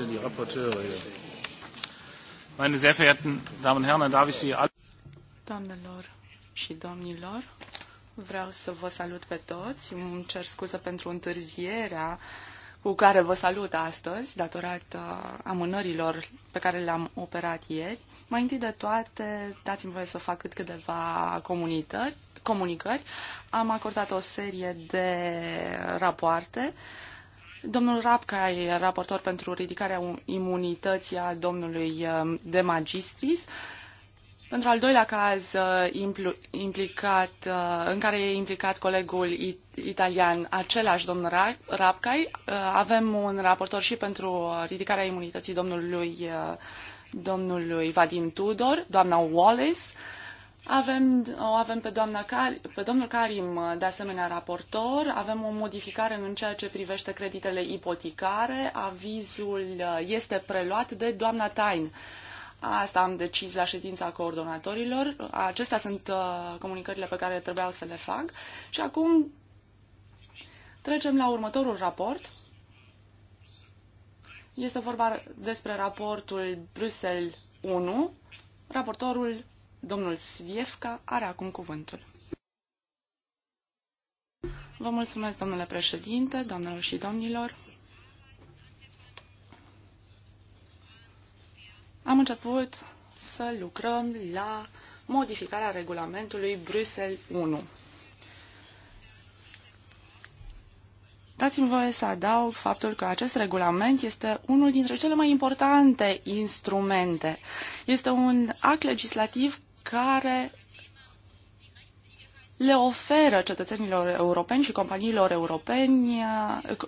sind die Rapporteure hier? Meine sehr verehrten Damen und Herren, darf ich Sie alle... Doamnelor și domnilor, vreau să vă salut pe toți. Îmi cer scuze pentru întârzierea cu care vă salut astăzi, datorat amânărilor pe care le-am operat ieri. Mai întâi de toate, dați-mi voie să fac cât câteva comunicări. Am acordat o serie de rapoarte uh, Domnul Rapcai, raportor pentru ridicarea imunității a domnului um, de magistris, pentru al doilea caz uh, impl implicat, uh, în care e implicat colegul italian, același domn Rapcai, uh, avem un raportor și pentru ridicarea imunității domnului, domnului Vadim Tudor, doamna Wallace, avem, o avem pe, doamna Car- pe domnul Karim, uh, de asemenea, raportor. Avem o modificare în ceea ce privește creditele ipotecare. Avizul uh, este preluat de doamna Tain. Asta am decis la ședința coordonatorilor. Acestea sunt uh, comunicările pe care trebuiau să le fac. Și acum trecem la următorul raport. Este vorba despre raportul Bruxelles 1. Raportorul Domnul Sviefka are acum cuvântul. Vă mulțumesc, domnule președinte, doamnelor și domnilor. Am început să lucrăm la modificarea regulamentului Bruxelles 1. Dați-mi voie să adaug faptul că acest regulament este unul dintre cele mai importante instrumente. Este un act legislativ care le oferă cetățenilor europeni și companiilor europeni,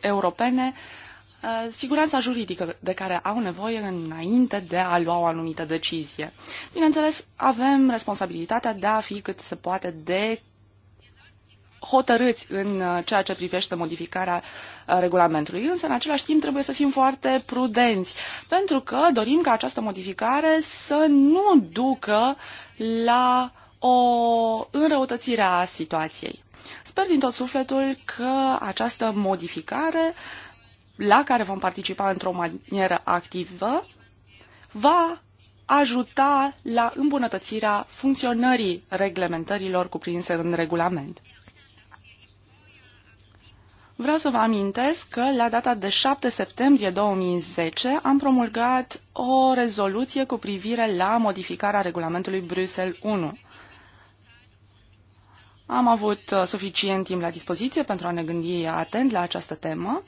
europene uh, siguranța juridică de care au nevoie înainte de a lua o anumită decizie. Bineînțeles, avem responsabilitatea de a fi cât se poate de hotărâți în uh, ceea ce privește modificarea uh, regulamentului. Însă, în același timp, trebuie să fim foarte prudenți, pentru că dorim ca această modificare să nu ducă la o înrăutățire a situației. Sper din tot sufletul că această modificare, la care vom participa într-o manieră activă, va ajuta la îmbunătățirea funcționării reglementărilor cuprinse în regulament. Vreau să vă amintesc că la data de 7 septembrie 2010 am promulgat o rezoluție cu privire la modificarea regulamentului Bruxelles 1. Am avut uh, suficient timp la dispoziție pentru a ne gândi atent la această temă.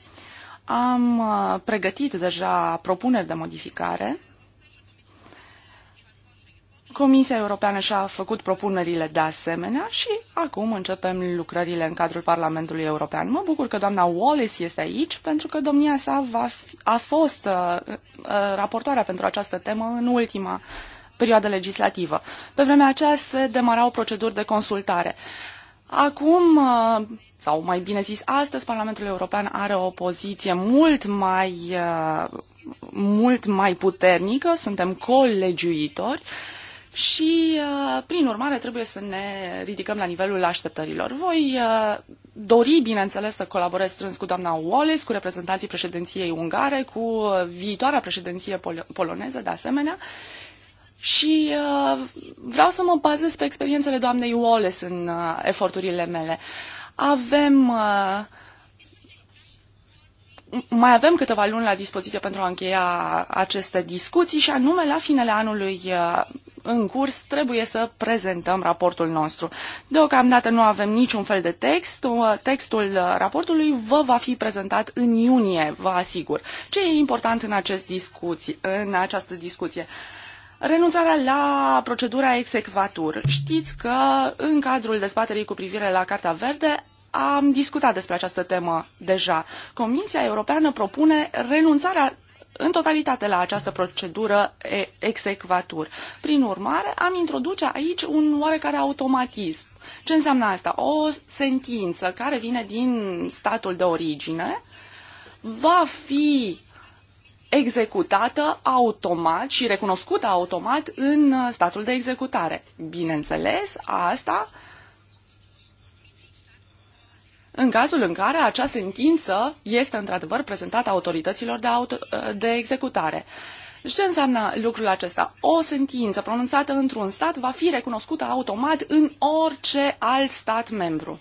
Am uh, pregătit deja propuneri de modificare Comisia Europeană și-a făcut propunerile de asemenea și acum începem lucrările în cadrul Parlamentului European. Mă bucur că doamna Wallace este aici pentru că domnia sa va fi, a fost uh, uh, raportoarea pentru această temă în ultima perioadă legislativă. Pe vremea aceea se demarau proceduri de consultare. Acum, uh, sau mai bine zis, astăzi Parlamentul European are o poziție mult mai uh, mult mai puternică, suntem colegiuitori și, uh, prin urmare, trebuie să ne ridicăm la nivelul așteptărilor. Voi uh, dori, bineînțeles, să colaborez strâns cu doamna Wallace, cu reprezentanții președinției ungare, cu uh, viitoarea președinție pol- poloneză, de asemenea, și vreau să mă bazez pe experiențele doamnei Wallace în eforturile mele. Avem uh, mai avem câteva luni la dispoziție pentru a încheia aceste discuții și anume la finele anului uh, în curs trebuie să prezentăm raportul nostru. Deocamdată nu avem niciun fel de text, uh, textul uh, raportului vă va fi prezentat în iunie, vă asigur. Ce e important în, acest discuții, în această discuție? Renunțarea la procedura execvatur. Știți că în cadrul dezbaterii cu privire la Carta Verde am discutat despre această temă deja. Comisia Europeană propune renunțarea în totalitate la această procedură execvatur. Prin urmare, am introduce aici un oarecare automatism. Ce înseamnă asta? O sentință care vine din statul de origine va fi executată automat și recunoscută automat în statul de executare. Bineînțeles, asta uh, în cazul în care acea sentință este într-adevăr prezentată autorităților de, auto, de executare. Deci ce înseamnă lucrul acesta? O sentință pronunțată într-un stat va fi recunoscută automat în orice alt stat membru.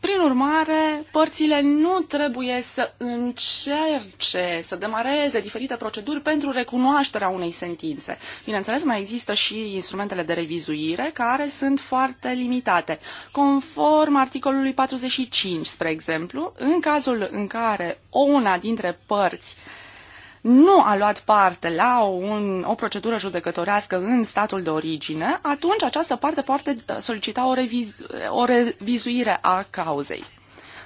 Prin urmare, părțile nu trebuie să încerce să demareze diferite proceduri pentru recunoașterea unei sentințe. Bineînțeles, mai există și instrumentele de revizuire care sunt foarte limitate. Conform articolului 45, spre exemplu, în cazul în care o una dintre părți nu a luat parte la un, o procedură judecătorească în statul de origine, atunci această parte poate uh, solicita o, reviz, o revizuire a cauzei.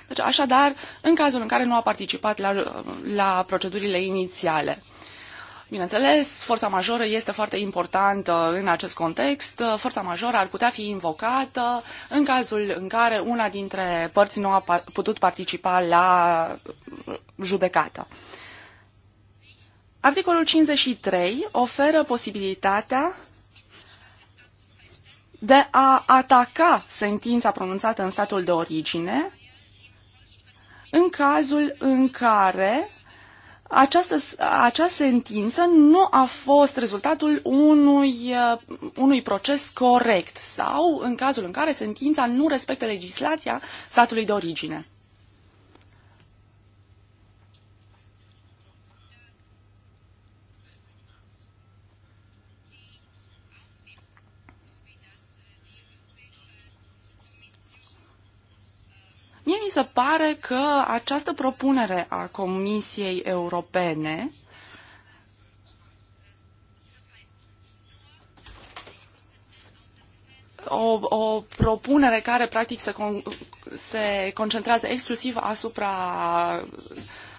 Deci, așadar, în cazul în care nu a participat la, la procedurile inițiale. Bineînțeles, forța majoră este foarte importantă în acest context. Forța majoră ar putea fi invocată în cazul în care una dintre părți nu a putut participa la judecată. Articolul 53 oferă posibilitatea de a ataca sentința pronunțată în statul de origine în cazul în care această, acea sentință nu a fost rezultatul unui, unui proces corect sau în cazul în care sentința nu respectă legislația statului de origine. Mie mi se pare că această propunere a Comisiei Europene o, o propunere care practic se, con, se concentrează exclusiv asupra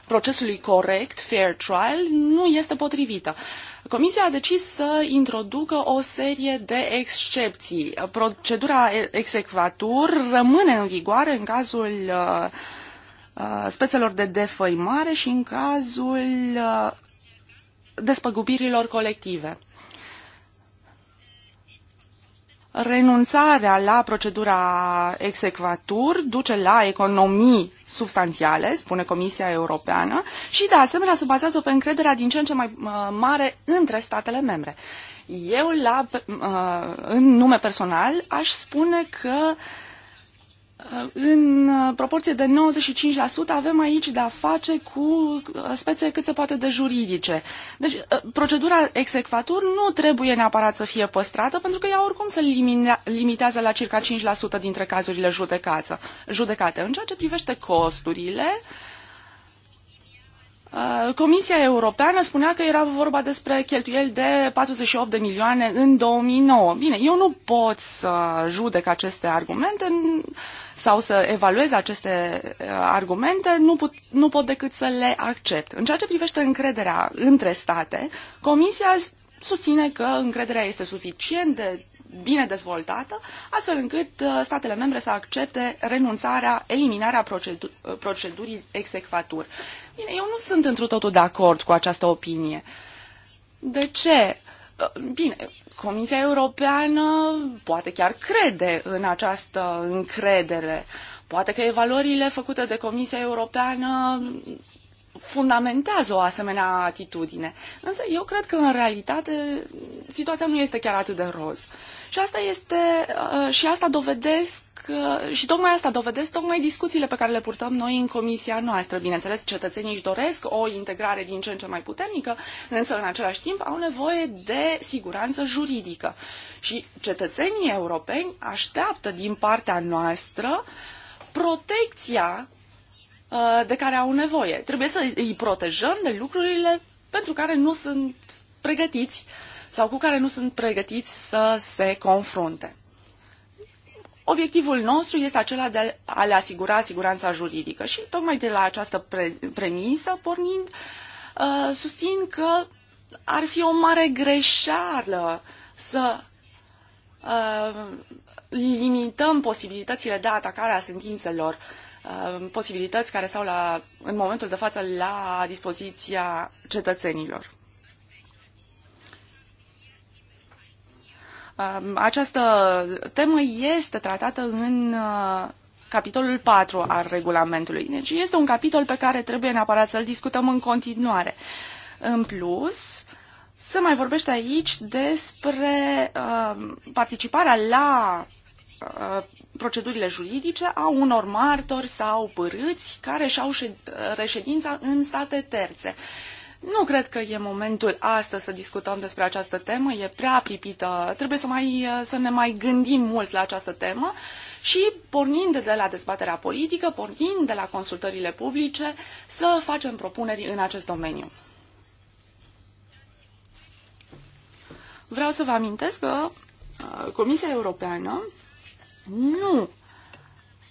procesului corect, fair trial, nu este potrivită. Uh, Comisia a decis să introducă o serie de excepții. Procedura execvatur rămâne în vigoare în cazul uh, uh, spețelor de defăimare și în cazul uh, despăgubirilor colective. renunțarea la procedura execvatur duce la economii substanțiale, spune Comisia Europeană, și de asemenea se bazează pe încrederea din ce în ce mai uh, mare între statele membre. Eu, la, uh, în nume personal, aș spune că uh, Uh, în uh, proporție de 95% avem aici de a face cu uh, spețe cât se poate de juridice. Deci procedura execvatur nu trebuie neapărat să fie păstrată pentru că ea oricum se limitează la circa 5% dintre cazurile judecate. În ceea ce privește costurile, Comisia Europeană spunea că era vorba despre cheltuieli de 48 de milioane în 2009. Bine, eu nu pot să judec aceste argumente. În sau să evaluez aceste uh, argumente, nu pot, nu pot decât să le accept. În ceea ce privește încrederea între state, Comisia susține că încrederea este suficient de bine dezvoltată, astfel încât uh, statele membre să accepte renunțarea, eliminarea procedu- uh, procedurii execvatur. Bine, eu nu sunt într totul de acord cu această opinie. De ce? Bine, Comisia Europeană poate chiar crede în această încredere. Poate că evaluările făcute de Comisia Europeană fundamentează o asemenea atitudine. Însă eu cred că în realitate situația nu este chiar atât de roz. Uh, și asta este, uh, și asta dovedesc, uh, și tocmai asta dovedesc tocmai discuțiile pe care le purtăm noi în comisia noastră. Bineînțeles, cetățenii își doresc o integrare din ce în ce mai puternică, însă în același timp au nevoie de siguranță juridică. Și cetățenii europeni așteaptă din partea noastră protecția uh, de care au nevoie. Trebuie să îi protejăm de lucrurile pentru care nu sunt pregătiți uh, sau cu care nu sunt pregătiți să se confrunte. Obiectivul nostru este acela de a le asigura siguranța juridică și tocmai de la această pre- premisă, pornind, uh, susțin că ar fi o mare greșeală să uh, limităm posibilitățile de atacare a sentințelor, uh, posibilități care stau la, în momentul de față la dispoziția cetățenilor. Um, această temă este tratată în uh, capitolul 4 al regulamentului. Deci este un capitol pe care trebuie neapărat să-l discutăm în continuare. În plus, se mai vorbește aici despre uh, participarea la uh, procedurile juridice a unor martori sau părâți care și-au uh, reședința în state terțe. Uh, nu cred că e momentul astăzi să discutăm despre această temă, e prea pripită. Trebuie să, mai, uh, să ne mai gândim mult la această temă și, pornind de la dezbaterea politică, pornind de la consultările publice, să facem propuneri în acest domeniu. Vreau să vă amintesc că uh, Comisia Europeană nu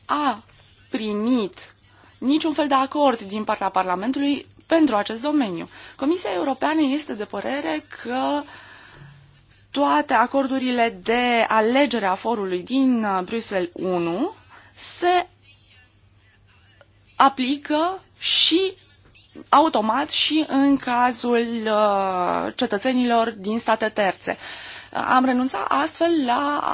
a primit niciun fel de acord din partea Parlamentului pentru acest domeniu. Comisia Europeană este de părere că toate acordurile de alegere a forului din uh, Bruxelles 1 se aplică și automat și în cazul uh, cetățenilor din state terțe am renunțat astfel la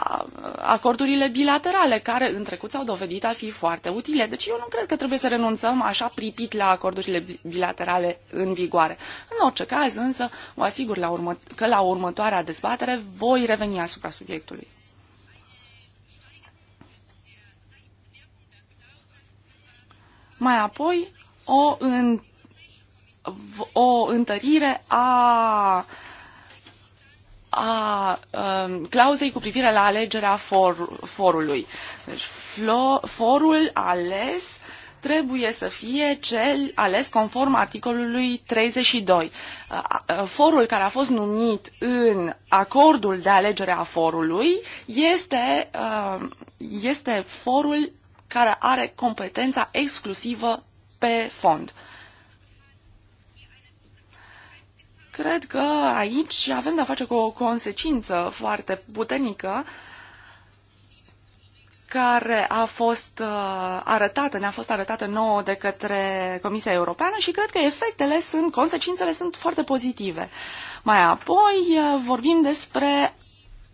acordurile bilaterale, care în trecut s-au dovedit a fi foarte utile. Deci eu nu cred că trebuie să renunțăm așa pripit la acordurile bilaterale în vigoare. În orice caz, însă, vă asigur la urmă, că la următoarea dezbatere voi reveni asupra subiectului. Mai apoi, o, în, o întărire a uh, a um, clauzei cu privire la alegerea for, forului. Deci flo, forul ales trebuie să fie cel ales conform articolului 32. Forul care a fost numit în acordul de alegere a forului este, um, este forul care are competența exclusivă pe fond. Cred că aici avem de-a face cu o consecință foarte puternică care a fost uh, arătată, ne-a fost arătată nouă de către Comisia Europeană și cred că efectele sunt, consecințele sunt foarte pozitive. Mai apoi uh, vorbim despre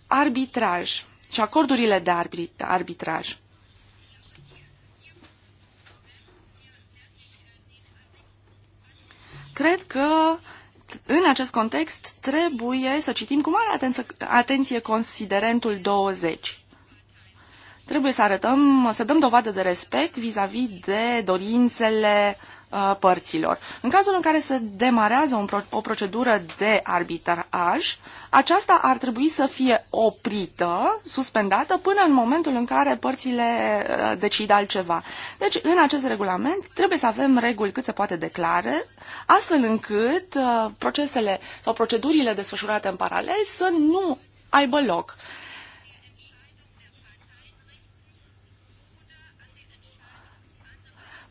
arbitraj și acordurile de arbitraj. Cred că uh, în acest context, trebuie să citim cu mare atenție, atenție considerentul 20. Trebuie să arătăm, să dăm dovadă de respect vis-a-vis -vis de dorințele uh, părților. În cazul în care se demarează un pro o procedură de arbitraj, aceasta ar trebui să fie oprită, suspendată, până în momentul în care părțile decid altceva. Deci, în acest regulament, trebuie să avem reguli cât se poate declare, astfel încât uh, procesele sau procedurile desfășurate în paralel să nu aibă loc. Uh,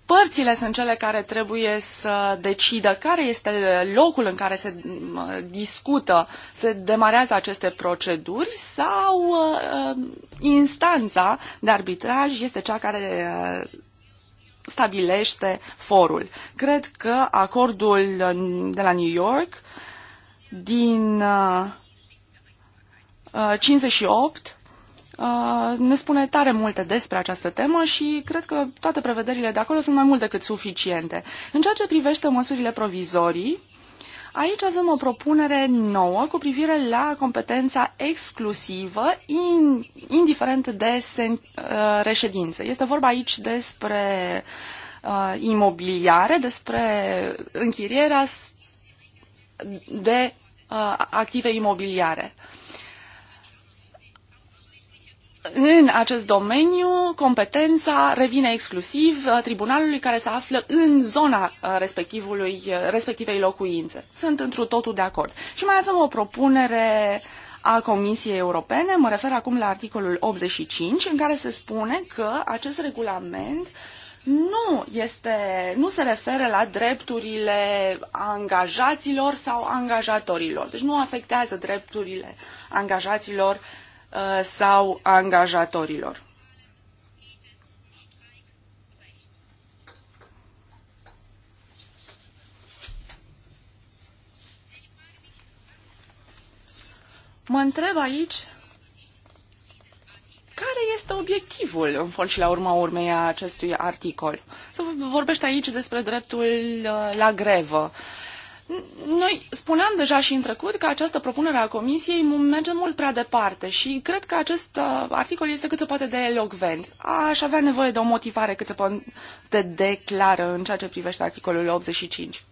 părțile sunt cele care trebuie să decidă care este locul în care se discută, se demarează aceste proceduri sau uh, uh, instanța de arbitraj este cea care uh, stabilește forul. Cred că acordul uh, de la New York din uh, 58 uh, Uh, ne spune tare multe despre această temă și cred că toate prevederile de acolo sunt mai mult decât suficiente. În ceea ce privește măsurile provizorii, aici avem o propunere nouă cu privire la competența exclusivă, in, indiferent de sen, uh, reședință. Este vorba aici despre uh, imobiliare, despre închirierea de uh, active imobiliare. Uh, în acest domeniu, competența revine exclusiv uh, tribunalului care se află în zona uh, respectivului, uh, respectivei locuințe. Sunt întru totul de acord. Și mai avem o propunere a Comisiei Europene, mă refer acum la articolul 85, în care se spune că acest regulament nu, este, nu se referă la drepturile angajaților sau angajatorilor. Deci nu afectează drepturile angajaților Uh, sau angajatorilor. Mă întreb aici care este obiectivul, în fond și la urma urmei, a acestui articol. Se vorbește aici despre dreptul uh, la grevă. Uh, noi spuneam deja și în trecut că această propunere a Comisiei merge mult prea departe și cred că acest uh, articol este cât se poate de elocvent. Aș avea nevoie de o motivare cât se poate de clară în ceea ce privește articolul 85.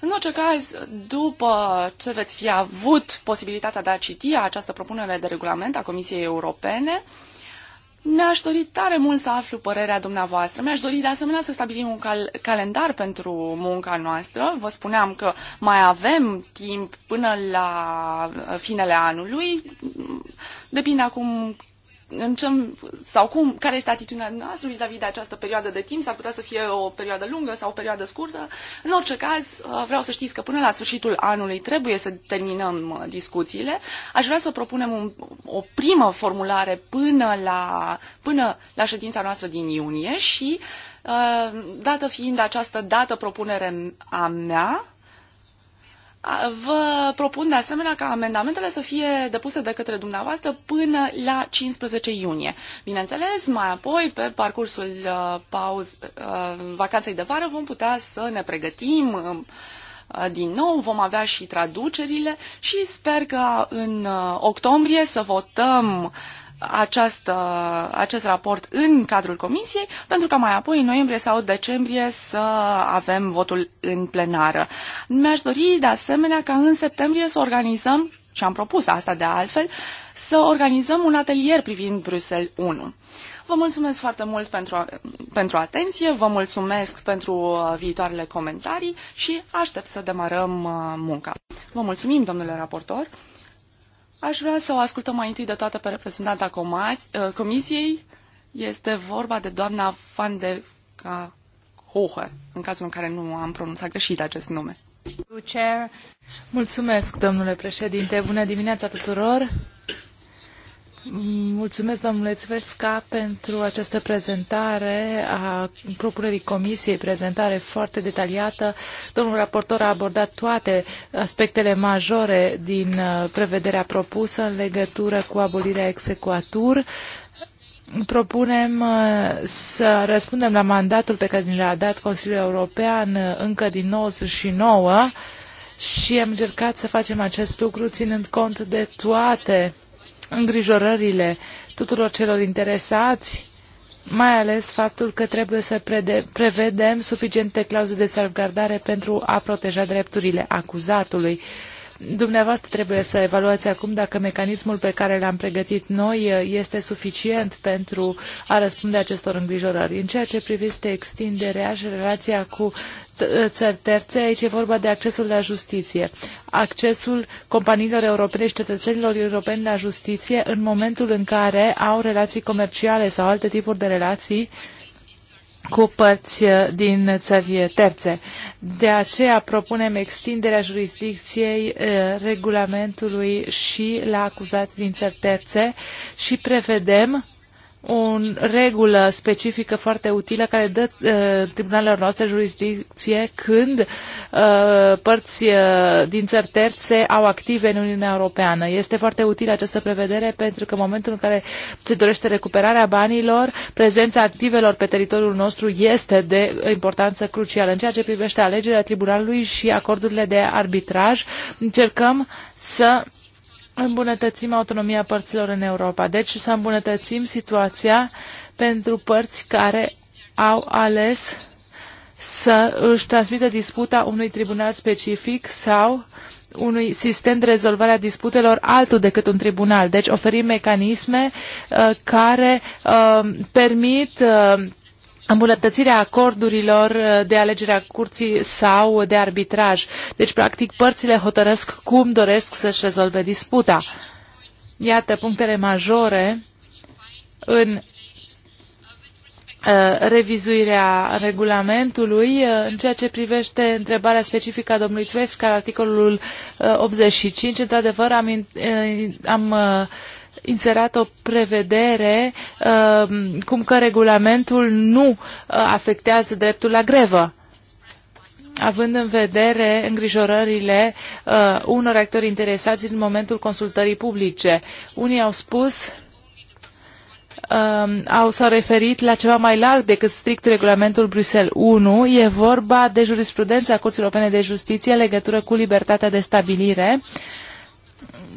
În orice caz, după ce veți fi avut posibilitatea de a citi această propunere de regulament a Comisiei Europene, mi-aș dori tare mult să aflu părerea dumneavoastră. Mi-aș dori de asemenea să stabilim un cal- calendar pentru munca noastră. Vă spuneam că mai avem timp până la finele anului. Depinde acum în ce, sau cum, care este atitudinea noastră vis-a-vis de această perioadă de timp, s-ar putea să fie o perioadă lungă sau o perioadă scurtă. În orice caz, uh, vreau să știți că până la sfârșitul anului trebuie să terminăm uh, discuțiile. Aș vrea să propunem un, o primă formulare până la, până la ședința noastră din iunie și, uh, dată fiind această dată propunere a mea, Vă propun de asemenea ca amendamentele să fie depuse de către dumneavoastră până la 15 iunie. Bineînțeles, mai apoi, pe parcursul uh, pauz, uh, vacanței de vară, vom putea să ne pregătim uh, din nou, vom avea și traducerile și sper că în uh, octombrie să votăm uh, această, acest raport în cadrul comisiei, pentru ca mai apoi, în noiembrie sau decembrie, să avem votul în plenară. Mi-aș dori, de asemenea, ca în septembrie să organizăm, și am propus asta de altfel, să organizăm un atelier privind Bruxelles 1. Vă mulțumesc foarte mult pentru, pentru atenție, vă mulțumesc pentru uh, viitoarele comentarii și aștept să demarăm uh, munca. Vă mulțumim, domnule raportor. Aș vrea să o ascultăm mai întâi de toate pe reprezentanta uh, comisiei. Este vorba de doamna Van de Ca Hohe, în cazul în care nu am pronunțat greșit acest nume. Mulțumesc, domnule președinte. Bună dimineața tuturor. Mulțumesc, domnule Zvefca, pentru această prezentare a propunerii comisiei, prezentare foarte detaliată. Domnul raportor a abordat toate aspectele majore din uh, prevederea propusă în legătură cu abolirea execuatur. Propunem uh, să răspundem la mandatul pe care ni l-a dat Consiliul European uh, încă din 99 și am încercat să facem acest lucru ținând cont de toate îngrijorările tuturor celor interesați, mai ales faptul că trebuie să prevedem suficiente clauze de salvgardare pentru a proteja drepturile acuzatului. Dumneavoastră trebuie să evaluați acum dacă mecanismul pe care l-am pregătit noi uh, este suficient pentru a răspunde acestor îngrijorări. În ceea ce privește extinderea și relația cu uh, țări terțe, aici e vorba de accesul la justiție. Accesul companiilor europene și cetățenilor europeni la justiție în momentul în care au relații comerciale sau alte tipuri de relații uh, cu părți eh, din țări terțe. De aceea propunem extinderea jurisdicției eh, regulamentului și la acuzați din țări terțe și prevedem o regulă specifică foarte utilă care dă uh, tribunalelor noastre jurisdicție când uh, părți uh, din țări terțe au active în Uniunea Europeană. Este foarte utilă această prevedere pentru că în momentul în care se dorește recuperarea banilor, prezența activelor pe teritoriul nostru este de importanță crucială. În ceea ce privește alegerea tribunalului și acordurile de arbitraj, încercăm să îmbunătățim autonomia părților în Europa. Deci să îmbunătățim situația pentru părți care au ales să își transmită disputa unui tribunal specific sau unui sistem de rezolvare a disputelor altul decât un tribunal. Deci oferim mecanisme uh, care uh, permit uh, îmbunătățirea acordurilor uh, de alegerea curții sau de arbitraj. Deci, practic, părțile hotărăsc cum doresc să-și rezolve disputa. Iată punctele majore în uh, revizuirea regulamentului uh, în ceea ce privește întrebarea specifică a domnului Zweifs, care articolul 85, într-adevăr am, am inserat o prevedere uh, cum că regulamentul nu uh, afectează dreptul la grevă având în vedere îngrijorările uh, unor actori interesați în momentul consultării publice. Unii au spus, uh, au, s-au referit la ceva mai larg decât strict regulamentul Bruxelles 1. E vorba de jurisprudența Curții Europene de Justiție în legătură cu libertatea de stabilire. Uh,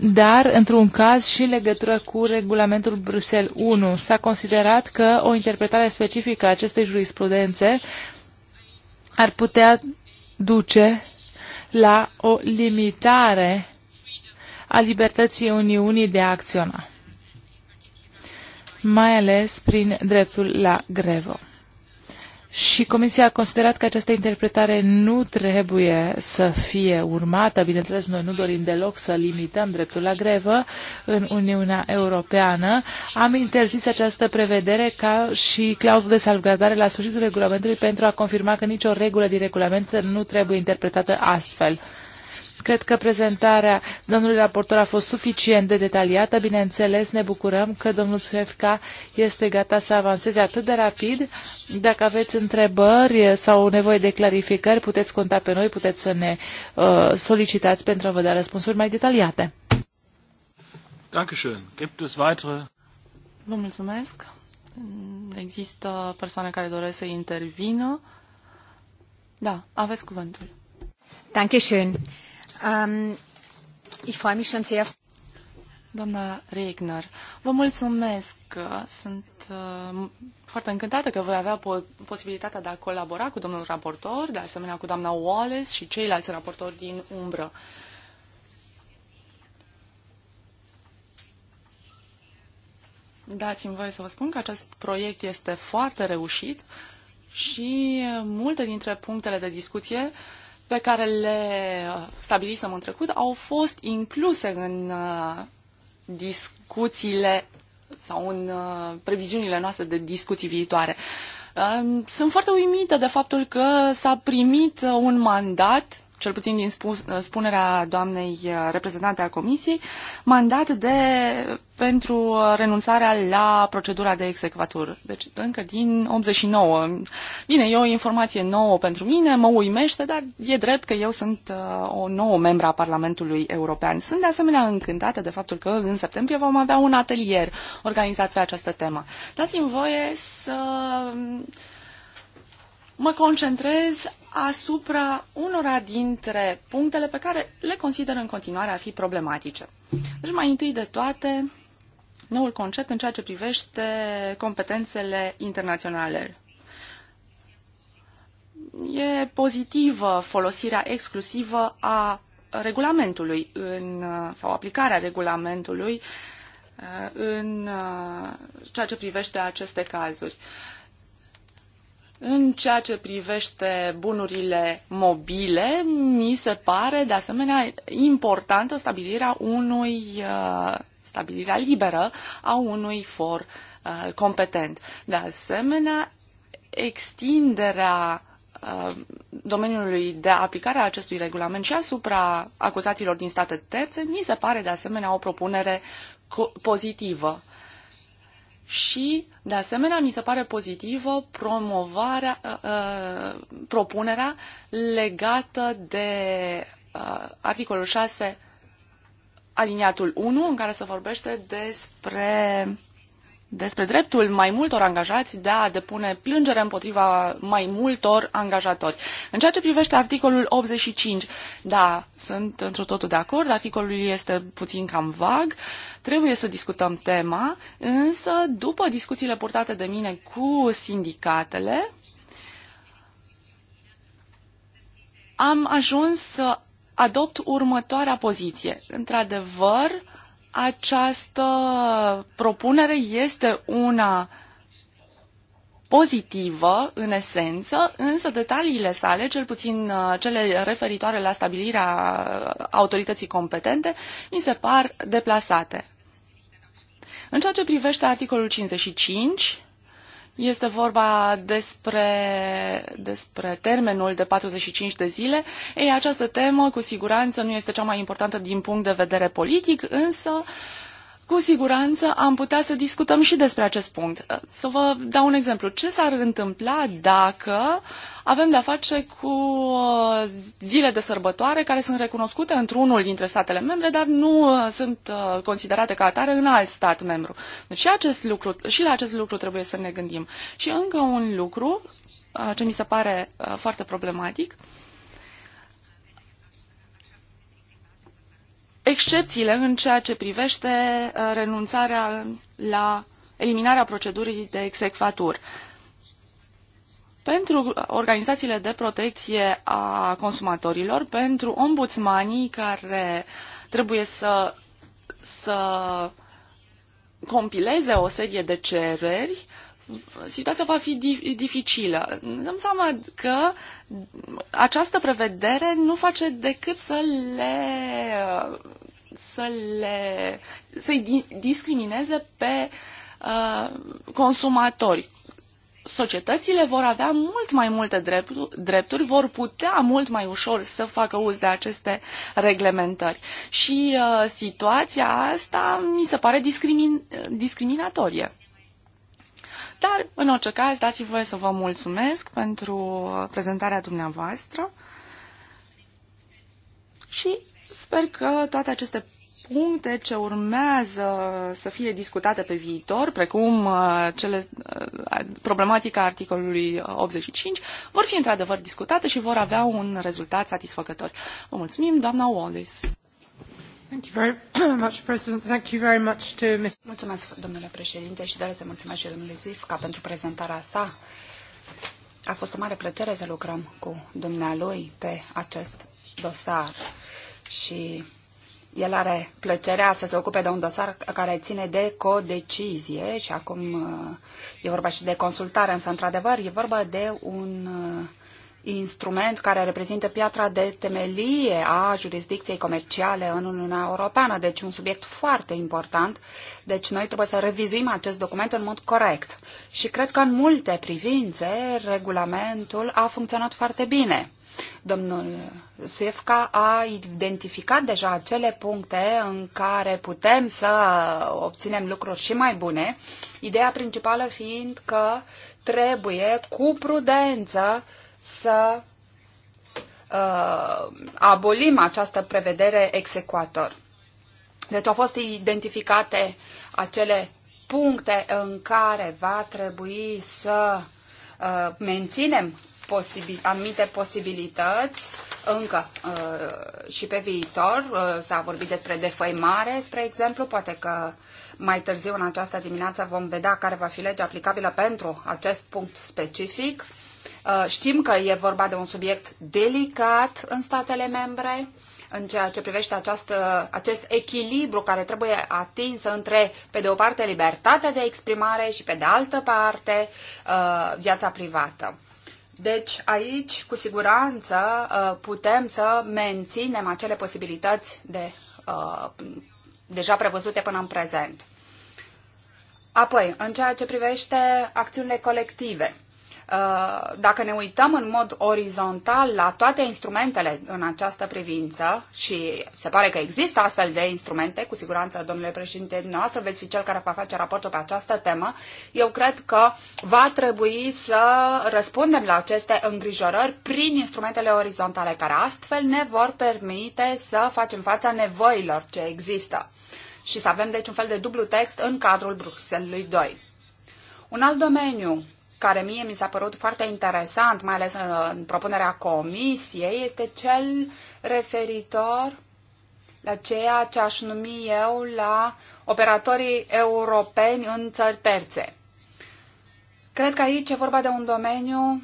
dar într-un caz și în legătură cu regulamentul Bruxelles 1. S-a considerat că o interpretare specifică a acestei jurisprudențe ar putea duce la o limitare a libertății Uniunii de a acționa, mai ales prin dreptul la grevă și Comisia a considerat că această interpretare nu trebuie să fie urmată. Bineînțeles, noi nu dorim deloc să limităm dreptul la grevă în Uniunea Europeană. Am interzis această prevedere ca și clauză de salvgardare la sfârșitul regulamentului pentru a confirma că nicio regulă din regulament nu trebuie interpretată astfel. Cred că prezentarea domnului raportor a fost suficient de detaliată. Bineînțeles, ne bucurăm că domnul Tsefka este gata să avanseze atât de rapid. Dacă aveți întrebări sau nevoie de clarificări, puteți conta pe noi, puteți să ne uh, solicitați pentru a vă da răspunsuri mai detaliate. Dankeschön. Gibt es weitere? Vă mulțumesc. Există persoane care doresc să intervină. Da, aveți cuvântul. Dankeschön. Um, ich freue mich schon sehr. Doamna Regner, vă mulțumesc. Sunt uh, foarte încântată că voi avea po- posibilitatea de a colabora cu domnul raportor, de asemenea cu doamna Wallace și ceilalți raportori din umbră. Dați-mi voie să vă spun că acest proiect este foarte reușit și multe dintre punctele de discuție uh, pe care le uh, stabilisem în trecut au fost incluse în uh, discuțiile sau în uh, previziunile noastre de discuții viitoare. Sunt foarte uimită de faptul că s-a primit un mandat cel puțin din spunerea doamnei uh, reprezentante a Comisiei, mandat de, pentru renunțarea la procedura de execvator. Deci încă din 89. Bine, e o informație nouă pentru mine, mă uimește, dar e drept că eu sunt uh, o nouă membra a Parlamentului European. Sunt de asemenea încântată de faptul că în septembrie vom avea un atelier organizat pe această temă. Dați-mi voie să mm, mă concentrez asupra unora dintre punctele pe care le consider în continuare a fi problematice. Deci, mai întâi de toate, noul concept în ceea ce privește competențele internaționale. E pozitivă folosirea exclusivă a regulamentului în, sau aplicarea regulamentului uh, în uh, ceea ce privește aceste cazuri. Uh, în ceea ce privește bunurile mobile, mi se pare de asemenea importantă stabilirea unui uh, stabilirea liberă a unui for uh, competent. De asemenea, extinderea uh, domeniului de aplicare a acestui regulament și asupra acuzațiilor din state terțe, mi se pare de asemenea o propunere pozitivă și, de asemenea, mi se pare pozitivă promovarea, uh, uh propunerea legată de uh, articolul 6, aliniatul 1, în care se vorbește despre despre dreptul mai multor angajați de a depune plângere împotriva mai multor angajatori. În ceea ce privește articolul 85, da, sunt într totul de acord, articolul este puțin cam vag, trebuie să discutăm tema, însă după discuțiile purtate de mine cu sindicatele, am ajuns să adopt următoarea poziție. Într-adevăr, această propunere este una pozitivă în esență, însă detaliile sale, cel puțin uh, cele referitoare la stabilirea autorității competente, mi se par deplasate. În ceea ce privește articolul 55, este vorba despre, despre termenul de 45 de zile. Ei, această temă cu siguranță nu este cea mai importantă din punct de vedere politic, însă cu siguranță am putea să discutăm și despre acest punct. Să vă dau un exemplu. Ce s-ar întâmpla dacă uh, avem de-a face cu uh, zile de sărbătoare care sunt recunoscute într-unul dintre statele membre, dar nu uh, sunt uh, considerate ca atare în alt stat membru. Deci și, acest lucru, și la acest lucru trebuie să ne gândim. Și încă un lucru ce mi se pare foarte problematic, excepțiile în ceea ce privește renunțarea la eliminarea procedurii de execvatur pentru organizațiile de protecție a consumatorilor, pentru ombudsmanii care trebuie să, să compileze o serie de cereri, situația va fi dificilă. Dăm seama că această prevedere nu face decât să le să le să-i discrimineze pe uh, consumatori societățile vor avea mult mai multe drepturi, vor putea mult mai ușor să facă uz de aceste reglementări. Și uh, situația asta mi se pare discrimin- discriminatorie. Dar, în orice caz, dați voie să vă mulțumesc pentru prezentarea dumneavoastră și sper că toate aceste puncte ce urmează să fie discutate pe viitor, precum uh, cele, uh, problematica articolului 85, uh, vor fi într-adevăr discutate și vor avea un rezultat satisfăcător. Vă mulțumim, doamna Wallis. Mulțumesc, domnule președinte, și doresc să mulțumesc și domnului Zifca pentru prezentarea sa. A fost o mare plăcere să lucrăm cu dumnealui pe acest dosar și el are plăcerea să se ocupe de un dosar care ține de codecizie și acum uh, e vorba și de consultare, însă într-adevăr e vorba de un uh, instrument care reprezintă piatra de temelie a jurisdicției comerciale în Uniunea Europeană, deci un subiect foarte important. Deci noi trebuie să revizuim acest document în mod corect. Și cred că în multe privințe regulamentul a funcționat foarte bine. Domnul SEFCA a identificat deja acele puncte în care putem să obținem lucruri și mai bune, ideea principală fiind că trebuie cu prudență să uh, abolim această prevedere execuator. Deci au fost identificate acele puncte în care va trebui să uh, menținem posibil, anumite posibilități încă uh, și pe viitor. Uh, s-a vorbit despre defăimare, spre exemplu, poate că mai târziu în această dimineață vom vedea care va fi legea aplicabilă pentru acest punct specific. Uh, știm că e vorba de un subiect delicat în statele membre în ceea ce privește această, acest echilibru care trebuie atins între, pe de o parte, libertatea de exprimare și, pe de altă parte, uh, viața privată. Deci aici, cu siguranță, uh, putem să menținem acele posibilități de, uh, deja prevăzute până în prezent. Apoi, în ceea ce privește acțiunile colective, Uh, dacă ne uităm în mod orizontal la toate instrumentele în această privință și se pare că există astfel de instrumente, cu siguranță, domnule președinte, noastră veți fi cel care va face raportul pe această temă, eu cred că va trebui să răspundem la aceste îngrijorări prin instrumentele orizontale, care astfel ne vor permite să facem fața nevoilor ce există și să avem deci un fel de dublu text în cadrul Bruxelles 2. Un alt domeniu care mie mi s-a părut foarte interesant, mai ales uh, în propunerea comisiei, este cel referitor la ceea ce aș numi eu la operatorii europeni în țări terțe. Cred că aici e vorba de un domeniu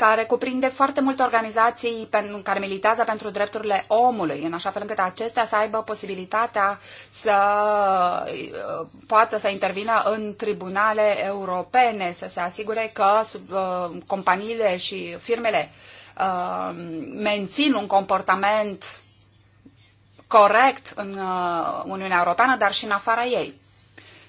care cuprinde foarte multe organizații care militează pentru drepturile omului, în așa fel încât acestea să aibă posibilitatea să uh, poată să intervină în tribunale europene, să se asigure că uh, companiile și firmele uh, mențin un comportament corect în Uniunea Europeană, dar și în afara ei.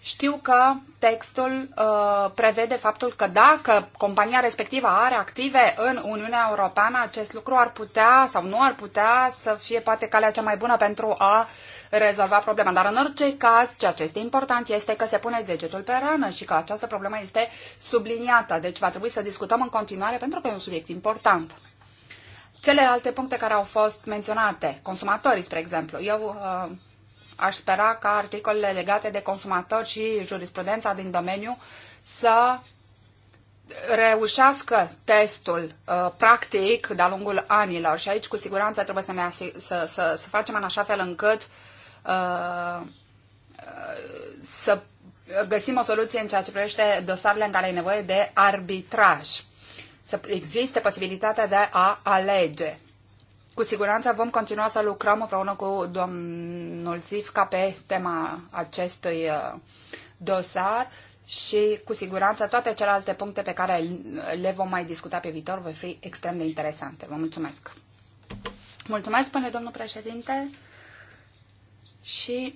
Știu că textul uh, prevede faptul că dacă compania respectivă are active în Uniunea Europeană, acest lucru ar putea sau nu ar putea să fie poate calea cea mai bună pentru a rezolva problema. Dar în orice caz, ceea ce este important este că se pune degetul pe rană și că această problemă este subliniată. Deci va trebui să discutăm în continuare pentru că e un subiect important. Celelalte puncte care au fost menționate, consumatorii, spre exemplu, eu uh, Aș spera ca articolele legate de consumatori și jurisprudența din domeniu să reușească testul uh, practic de-a lungul anilor și aici cu siguranță trebuie să, ne asig- să, să, să facem în așa fel încât uh, să găsim o soluție în ceea ce privește dosarele în care e nevoie de arbitraj. Să existe posibilitatea de a alege. Cu siguranță vom continua să lucrăm împreună cu domnul Sifca pe tema acestui uh, dosar și cu siguranță toate celelalte puncte pe care le vom mai discuta pe viitor vor fi extrem de interesante. Vă mulțumesc! Mulțumesc, până domnul președinte, și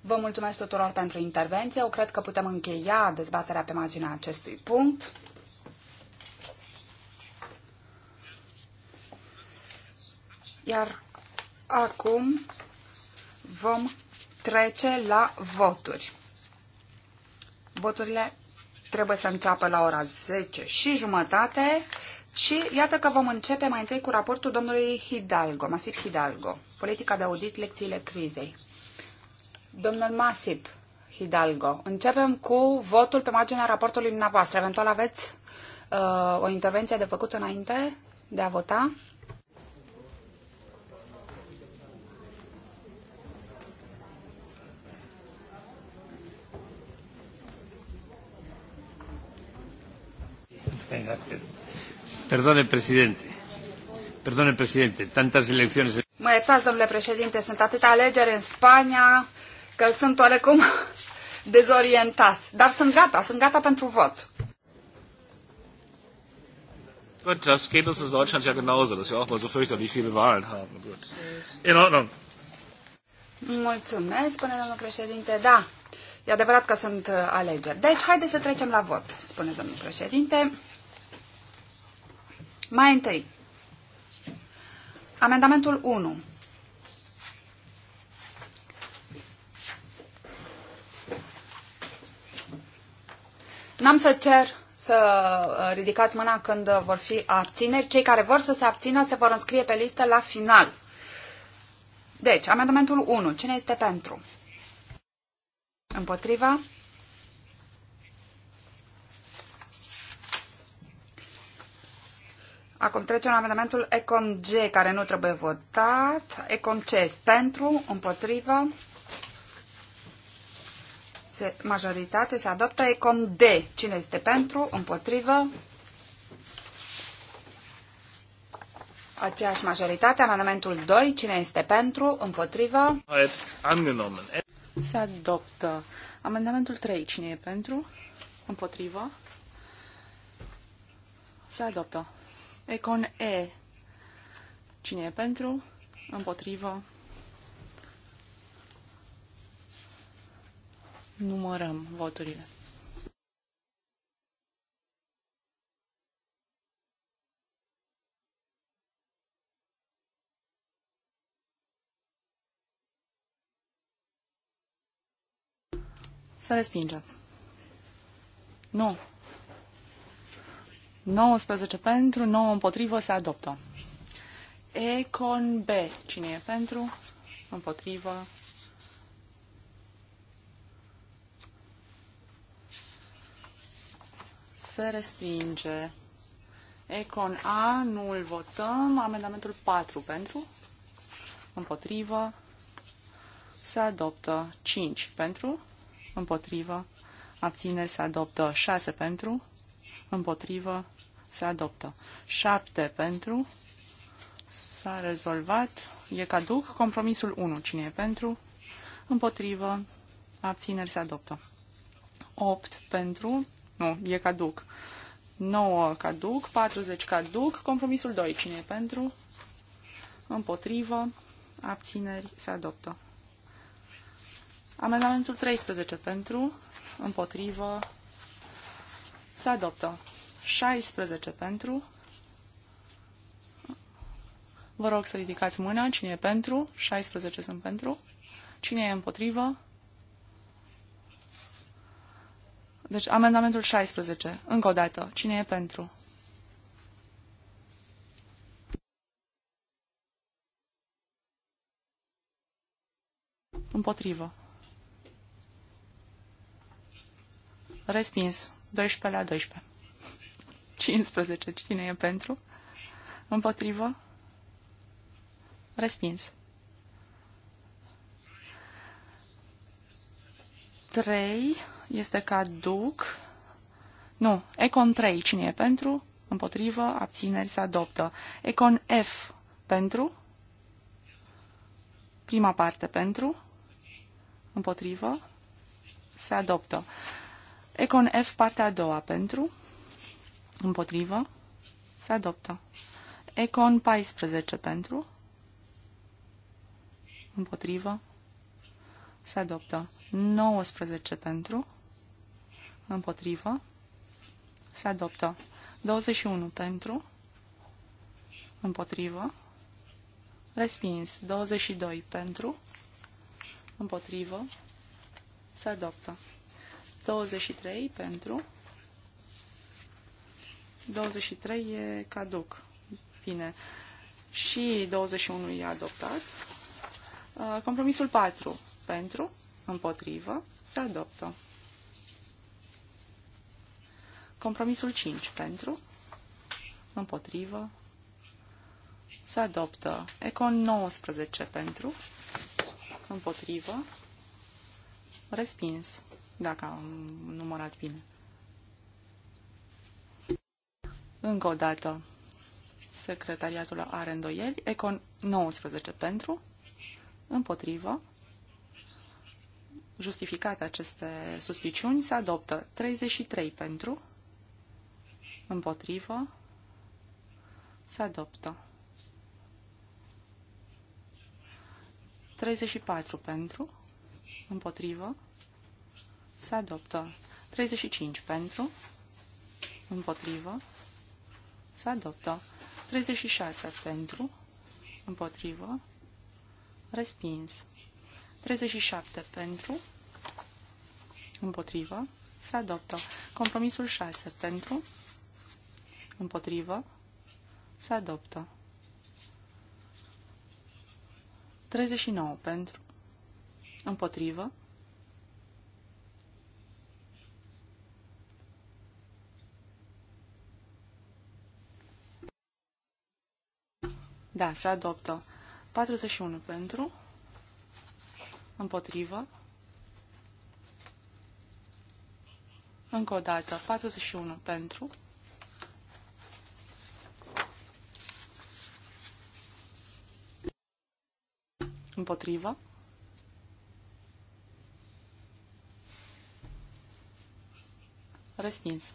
vă mulțumesc tuturor pentru intervenție. Eu cred că putem încheia dezbaterea pe marginea acestui punct. Iar acum vom trece la voturi. Voturile trebuie să înceapă la ora 10 și jumătate și iată că vom începe mai întâi cu raportul domnului Hidalgo, Masip Hidalgo, politica de audit, lecțiile crizei. Domnul Masip Hidalgo, începem cu votul pe marginea raportului dumneavoastră. Eventual aveți uh, o intervenție de făcut înainte de a vota? Gracias. Perdone, presidente. Perdone, presidente. Tantas Mă iertați, domnule președinte, sunt atâtea alegeri în Spania că sunt oarecum dezorientat. Dar sunt gata, sunt gata pentru vot. Gut, das geht uns in Deutschland ja genauso, dass wir auch mal so fürchterlich viele Wahlen haben. Gut. In Ordnung. Mulțumesc, spune domnul președinte. Da, e adevărat că sunt uh, alegeri. Deci, haideți să trecem la vot, spune domnul președinte. Mai întâi, amendamentul 1. N-am să cer să uh, ridicați mâna când uh, vor fi abțineri. Cei care vor să se abțină se vor înscrie pe listă la final. Deci, amendamentul 1. Cine este pentru? Împotriva? Acum trecem la amendamentul Econ G, care nu trebuie votat. Econ C, pentru, împotrivă, se, majoritate, se adoptă. Econ D, cine este pentru, împotrivă, aceeași majoritate. Amendamentul 2, cine este pentru, împotrivă, se adoptă. Amendamentul 3, cine e pentru, împotrivă, se adoptă. Econ E. Cine e pentru? Împotrivă. Numărăm voturile. Să respingem. Nu. 19 pentru, 9 împotrivă, se adoptă. Econ B. Cine e pentru? Împotrivă. Se respinge. Econ A. Nu îl votăm. Amendamentul 4 pentru. Împotrivă. Se adoptă 5 pentru. Împotrivă. Abține se adoptă 6 pentru. Împotrivă se adoptă. 7 pentru, s-a rezolvat, e caduc. Compromisul 1, cine e pentru, împotrivă, abțineri se adoptă. 8 pentru, nu, e caduc. 9 caduc, 40 caduc, compromisul 2, cine e pentru, împotrivă, abțineri se adoptă. Amendamentul 13 pentru, împotrivă, se adoptă. 16 pentru. Vă rog să ridicați mâna. Cine e pentru? 16 sunt pentru. Cine e împotrivă? Deci amendamentul 16. Încă o dată. Cine e pentru? Împotrivă. Respins. 12 la 12. 15. Cine e pentru? Împotrivă? Respins. 3 este caduc. Nu, Econ 3. Cine e pentru? Împotrivă? Abțineri se adoptă. Econ F. Pentru? Prima parte pentru? Împotrivă? Se adoptă. Econ F, partea a doua pentru? Împotrivă. Se adoptă. Econ 14 pentru. Împotrivă. Se adoptă. 19 pentru. Împotrivă. Se adoptă. 21 pentru. Împotrivă. Respins. 22 pentru. Împotrivă. Se adoptă. 23 pentru. 23 e caduc. Bine. Și 21 e adoptat. Uh, compromisul 4 pentru, împotrivă, se adoptă. Compromisul 5 pentru, împotrivă, se adoptă. Econ 19 pentru, împotrivă, respins, dacă am numărat bine. Încă o dată, secretariatul are îndoieli. Econ 19 pentru, împotrivă, justificate aceste suspiciuni, se adoptă 33 pentru, împotrivă, se adoptă 34 pentru, împotrivă, se adoptă 35 pentru, împotrivă, se adoptă. 36 pentru, împotrivă, respins. 37 pentru, împotrivă, se adoptă. Compromisul 6 pentru, împotrivă, se adoptă. 39 pentru, împotrivă, Da, se adoptă. 41 pentru, împotrivă, încă o dată, 41 pentru, împotrivă, respins.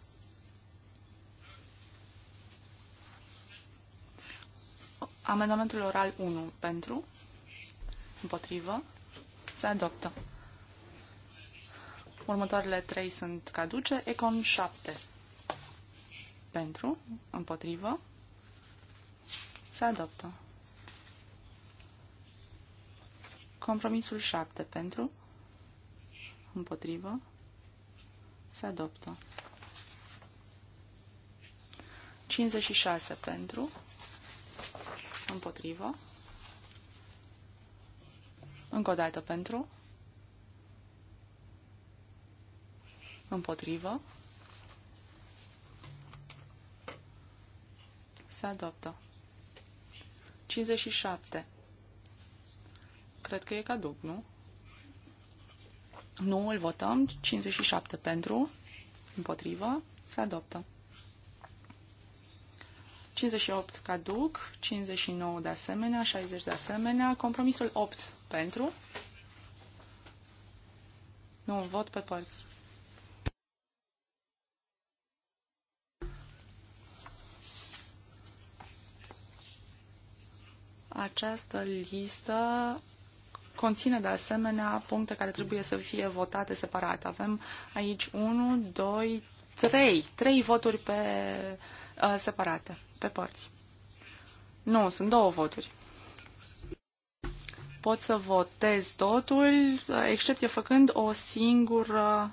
Amendamentul oral 1 pentru, împotrivă, se adoptă. Următoarele 3 sunt caduce. Econ 7 pentru, împotrivă, se adoptă. Compromisul 7 pentru, împotrivă, se adoptă. 56 pentru, împotrivă, încă o dată pentru, împotrivă, se adoptă. 57. Cred că e caduc, nu? Nu, îl votăm. 57 pentru, împotrivă, se adoptă. 58 caduc, 59 de asemenea, 60 de asemenea, compromisul 8 pentru. Nu, vot pe părți. Această listă conține de asemenea puncte care trebuie să fie votate separat. Avem aici 1, 2, 3, 3 voturi pe uh, separate pe părți. Nu, sunt două voturi. Pot să votez totul, excepție făcând o singură,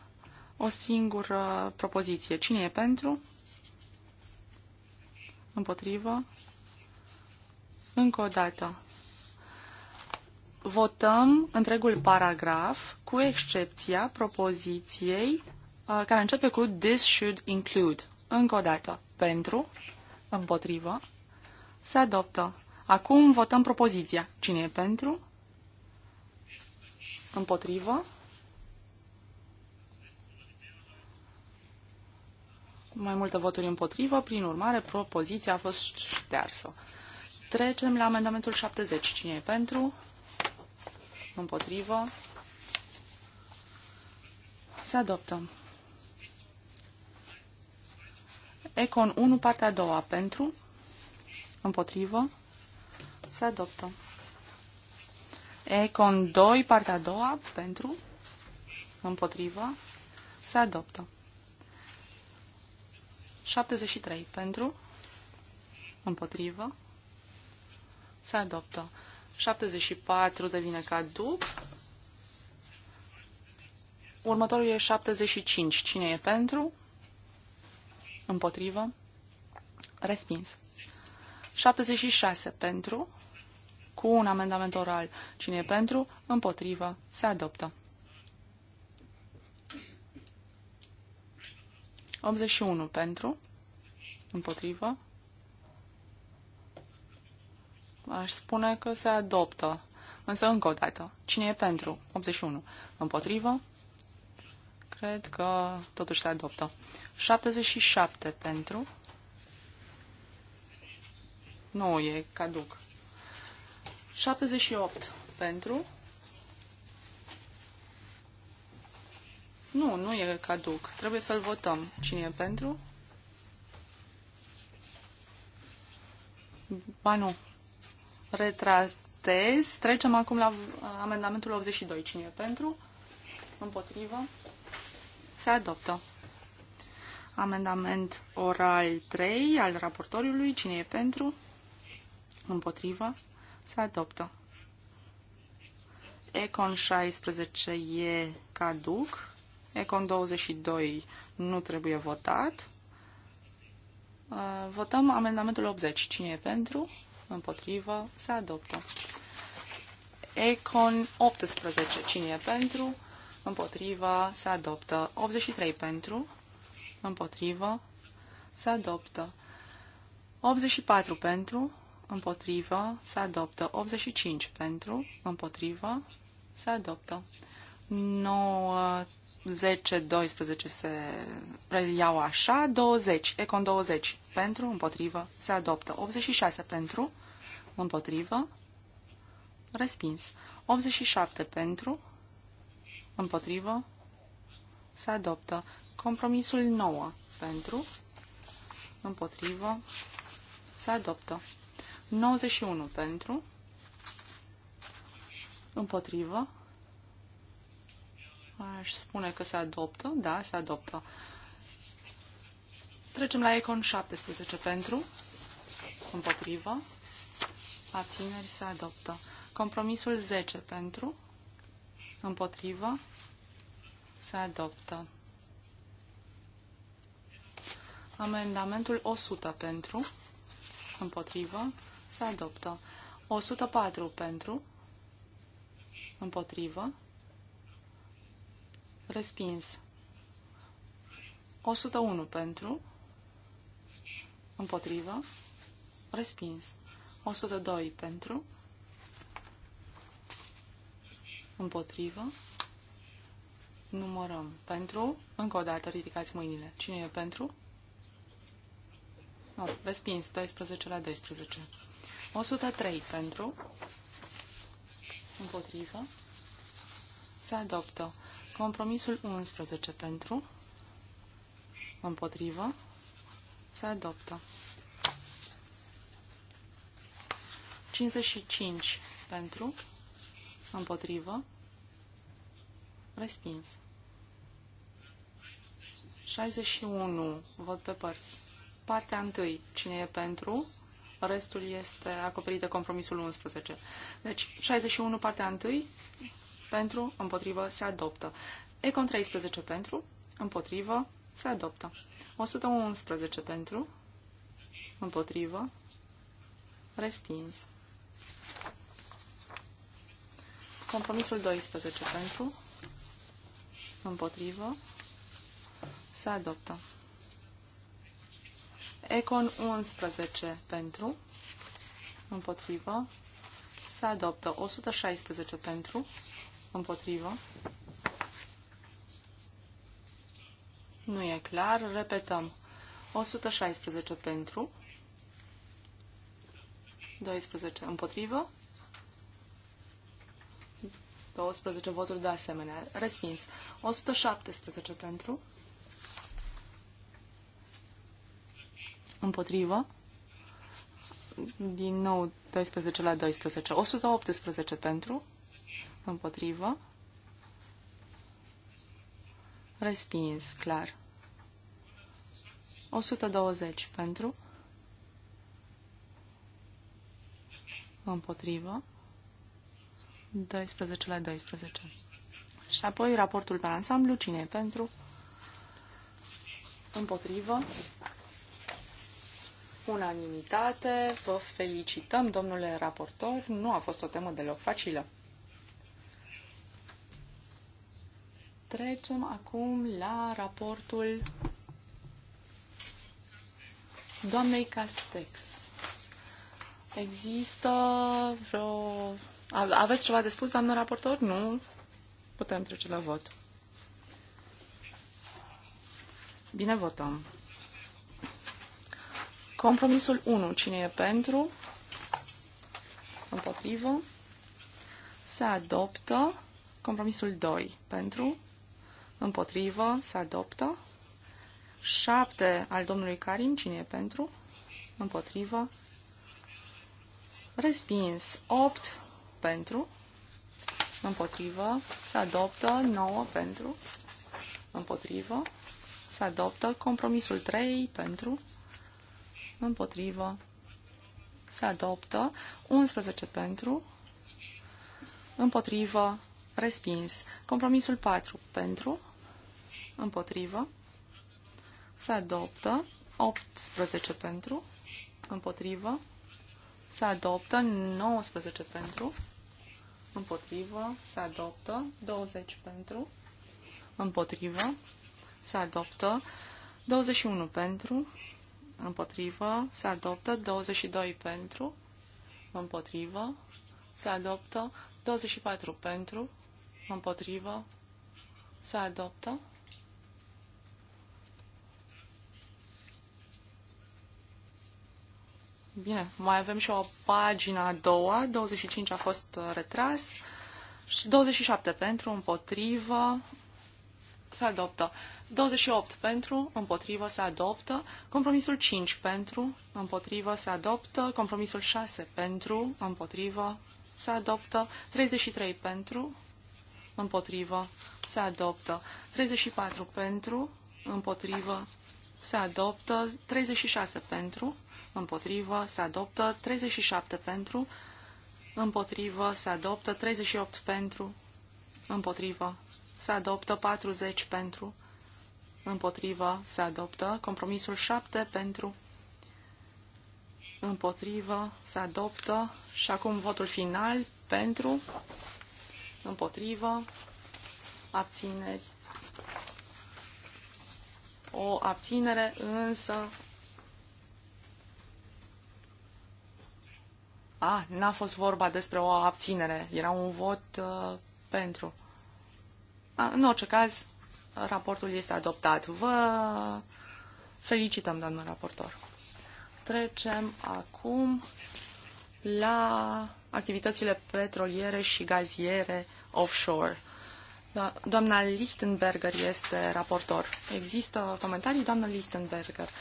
o singură propoziție. Cine e pentru? Împotrivă? Încă o dată. Votăm întregul paragraf, cu excepția propoziției uh, care începe cu This should include. Încă o dată. Pentru? Împotrivă. Se adoptă. Acum votăm propoziția. Cine e pentru? Împotrivă. Mai multe voturi împotrivă, prin urmare, propoziția a fost ștearsă. Trecem la amendamentul 70. Cine e pentru? Împotrivă. Se adoptă. Econ 1, partea a doua, pentru, împotrivă, se adoptă. Econ 2, partea a doua, pentru, împotrivă, se adoptă. 73, pentru, împotrivă, se adoptă. 74 devine caduc. Următorul e 75. Cine e pentru? Împotrivă. Respins. 76 pentru. Cu un amendament oral. Cine e pentru? Împotrivă. Se adoptă. 81 pentru. Împotrivă. Aș spune că se adoptă. Însă încă o dată. Cine e pentru? 81. Împotrivă. Cred că totuși se adoptă. 77 pentru. Nu, e caduc. 78 pentru. Nu, nu e caduc. Trebuie să-l votăm. Cine e pentru? Ba nu. Retratez. Trecem acum la amendamentul 82. Cine e pentru? Împotrivă se adoptă. Amendament oral 3 al raportorului. Cine e pentru? Împotrivă? Se adoptă. Econ 16 e caduc. Econ 22 nu trebuie votat. Uh, votăm amendamentul 80. Cine e pentru? Împotrivă? Se adoptă. Econ 18. Cine e pentru? împotrivă, se adoptă. 83 pentru, împotrivă, se adoptă. 84 pentru, împotrivă, se adoptă. 85 pentru, împotrivă, se adoptă. 9, 10, 12 se preiau așa, 20, Econ 20 pentru, împotrivă, se adoptă. 86 pentru, împotrivă, respins. 87 pentru, Împotrivă. Se adoptă. Compromisul 9. Pentru. Împotrivă. Se adoptă. 91 pentru. Împotrivă. Aș spune că se adoptă. Da, se adoptă. Trecem la Econ 17 pentru. Împotrivă. Abțineri se adoptă. Compromisul 10 pentru. Împotrivă. Se adoptă. Amendamentul 100 pentru. Împotrivă. Se adoptă. 104 pentru. Împotrivă. Respins. 101 pentru. Împotrivă. Respins. 102 pentru împotrivă, numărăm pentru, încă o dată ridicați mâinile. Cine e pentru? Nu, respins, 12 la 12. 103 pentru, împotrivă, se adoptă. Compromisul 11 pentru, împotrivă, se adoptă. 55 pentru, Împotrivă. Respins. 61. Vot pe părți. Partea 1. Cine e pentru? Restul este acoperit de compromisul 11. Deci, 61, partea 1. Pentru, împotrivă, se adoptă. Econ 13 pentru, împotrivă, se adoptă. 111 pentru, împotrivă, respins. Compromisul 12 pentru, împotrivă, se adoptă. Econ 11 pentru, împotrivă, se adoptă. 116 pentru, împotrivă. Nu e clar, repetăm. 116 pentru, 12 împotrivă, 118 voturi de asemenea. Respins. 117 pentru. Împotrivă. Din nou 12 la 12. 118 pentru. Împotrivă. Respins, clar. 120 pentru. Împotrivă. 12 la 12. Și apoi raportul pe ansamblu, cine e pentru? Împotrivă. Unanimitate. Vă felicităm, domnule raportor. Nu a fost o temă deloc facilă. Trecem acum la raportul doamnei Castex. Există vreo aveți ceva de spus, doamnă raportor? Nu? Putem trece la vot. Bine votăm. Compromisul 1. Cine e pentru? Împotrivă. Se adoptă. Compromisul 2. Pentru. Împotrivă. Se adoptă. 7 al domnului Karim. Cine e pentru? Împotrivă. Respins. 8 pentru, împotrivă, se adoptă 9 pentru, împotrivă, se adoptă compromisul 3 pentru, împotrivă, se adoptă 11 pentru, împotrivă, respins. Compromisul 4 pentru, împotrivă, se adoptă 18 pentru, împotrivă, se adoptă, 19 pentru, împotrivă, se adoptă, 20 pentru, împotrivă, se adoptă, 21 pentru, împotrivă, se adoptă, 22 pentru, împotrivă, se adoptă, 24 pentru, împotrivă, se adoptă, Bine, mai avem și o pagina a doua, 25 a fost uh, retras și 27 pentru, împotrivă, se adoptă. 28 pentru, împotrivă, se adoptă. Compromisul 5 pentru, împotrivă, se adoptă. Compromisul 6 pentru, împotrivă, se adoptă. 33 pentru, împotrivă, se adoptă. 34 pentru, împotrivă, se adoptă. 36 pentru, împotrivă, se adoptă 37 pentru, împotrivă, se adoptă 38 pentru, împotrivă, se adoptă 40 pentru, împotrivă, se adoptă compromisul 7 pentru, împotrivă, se adoptă și acum votul final pentru, împotrivă, abțineri. O abținere însă A, n-a fost vorba despre o abținere, era un vot uh, pentru. A, în orice caz, raportul este adoptat. Vă felicităm, doamnă raportor. Trecem acum la activitățile petroliere și gaziere offshore. Doamna Lichtenberger este raportor. Există comentarii, doamnă Lichtenberger. Uh,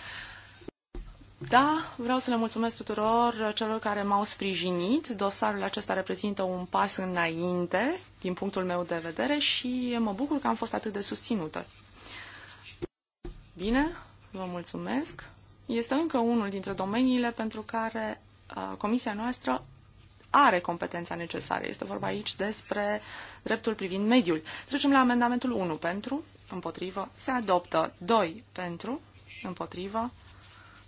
da, vreau să le mulțumesc tuturor celor care m-au sprijinit. Dosarul acesta reprezintă un pas înainte, din punctul meu de vedere, și mă bucur că am fost atât de susținută. Bine, vă mulțumesc. Este încă unul dintre domeniile pentru care comisia noastră are competența necesară. Este vorba aici despre dreptul privind mediul. Trecem la amendamentul 1 pentru, împotrivă, se adoptă 2 pentru, împotrivă,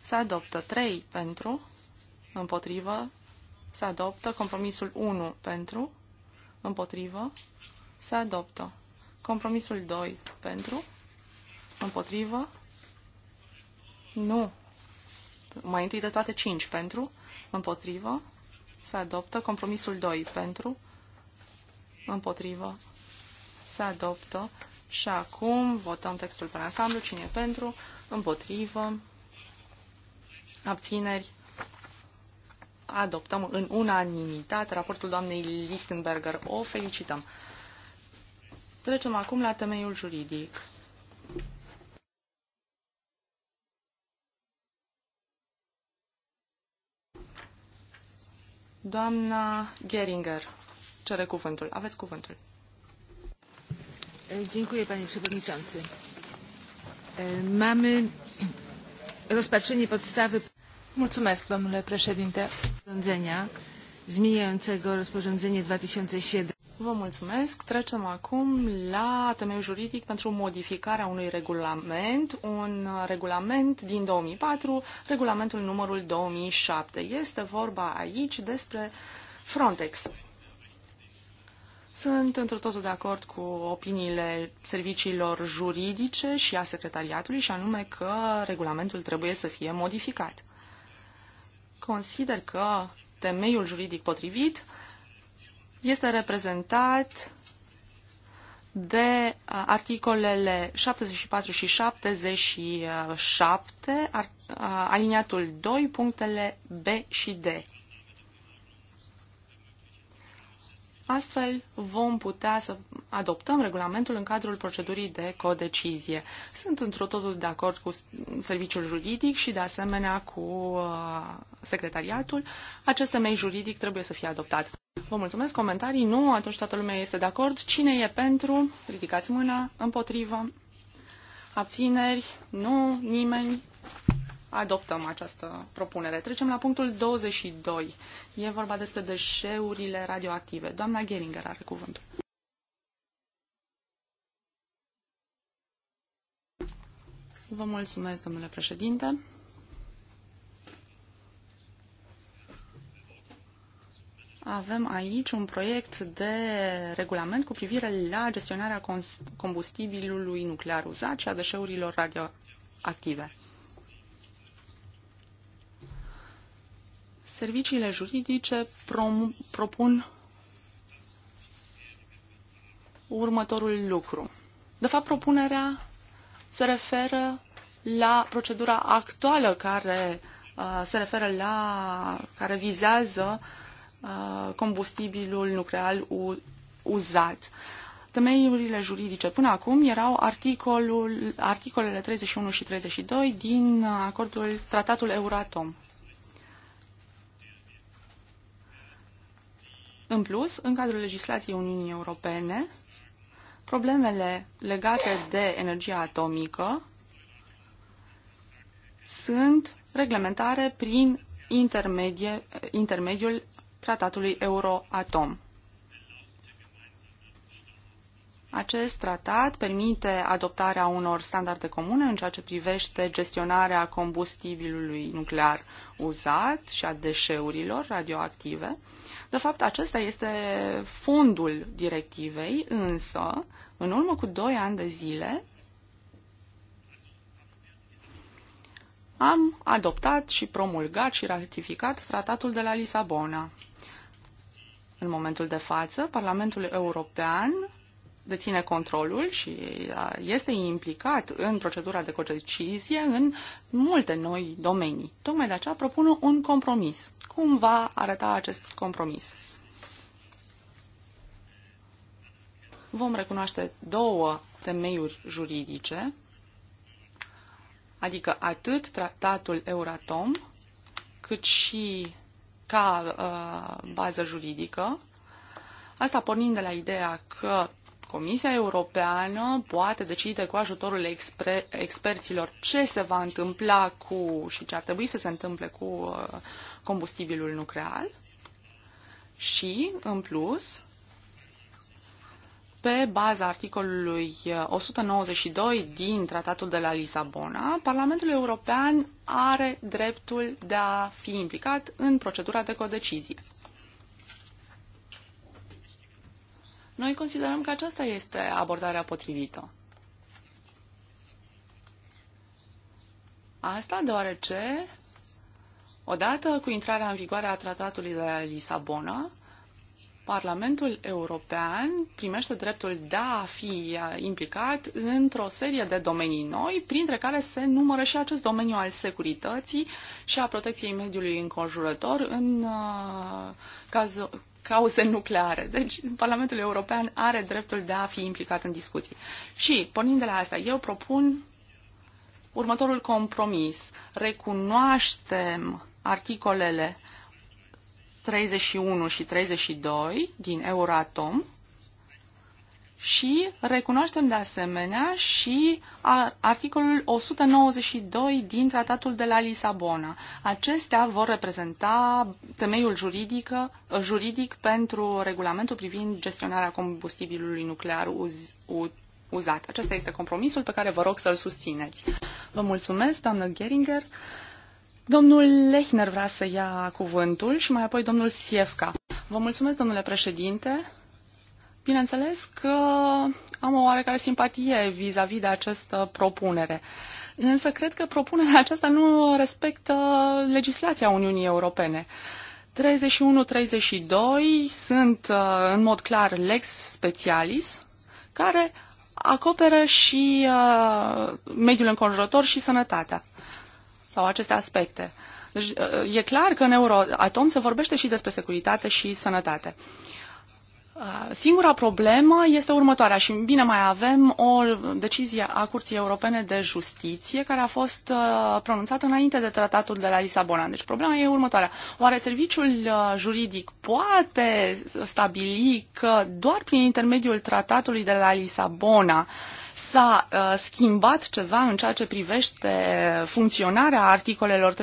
se adoptă 3 pentru, împotrivă, se adoptă compromisul 1 pentru, împotrivă, se adoptă compromisul 2 pentru, împotrivă, nu, mai întâi de toate 5 pentru, împotrivă, se adoptă compromisul 2 pentru, împotrivă, se adoptă și acum votăm textul pe ansamblu, cine e pentru, împotrivă, abțineri, adoptăm în unanimitate raportul doamnei Lichtenberger. O felicităm. Trecem acum la temeiul juridic. Doamna Geringer cere cuvântul. Aveți cuvântul. Dziękuję, panie przewodniczący. Mamy rozpatrzenie podstawy Mulțumesc, domnule președinte. Zmieniającego rozporządzenie 2007. Vă mulțumesc. Trecem acum la temeiul juridic pentru modificarea unui regulament, un regulament din 2004, regulamentul numărul 2007. Este vorba aici despre Frontex. Sunt într totul de acord cu opiniile serviciilor juridice și a secretariatului și anume că regulamentul trebuie să fie modificat consider că temeiul juridic potrivit este reprezentat de articolele 74 și 77, aliniatul 2, punctele B și D. Astfel vom putea să adoptăm regulamentul în cadrul procedurii de codecizie. Sunt într totul de acord cu serviciul juridic și de asemenea cu uh, secretariatul. Acest temei juridic trebuie să fie adoptat. Vă mulțumesc. Comentarii? Nu? Atunci toată lumea este de acord. Cine e pentru? Ridicați mâna. Împotrivă? Abțineri? Nu? Nimeni? adoptăm această propunere. Trecem la punctul 22. E vorba despre deșeurile radioactive. Doamna Geringer are cuvântul. Vă mulțumesc, domnule președinte. Avem aici un proiect de regulament cu privire la gestionarea combustibilului nuclear uzat și a deșeurilor radioactive. Serviciile juridice propun următorul lucru. De fapt, propunerea se referă la procedura actuală care uh, se referă la care vizează uh, combustibilul nuclear uzat. Temeiurile juridice până acum erau articolul, articolele 31 și 32 din acordul Tratatul Euratom. În plus, în cadrul legislației Uniunii Europene, problemele legate de energia atomică sunt reglementare prin intermediul tratatului Euroatom. Acest tratat permite adoptarea unor standarde comune în ceea ce privește gestionarea combustibilului nuclear uzat și a deșeurilor radioactive, de fapt, acesta este fondul directivei, însă, în urmă cu 2 ani de zile, am adoptat și promulgat și ratificat tratatul de la Lisabona. În momentul de față, Parlamentul European deține controlul și este implicat în procedura de codecizie în multe noi domenii. Tocmai de aceea propun un compromis. Cum va arăta acest compromis? Vom recunoaște două temeiuri juridice, adică atât tratatul Euratom, cât și ca uh, bază juridică, Asta pornind de la ideea că Comisia Europeană poate decide cu ajutorul expre- experților ce se va întâmpla cu și ce ar trebui să se întâmple cu uh, combustibilul nuclear și, în plus, pe baza articolului 192 uh, din Tratatul de la Lisabona, Parlamentul European are dreptul de a fi implicat în procedura de codecizie. Noi considerăm că aceasta este abordarea potrivită. Asta deoarece, odată cu intrarea în vigoare a tratatului de la Lisabona, Parlamentul European primește dreptul de a fi implicat într-o serie de domenii noi, printre care se numără și acest domeniu al securității și a protecției mediului înconjurător în uh, caz, cauze nucleare. Deci Parlamentul European are dreptul de a fi implicat în discuții. Și, pornind de la asta, eu propun următorul compromis. Recunoaștem articolele 31 și 32 din Euratom și recunoaștem de asemenea și articolul 192 din Tratatul de la Lisabona. Acestea vor reprezenta temeiul juridic, uh, juridic pentru regulamentul privind gestionarea combustibilului nuclear uz, uzat. Acesta este compromisul pe care vă rog să-l susțineți. Vă mulțumesc, doamnă Geringer. Domnul Lechner vrea să ia cuvântul și mai apoi domnul Siefka. Vă mulțumesc, domnule președinte. Bineînțeles că am o oarecare simpatie vis-a-vis -vis de această propunere. Însă cred că propunerea aceasta nu respectă legislația Uniunii Europene. 31-32 sunt uh, în mod clar lex specialis care acoperă și uh, mediul înconjurător și sănătatea sau aceste aspecte. Deci uh, e clar că în Euroatom se vorbește și despre securitate și sănătate. Uh, Uh, singura problemă este următoarea și bine mai avem o decizie a Curții Europene de Justiție care a fost uh, pronunțată înainte de tratatul de la Lisabona. Deci problema e următoarea. Oare serviciul uh, juridic poate stabili că doar prin intermediul tratatului de la Lisabona s-a uh, schimbat ceva în ceea ce privește funcționarea articolelor 31-32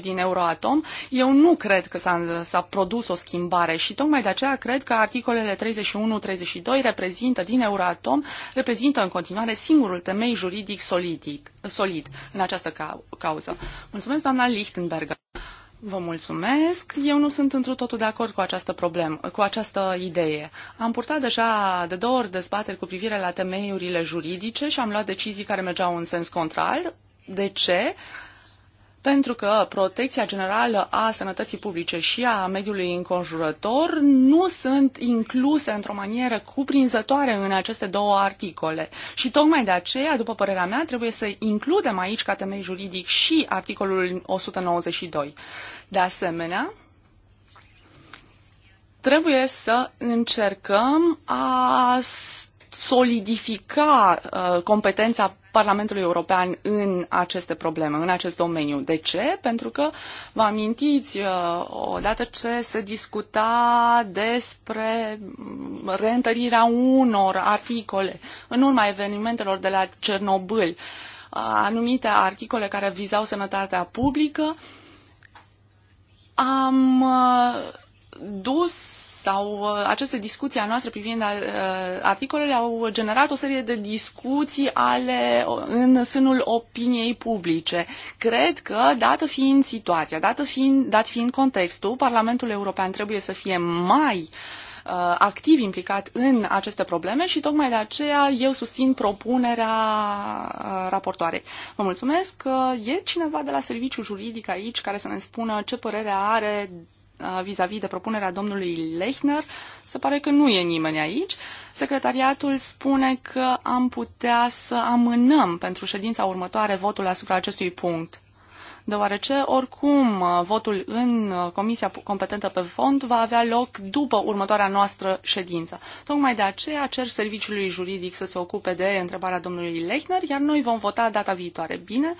din Euroatom. Eu nu cred că s-a, produs o schimbare și tocmai de aceea cred că articolele 31-32 reprezintă din Euroatom, reprezintă în continuare singurul temei juridic solidic, solid în această cauză. Mulțumesc, doamna Lichtenberger. Vă mulțumesc. Eu nu sunt într totul de acord cu această problemă, cu această idee. Am purtat deja de două ori dezbateri cu privire la temeiurile juridice și am luat decizii care mergeau în sens contrar. De ce? pentru că protecția generală a sănătății publice și a mediului înconjurător nu sunt incluse într-o manieră cuprinzătoare în aceste două articole. Și tocmai de aceea, după părerea mea, trebuie să includem aici ca temei juridic și articolul 192. De asemenea, trebuie să încercăm a solidifica uh, competența Parlamentului European în aceste probleme, în acest domeniu. De ce? Pentru că vă amintiți uh, odată ce se discuta despre reîntărirea unor articole în urma evenimentelor de la Cernobâl, uh, anumite articole care vizau sănătatea publică, am uh, dus sau uh, aceste discuții a noastră privind uh, articolele au generat o serie de discuții ale, în sânul opiniei publice. Cred că, dată fiind situația, dată fiind, dat fiind contextul, Parlamentul European trebuie să fie mai uh, activ implicat în aceste probleme și tocmai de aceea eu susțin propunerea raportoarei. Vă mulțumesc. E cineva de la serviciu juridic aici care să ne spună ce părere are vis-a-vis -vis de propunerea domnului Lechner, se pare că nu e nimeni aici. Secretariatul spune că am putea să amânăm pentru ședința următoare votul asupra acestui punct deoarece oricum votul în comisia competentă pe fond va avea loc după următoarea noastră ședință. Tocmai de aceea cer serviciului juridic să se ocupe de întrebarea domnului Lechner, iar noi vom vota data viitoare. Bine,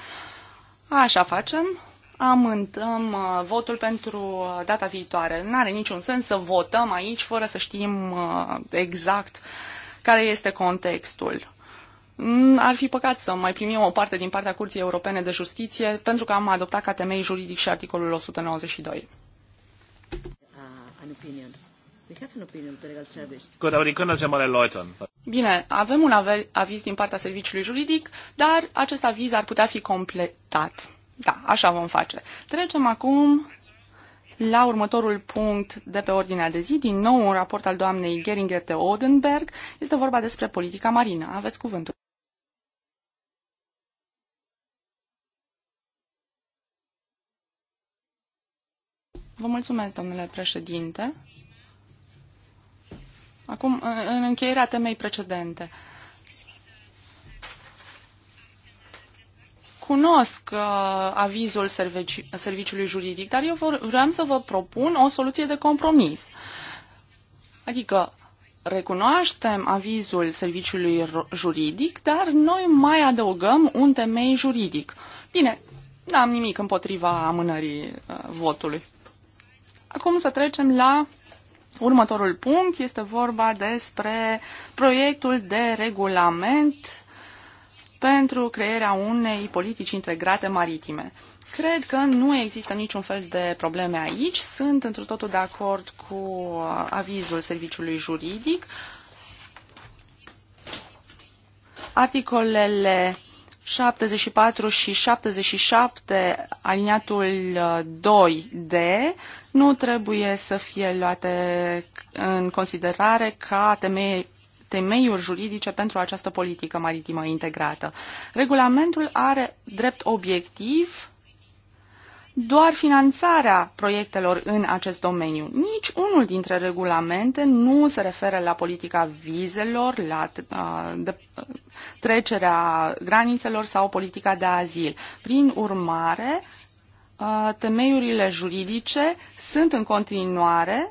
așa facem amântăm uh, votul pentru uh, data viitoare. Nu are niciun sens să votăm aici fără să știm uh, exact care este contextul. Ar fi păcat să mai primim o parte din partea Curții Europene de Justiție pentru că am adoptat ca temei juridic și articolul 192. Bine, avem un aviz din partea serviciului juridic, dar acest aviz ar putea fi completat. Da, așa vom face. Trecem acum la următorul punct de pe ordinea de zi, din nou un raport al doamnei Geringer de Odenberg. Este vorba despre politica marină. Aveți cuvântul. Vă mulțumesc, domnule președinte. Acum, în încheierea temei precedente. Uh, cunosc uh, avizul servici, serviciului juridic, dar eu vor, vreau să vă propun o soluție de compromis. Adică recunoaștem avizul serviciului juridic, dar noi mai adăugăm un temei juridic. Bine, n-am nimic împotriva amânării uh, votului. Acum să trecem la următorul punct. Este vorba despre proiectul de regulament pentru crearea unei politici integrate maritime. Cred că nu există niciun fel de probleme aici. Sunt într totul de acord cu uh, avizul serviciului juridic. Articolele 74 și 77, aliniatul 2D, uh, nu trebuie să fie luate în considerare ca temei temeiuri juridice pentru această politică maritimă integrată. Regulamentul are drept obiectiv doar finanțarea proiectelor în acest domeniu. Nici unul dintre regulamente nu se referă la politica vizelor, la uh, de, trecerea granițelor sau politica de azil. Prin urmare, uh, temeiurile juridice sunt în continuare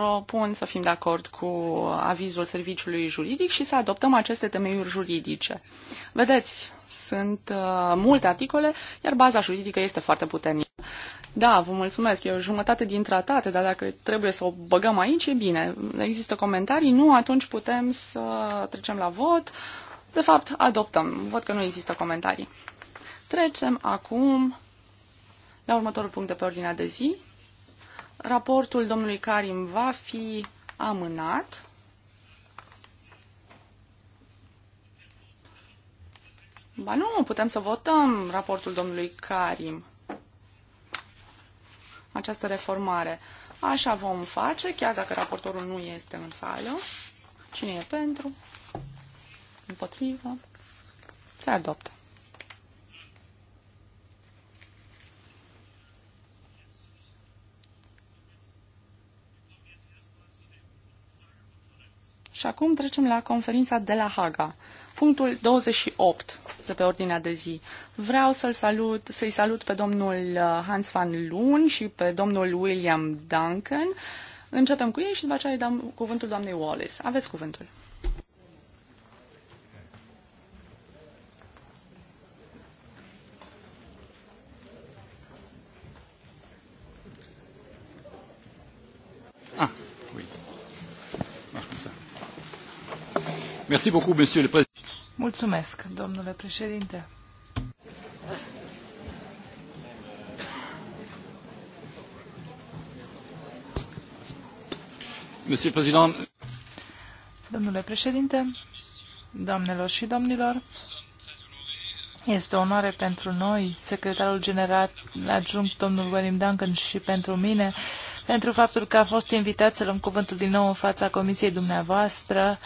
propun să fim de acord cu avizul serviciului juridic și să adoptăm aceste temeiuri juridice. Vedeți, sunt uh, multe articole, iar baza juridică este foarte puternică. Da, vă mulțumesc, e o jumătate din tratate, dar dacă trebuie să o băgăm aici, e bine. Există comentarii, nu, atunci putem să trecem la vot. De fapt, adoptăm. Văd că nu există comentarii. Trecem acum la următorul punct de pe ordinea de zi, Raportul domnului Karim va fi amânat. Ba nu, putem să votăm raportul domnului Karim. Această reformare. Așa vom face, chiar dacă raportorul nu este în sală. Cine e pentru? Împotrivă? Se adoptă. Și acum trecem la conferința de la Haga. Punctul 28 de pe ordinea de zi. Vreau să i salut, să-i salut pe domnul uh, Hans van Loon și pe domnul William Duncan. Începem cu ei și după aceea îi dăm cuvântul doamnei Wallace. Aveți cuvântul. Merci beaucoup, monsieur le président. Mulțumesc, domnule președinte. Monsieur le président. Domnule președinte, doamnelor și domnilor, este o onoare pentru noi, secretarul general adjunct, domnul William Duncan și pentru mine, pentru faptul că a fost invitat să luăm cuvântul din nou în fața comisiei dumneavoastră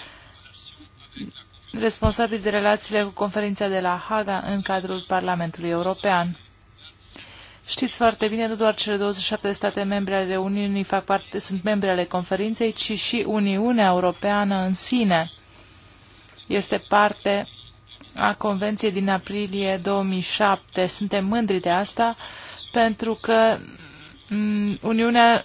responsabil de relațiile cu conferința de la Haga în cadrul Parlamentului European. Știți foarte bine, nu doar cele 27 de state membre ale Uniunii fac parte, sunt membre ale conferinței, ci și Uniunea Europeană în sine este parte a Convenției din aprilie 2007. Suntem mândri de asta pentru că mm, Uniunea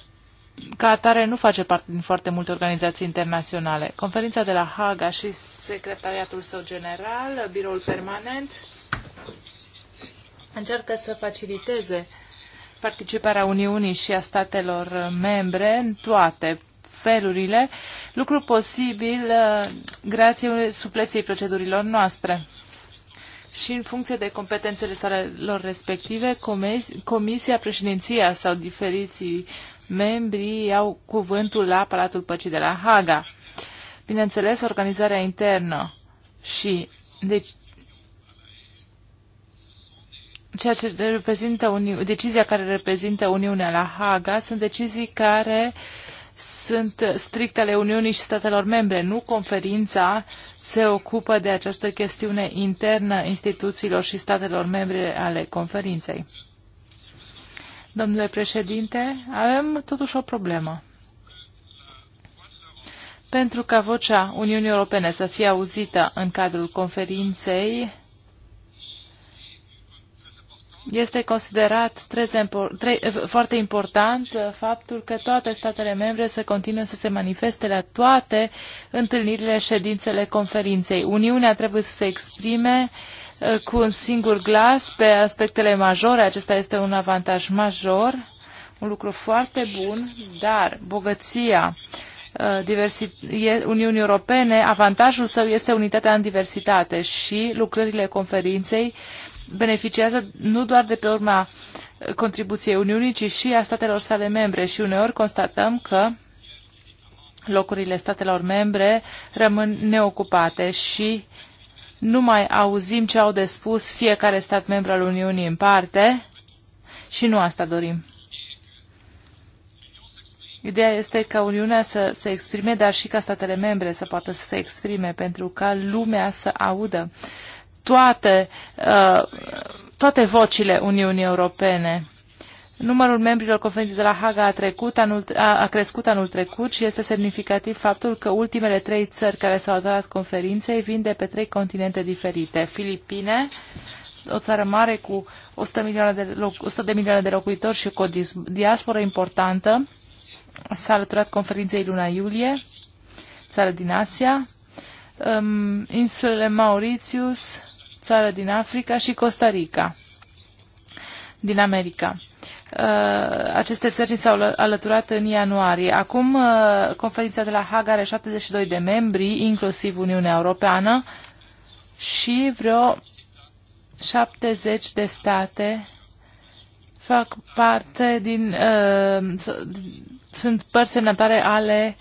ca atare nu face parte din foarte multe organizații internaționale. Conferința de la Haga și secretariatul său general, biroul permanent, încearcă să faciliteze participarea Uniunii și a statelor membre în toate felurile, lucru posibil uh, grație supleției procedurilor noastre. Și în funcție de competențele sale lor respective, comisia, președinția sau diferiții Membrii iau cuvântul la Palatul Păcii de la Haga. Bineînțeles, organizarea internă și deci, ceea ce reprezintă Uni- decizia care reprezintă Uniunea la Haga sunt decizii care sunt strict ale Uniunii și statelor membre. Nu conferința se ocupă de această chestiune internă instituțiilor și statelor membre ale conferinței. Domnule președinte, avem totuși o problemă. Pentru ca vocea Uniunii Europene să fie auzită în cadrul conferinței, este considerat foarte important faptul că toate statele membre să continue să se manifeste la toate întâlnirile, ședințele conferinței. Uniunea trebuie să se exprime uh, Eh, cu un singur glas pe aspectele majore. Acesta este un avantaj major, un lucru foarte bun, dar bogăția eh, Uniunii Europene, avantajul său este unitatea în diversitate și lucrările conferinței beneficiază nu doar de pe urma eh, contribuției Uniunii, ci și a statelor sale membre și uneori constatăm că locurile statelor membre rămân neocupate și nu mai auzim ce au de spus fiecare stat membru al Uniunii în parte și nu asta dorim. Ideea este ca Uniunea să se exprime, dar și ca statele membre să poată să se exprime, pentru ca lumea să audă toate, uh, toate vocile Uniunii Europene. Numărul membrilor conferinței de la Haga a, trecut anul, a, a crescut anul trecut și este semnificativ faptul că ultimele trei țări care s-au adorat conferinței vin de pe trei continente diferite. Filipine, o țară mare cu 100, milioane de, loc, 100 de milioane de locuitori și cu o diasporă importantă, s-a alăturat conferinței luna iulie, țară din Asia, um, insulele Mauritius, țară din Africa și Costa Rica din America. Uh, aceste țări s-au alăturat în ianuarie. Acum, uh, conferința de la Haga are 72 de membri, inclusiv Uniunea Europeană, și vreo 70 de state fac parte din. Uh, sunt părți semnatare ale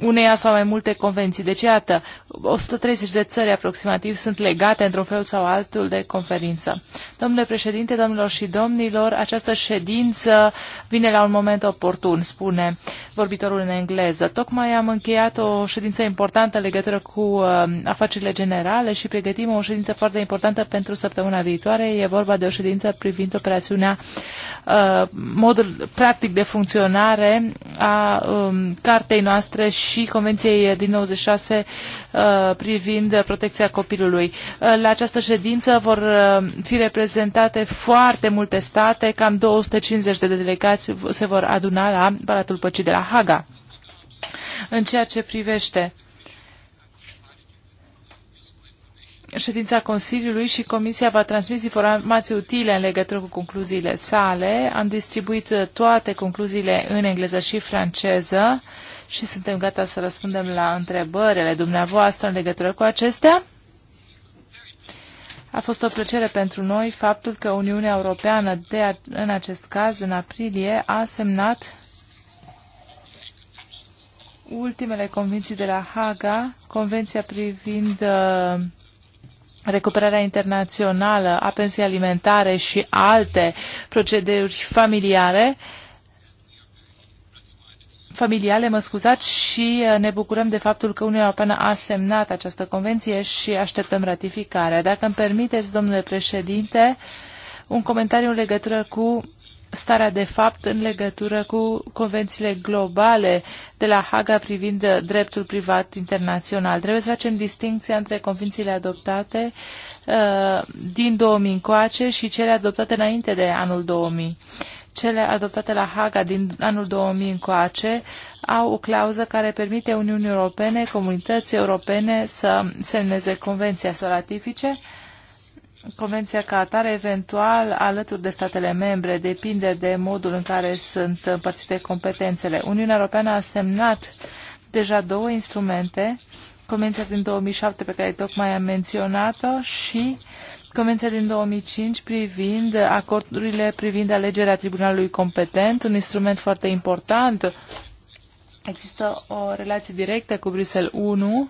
uneia sau mai multe convenții. Deci, iată, 130 de țări aproximativ sunt legate într-un fel sau altul de conferință. Domnule președinte, domnilor și domnilor, această ședință vine la un moment oportun, spune vorbitorul în engleză. Tocmai am încheiat o ședință importantă în legătură cu uh, afacerile generale și pregătim o ședință foarte importantă pentru săptămâna viitoare. E vorba de o ședință privind operațiunea uh, modul practic de funcționare a um, cartei noastre și Convenției din 96 uh, Uh, privind protecția copilului. Uh, la această ședință vor uh, fi reprezentate foarte multe state, cam 250 de delegați se vor aduna la Palatul Păcii de la Haga. În ceea ce privește ședința Consiliului și Comisia va transmis informații utile în legătură cu concluziile sale. Am distribuit toate concluziile în engleză și franceză și suntem gata să răspundem la întrebările dumneavoastră în legătură cu acestea. A fost o plăcere pentru noi faptul că Uniunea Europeană, de a, în acest caz, în aprilie, a semnat ultimele convenții de la Haga, Convenția privind uh, recuperarea internațională a pensii alimentare și alte proceduri familiare, uh, familiale, mă scuzați, și uh, ne bucurăm de faptul că Uniunea Europeană a semnat această convenție și așteptăm ratificarea. Dacă îmi permiteți, domnule președinte, un comentariu în legătură cu starea de fapt în legătură cu convențiile globale de la Haga privind uh, dreptul privat internațional. Trebuie să facem distinția între convențiile adoptate uh, din 2000 încoace și cele adoptate înainte de anul 2000. Cele adoptate la Haga din anul 2000 încoace au o clauză care permite Uniunii Europene, comunității europene să semneze convenția, să ratifice Convenția ca atare, eventual, alături de statele membre, depinde de modul în care sunt împărțite competențele. Uniunea Europeană a semnat deja două instrumente, Convenția din 2007 pe care tocmai am menționat-o și uh, Convenția din 2005 privind acordurile privind alegerea tribunalului competent, un instrument foarte important. Există o relație directă cu Bruxelles 1.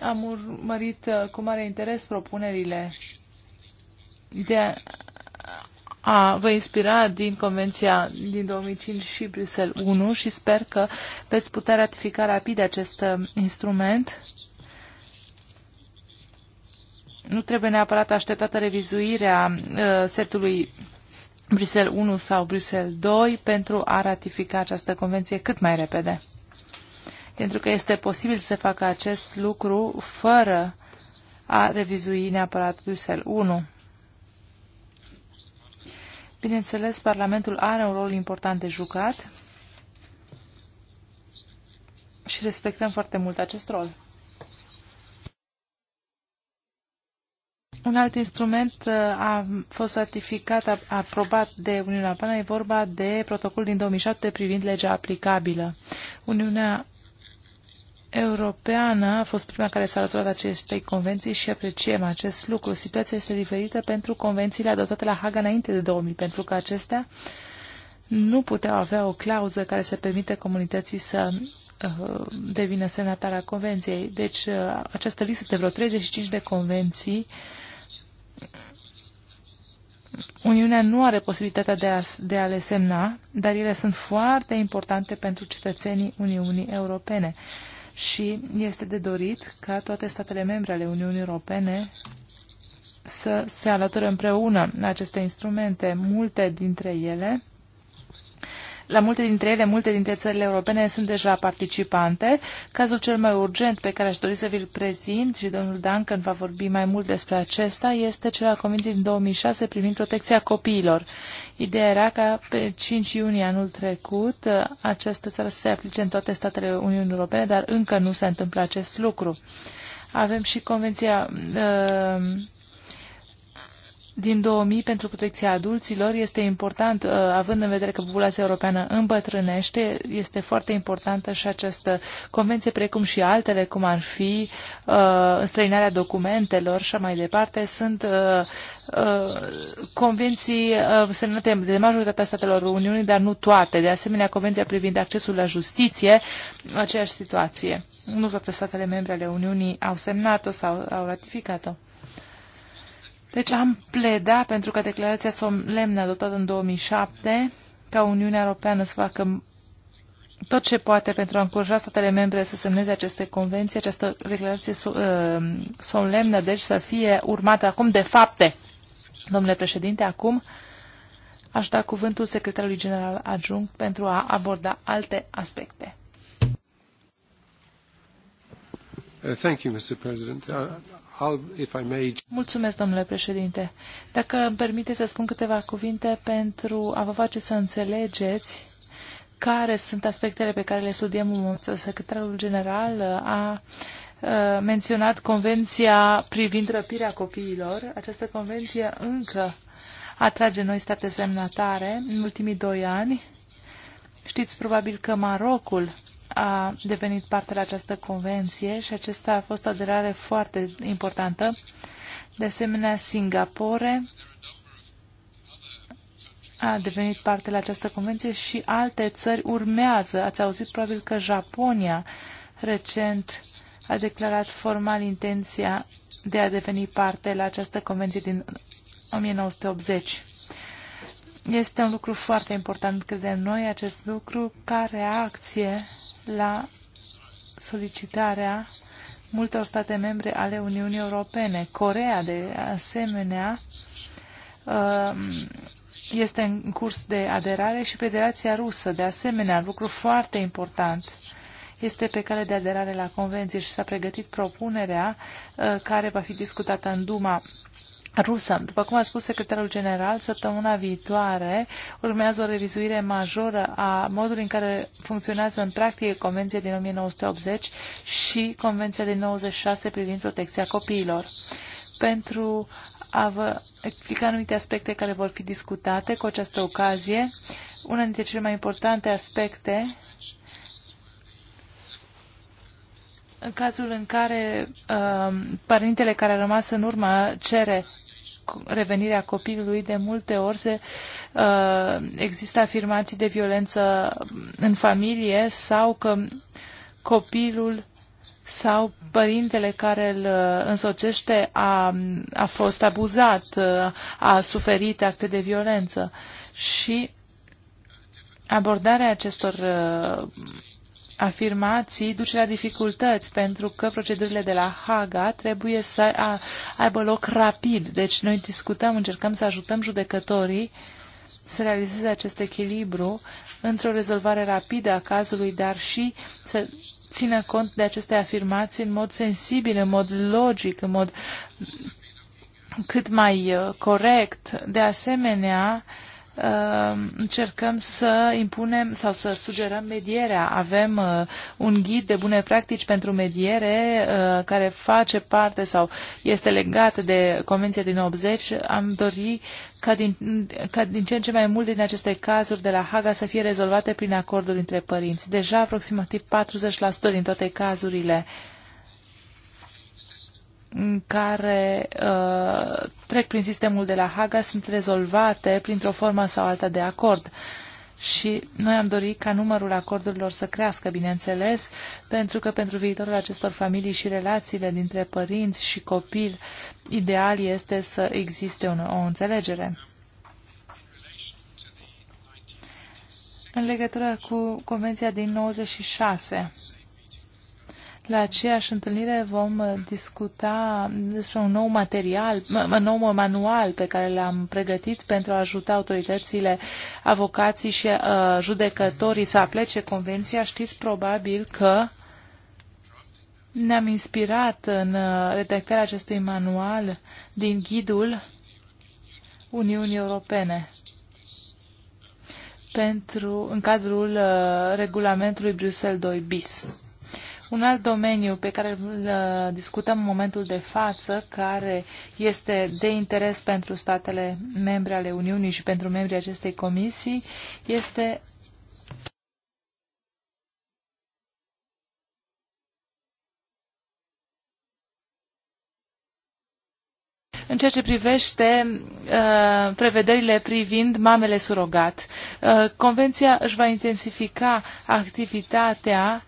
Am urmărit uh, cu mare interes propunerile de a, a vă inspira din Convenția din 2005 și Bruxelles 1 și sper că veți putea ratifica rapid acest uh, instrument nu trebuie neapărat așteptată revizuirea uh, setului Bruxelles 1 sau Bruxelles 2 pentru a ratifica această convenție cât mai repede. Pentru că este posibil să facă acest lucru fără a revizui neapărat Bruxelles 1. Bineînțeles, Parlamentul are un rol important de jucat și respectăm foarte mult acest rol. Un alt instrument uh, a fost ratificat, aprobat de Uniunea Europeană, e vorba de protocolul din 2007 privind legea aplicabilă. Uniunea Europeană a fost prima care s-a alăturat acestei convenții și apreciem acest lucru. Situația este diferită pentru convențiile adoptate la Haga înainte de 2000, pentru că acestea nu puteau avea o clauză care să permite comunității să uh, devină semnatarea a convenției. Deci, uh, această listă de vreo 35 de convenții uh, Uniunea nu are posibilitatea de a, de a le semna, dar ele sunt foarte importante pentru cetățenii Uniunii Europene și este de dorit ca toate statele membre ale Uniunii Europene să se alăture împreună aceste instrumente. Multe dintre ele la multe dintre ele, multe dintre țările europene sunt deja participante. Cazul cel mai urgent pe care aș dori să vi-l prezint și domnul Duncan va vorbi mai mult despre acesta este cel al convenției din 2006 privind protecția copiilor. Ideea era ca pe 5 iunie anul trecut această țară să se aplice în toate statele Uniunii Europene, dar încă nu se întâmplă acest lucru. Avem și Convenția uh, din 2000 pentru protecția adulților este important, uh, având în vedere că populația europeană îmbătrânește, este foarte importantă și această convenție, precum și altele, cum ar fi uh, înstrăinarea documentelor și mai departe, sunt uh, convenții semnate de majoritatea statelor Uniunii, dar nu toate. De asemenea, convenția privind accesul la justiție, aceeași situație. Nu toate statele membre ale Uniunii au semnat-o sau au ratificat-o. Deci am pledat pentru că declarația solemnă adoptată în 2007 ca Uniunea Europeană să facă tot ce poate pentru a încuraja statele membre să semneze aceste convenții, această declarație uh, solemnă, deci să fie urmată acum de fapte. Domnule președinte, acum aș da cuvântul secretarului general adjunct pentru a aborda alte aspecte. Uh, thank you, Mr. President. Uh, Mulțumesc, domnule președinte. Dacă îmi permiteți să spun câteva cuvinte pentru a vă face să înțelegeți care sunt aspectele pe care le studiem. Secretarul general a menționat Convenția privind răpirea copiilor. Această convenție încă atrage noi state semnatare în ultimii doi ani. Știți probabil că Marocul a devenit parte la această convenție și acesta a fost o aderare foarte importantă. De asemenea, Singapore a devenit parte la această convenție și alte țări urmează. Ați auzit probabil că Japonia recent a declarat formal intenția de a deveni parte la această convenție din 1980. Este un lucru foarte important, credem noi, acest lucru ca reacție la solicitarea multor state membre ale Uniunii Europene. Corea, de asemenea, um, este în curs de aderare și Federația Rusă, de asemenea, lucru foarte important este pe cale de aderare la convenție și s-a pregătit propunerea uh, care va fi discutată în Duma rusă. După cum a spus secretarul general, săptămâna viitoare urmează o revizuire majoră a modului în care funcționează în practică Convenția din 1980 și Convenția din 96 privind protecția copiilor. Pentru a vă explica anumite aspecte care vor fi discutate cu această ocazie, una dintre cele mai importante aspecte în cazul în care uh, um, părintele care a rămas în urmă cere revenirea copilului, de multe ori se, uh, există afirmații de violență în familie sau că copilul sau părintele care îl uh, însocește a, a fost abuzat, uh, a suferit acte de violență. Și abordarea acestor uh, afirmații duce la dificultăți, pentru că procedurile de la Haga trebuie să aibă loc rapid. Deci noi discutăm, încercăm să ajutăm judecătorii să realizeze acest echilibru între o rezolvare rapidă a cazului, dar și să țină cont de aceste afirmații în mod sensibil, în mod logic, în mod cât mai uh, corect. De asemenea, uh, Uh, încercăm să impunem sau să sugerăm medierea. Avem uh, un ghid de bune practici pentru mediere uh, care face parte sau este legat de Convenția din 80. Am dori ca din, ca din ce în ce mai multe din aceste cazuri de la Haga să fie rezolvate prin acorduri între părinți. Deja aproximativ 40% din toate cazurile uh, care uh, trec prin sistemul de la Haga sunt rezolvate printr-o formă sau alta de acord. Și noi am dorit ca numărul acordurilor să crească, bineînțeles, pentru că pentru viitorul acestor familii și relațiile dintre părinți și copil, ideal este să existe un, o înțelegere. În legătură cu Convenția din 96, la aceeași întâlnire vom uh, discuta despre un nou material, un nou manual pe care l-am pregătit pentru a ajuta autoritățile, avocații și uh, judecătorii să aplece convenția. Știți probabil că ne-am inspirat în uh, redactarea acestui manual din ghidul Uniunii Europene pentru, în cadrul uh, regulamentului Bruxelles 2 bis. Un alt domeniu pe care îl uh, discutăm în momentul de față, care este de interes pentru statele membre ale Uniunii și pentru membrii acestei comisii, este în ceea ce privește uh, prevederile privind mamele surogat. Uh, convenția își va intensifica activitatea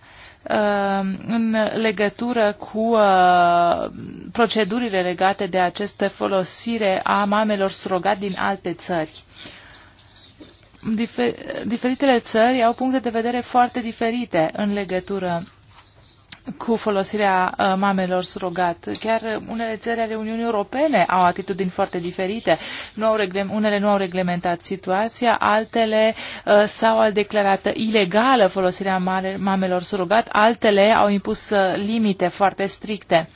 Uh, în legătură cu uh, procedurile legate de această folosire a mamelor surogat din alte țări. diferitele țări au puncte de vedere foarte diferite în legătură cu folosirea uh, mamelor surogat. Chiar unele țări ale Uniunii Europene au atitudini foarte diferite. Nu au unele nu au reglementat situația, altele uh, s-au declarat ilegală folosirea mare, mamelor surogat, altele au impus uh, limite foarte stricte.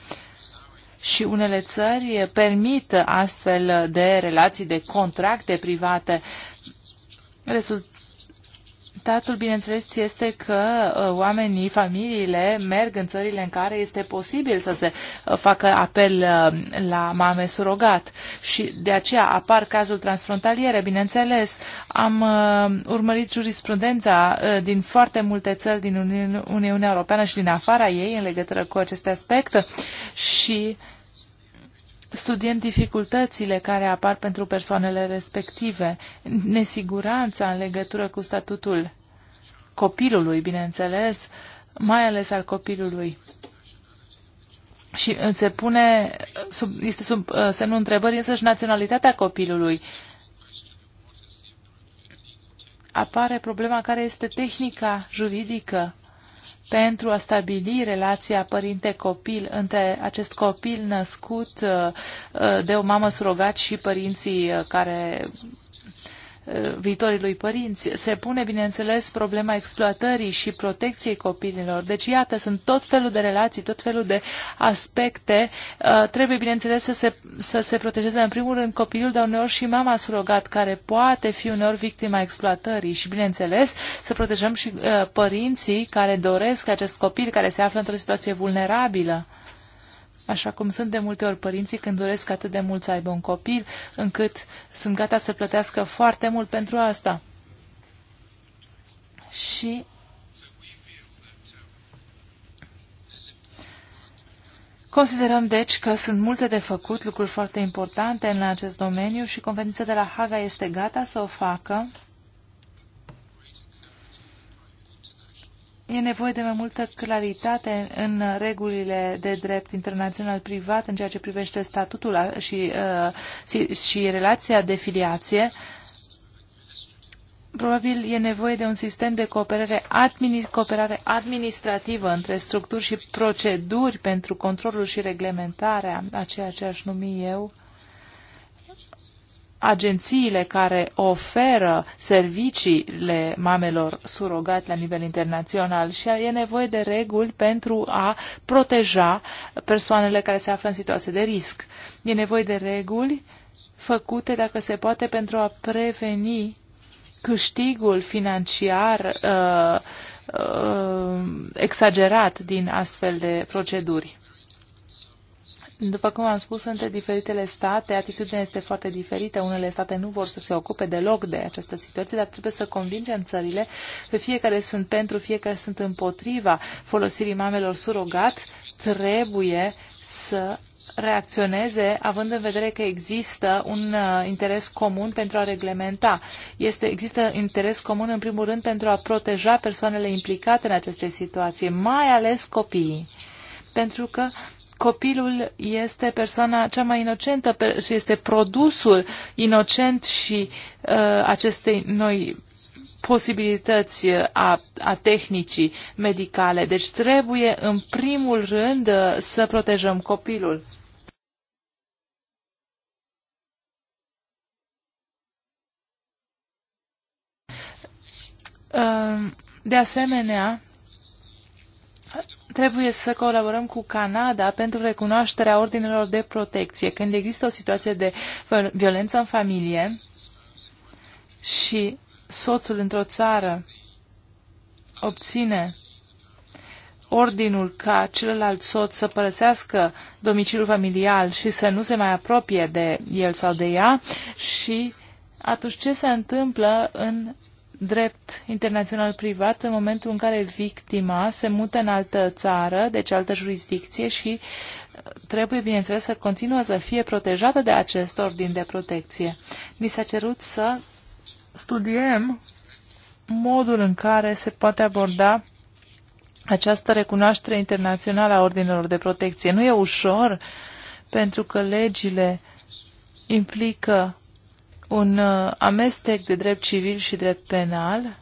Și unele țări permit astfel de relații, de contracte private. Rezult Rezultatul, bineînțeles, este că uh, oamenii, familiile merg în țările în care este posibil să se uh, facă apel uh, la mame surogat și de aceea apar cazul transfrontaliere, bineînțeles. Am urmărit jurisprudența din foarte multe țări din Uniunea Europeană și din afara ei în legătură cu acest aspect și studiem dificultățile care apar pentru persoanele respective, nesiguranța în legătură cu statutul copilului, bineînțeles, mai ales al copilului. Și uh, se pune, sub, este sub uh, semnul întrebării însă și naționalitatea copilului. Apare problema care este tehnica juridică pentru a stabili relația părinte-copil între acest copil născut uh, uh, de o mamă surogat și părinții uh, care viitorii lui părinți. Se pune, bineînțeles, problema exploatării și protecției copiilor. Deci, iată, sunt tot felul de relații, tot felul de aspecte. Uh, trebuie, bineînțeles, să se, să se protejeze, în primul rând, copilul, dar uneori și mama surogat, care poate fi uneori victima exploatării. Și, bineînțeles, să protejăm și uh, părinții care doresc acest copil, care se află într-o situație vulnerabilă așa cum sunt de multe ori părinții când doresc atât de mult să aibă un copil, încât sunt gata să plătească foarte mult pentru asta. Și Considerăm, deci, că sunt multe de făcut, lucruri foarte importante în acest domeniu și conferința de la Haga este gata să o facă E nevoie de mai multă claritate în regulile de drept internațional privat în ceea ce privește statutul și, uh, și relația de filiație. Probabil e nevoie de un sistem de cooperare, administ- cooperare administrativă între structuri și proceduri pentru controlul și reglementarea a ceea ce aș numi eu agențiile care oferă serviciile mamelor surogat la nivel internațional și e nevoie de reguli pentru a proteja persoanele care se află în situație de risc. E nevoie de reguli făcute, dacă se poate, pentru a preveni câștigul financiar uh, uh, exagerat din astfel de proceduri. După cum am spus, între diferitele state, atitudinea este foarte diferită. Unele state nu vor să se ocupe deloc de această situație, dar trebuie să convingem țările că fiecare sunt pentru, fiecare sunt împotriva folosirii mamelor surogat, trebuie să reacționeze, având în vedere că există un uh, interes comun pentru a reglementa. Este, există interes comun, în primul rând, pentru a proteja persoanele implicate în aceste situații, mai ales copiii. Pentru că copilul este persoana cea mai inocentă și este produsul inocent și uh, acestei noi posibilități uh, a, a tehnicii medicale. Deci trebuie în primul rând uh, să protejăm copilul. Uh, de asemenea, trebuie să colaborăm cu Canada pentru recunoașterea ordinelor de protecție. Când există o situație de violență în familie și soțul într-o țară obține ordinul ca celălalt soț să părăsească domiciliul familial și să nu se mai apropie de el sau de ea și atunci ce se întâmplă în drept internațional privat în momentul în care victima se mută în altă țară, deci altă jurisdicție și uh, trebuie, bineînțeles, să continuă să fie protejată de acest ordin de protecție. Mi s-a cerut să studiem modul în care se poate aborda această recunoaștere internațională a ordinelor de protecție. Nu e ușor, pentru că legile implică un uh, amestec de drept civil și drept penal,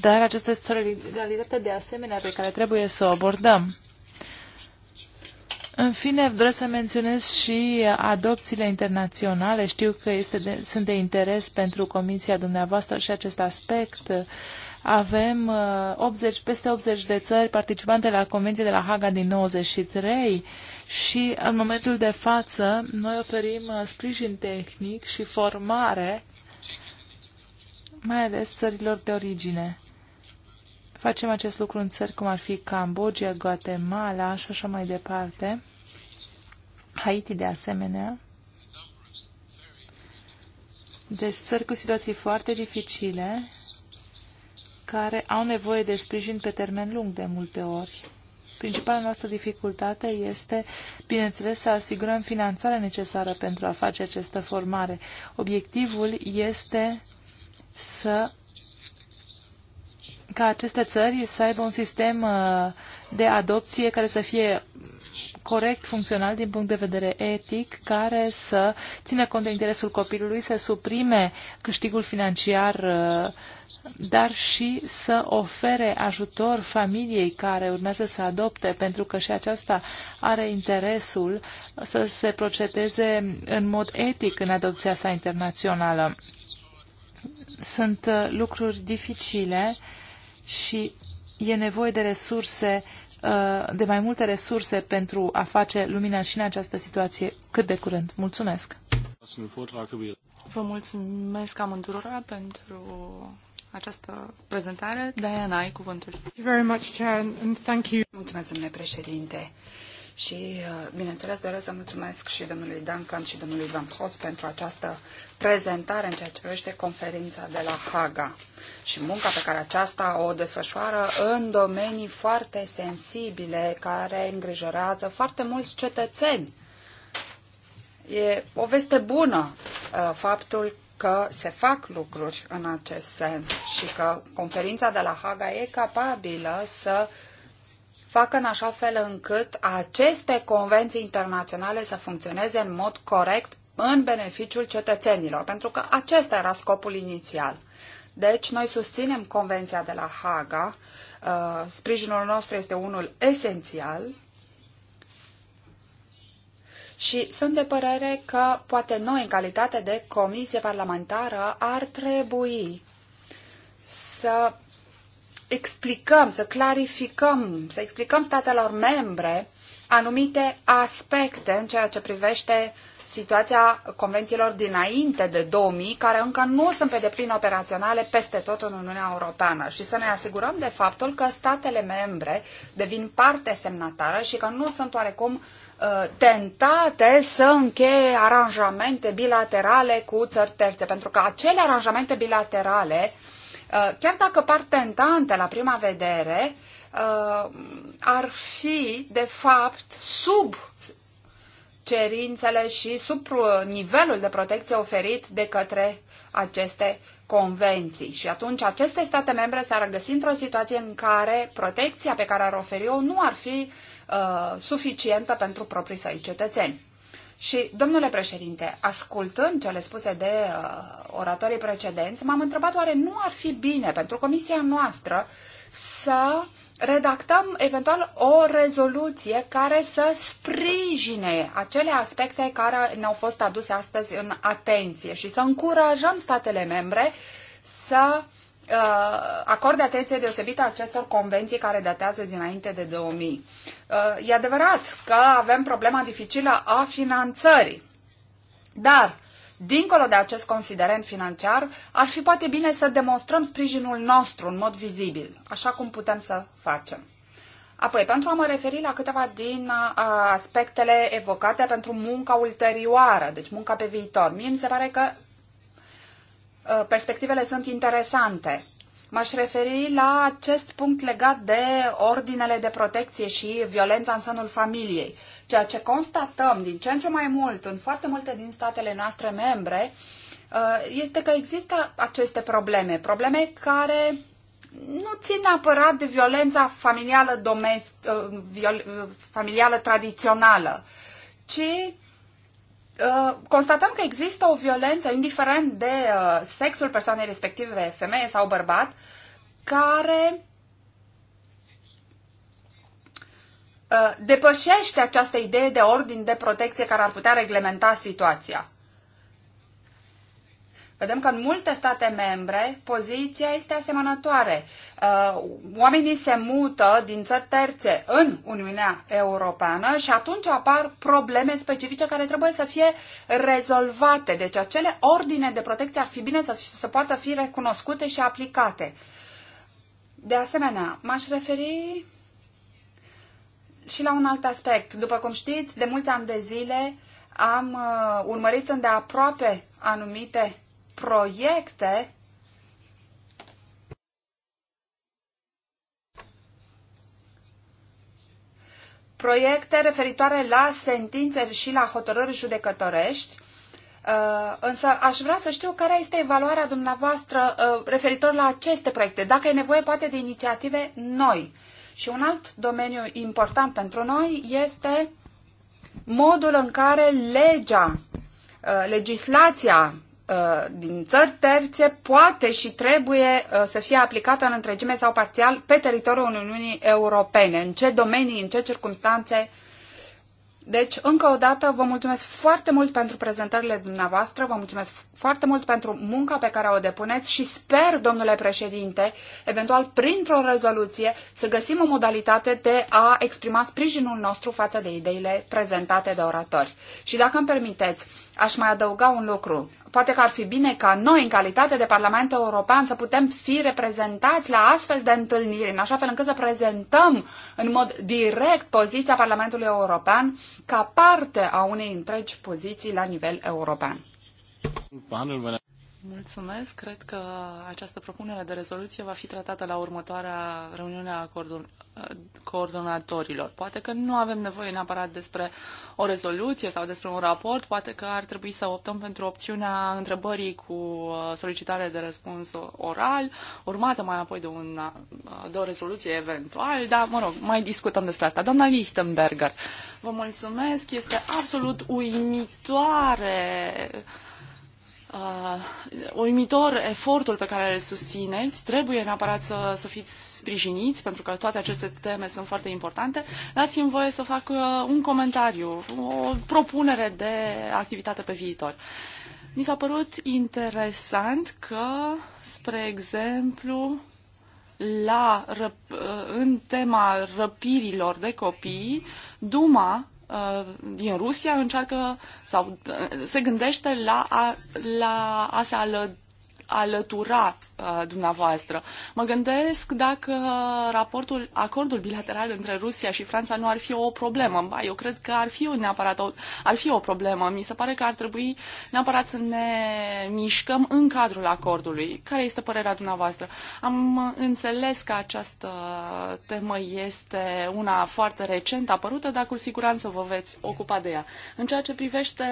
dar aceasta este o realitate de asemenea pe care trebuie să o abordăm. În fine, vreau să menționez și adopțiile internaționale. Știu că este de, sunt de interes pentru comisia dumneavoastră și acest aspect. Avem 80, uh, peste 80 de țări participante la Convenție de la Haga din 93 și în momentul de față noi oferim uh, sprijin tehnic și formare, mai ales țărilor de origine. Facem acest lucru în țări cum ar fi Cambodgia, Guatemala și așa mai departe, Haiti de asemenea. Deci țări cu situații foarte dificile, care au nevoie de sprijin pe termen lung de multe ori. Principala noastră dificultate este, bineînțeles, să asigurăm finanțarea necesară pentru a face această formare. Obiectivul este să ca aceste țări să aibă un sistem uh, de adopție care să fie corect funcțional din punct de vedere etic care să țină cont de interesul copilului, să suprime câștigul financiar, uh, dar și să ofere ajutor familiei care urmează să adopte, pentru că și aceasta are interesul să se procedeze în mod etic în adopția sa internațională. Sunt uh, lucruri dificile și e nevoie de resurse Uh, de mai multe resurse pentru a face lumina și în această situație cât de curând. Mulțumesc! Vă mulțumesc amândurora pentru această prezentare. Diana, ai cuvântul. Mulțumesc, domnule președinte. Și, uh, bineînțeles, doresc să mulțumesc și domnului Duncan și domnului Van Hoss pentru această prezentare în ceea ce privește conferința de la Haga și munca pe care aceasta o desfășoară în domenii foarte sensibile care îngrijorează foarte mulți cetățeni. E o veste bună uh, faptul că se fac lucruri în acest sens și că conferința de la Haga e capabilă să facă în așa fel încât aceste convenții internaționale să funcționeze în mod corect în beneficiul cetățenilor, pentru că acesta era scopul inițial. Deci, noi susținem Convenția de la Haga. Uh, sprijinul nostru este unul esențial și sunt de părere că poate noi, în calitate de comisie parlamentară, ar trebui să explicăm, să clarificăm, să explicăm statelor membre anumite aspecte în ceea ce privește uh, situația convențiilor dinainte de 2000, care încă nu sunt pe deplin operaționale peste tot în Uniunea Europeană și să ne asigurăm de faptul că statele membre devin parte semnatară și că nu sunt oarecum uh, tentate să încheie aranjamente bilaterale cu țări terțe, pentru că acele aranjamente bilaterale, uh, chiar dacă par tentante la prima vedere, uh, ar fi, de fapt, sub cerințele și sub nivelul de protecție oferit de către aceste convenții. Și atunci aceste state membre s-ar găsi într-o situație în care protecția pe care ar oferi-o nu ar fi uh, suficientă pentru proprii săi cetățeni. Și, domnule președinte, ascultând cele spuse de uh, oratorii precedenți, m-am întrebat oare nu ar fi bine pentru comisia noastră să uh, redactăm eventual o rezoluție care să sprijine acele aspecte care ne-au fost aduse astăzi în atenție și să încurajăm statele membre să uh, acorde atenție deosebită acestor convenții care datează dinainte de 2000. Uh, e adevărat că avem problema dificilă a finanțării, dar dincolo de acest considerent financiar, ar fi poate bine să demonstrăm sprijinul nostru în mod vizibil, așa cum putem să facem. Apoi, pentru a mă referi la câteva din uh, aspectele evocate pentru munca ulterioară, deci munca pe viitor, mie mi se pare că uh, perspectivele sunt interesante. M-aș referi la acest punct legat de ordinele de protecție și violența în sânul familiei. Ceea ce constatăm din ce în ce mai mult în foarte multe din statele noastre membre uh, este că există aceste probleme, probleme care nu țin neapărat de violența familială, domest, uh, uh, familială tradițională, ci Uh, constatăm că există o violență, indiferent de uh, sexul persoanei respective, femeie sau bărbat, care uh, depășește această idee de ordin de protecție care ar putea reglementa situația. Vedem că în multe state membre poziția este asemănătoare. Uh, oamenii se mută din țări terțe în Uniunea Europeană și atunci apar probleme specifice care trebuie să fie rezolvate. Deci acele ordine de protecție ar fi bine să, să poată fi recunoscute și aplicate. De asemenea, m-aș referi și la un alt aspect. După cum știți, de mulți ani de zile am uh, urmărit îndeaproape anumite proiecte proiecte referitoare la sentințe și la hotărâri judecătorești, uh, însă aș vrea să știu care este evaluarea dumneavoastră uh, referitor la aceste proiecte, dacă e nevoie poate de inițiative noi. Și un alt domeniu important pentru noi este modul în care legea, uh, legislația Uh, din țări terțe poate și trebuie uh, să fie aplicată în întregime sau parțial pe teritoriul Uniunii Europene. În ce domenii, în ce circunstanțe? Deci, încă o dată, vă mulțumesc foarte mult pentru prezentările dumneavoastră, vă mulțumesc foarte mult pentru munca pe care o depuneți și sper, domnule președinte, eventual printr-o rezoluție, să găsim o modalitate de a exprima sprijinul nostru față de ideile prezentate de oratori. Și dacă îmi permiteți, aș mai adăuga un lucru poate că ar fi bine ca noi, în calitate de Parlament European, să putem fi reprezentați la astfel de întâlniri, în așa fel încât să prezentăm în mod direct poziția Parlamentului European ca parte a unei întregi poziții la nivel european. Mulțumesc. Cred că această propunere de rezoluție va fi tratată la următoarea reuniune a coordonatorilor. Poate că nu avem nevoie neapărat despre o rezoluție sau despre un raport, poate că ar trebui să optăm pentru opțiunea întrebării cu uh, solicitare de răspuns oral, urmată mai apoi de, una, uh, de o rezoluție eventual, dar, mă rog, mai discutăm despre asta. Doamna Lichtenberger, vă mulțumesc, este absolut uimitoare uh, uimitor efortul pe care îl susțineți. Trebuie neapărat să, să fiți sprijiniți, pentru că toate aceste teme sunt foarte importante. Dați-mi voie să fac uh, un comentariu, o propunere de activitate pe viitor. Mi s-a părut interesant că, spre exemplu, la, răp, uh, în tema răpirilor de copii, Duma Uh, din Rusia încearcă sau uh, se gândește la a, la a se ală, alătura uh, dumneavoastră. Mă gândesc dacă raportul, acordul bilateral între Rusia și Franța nu ar fi o problemă. Ba, eu cred că ar fi neapărat o, ar fi o problemă. Mi se pare că ar trebui neapărat să ne mișcăm în cadrul acordului. Care este părerea dumneavoastră? Am înțeles că această temă este una foarte recent apărută, dar cu siguranță vă veți ocupa de ea. În ceea ce privește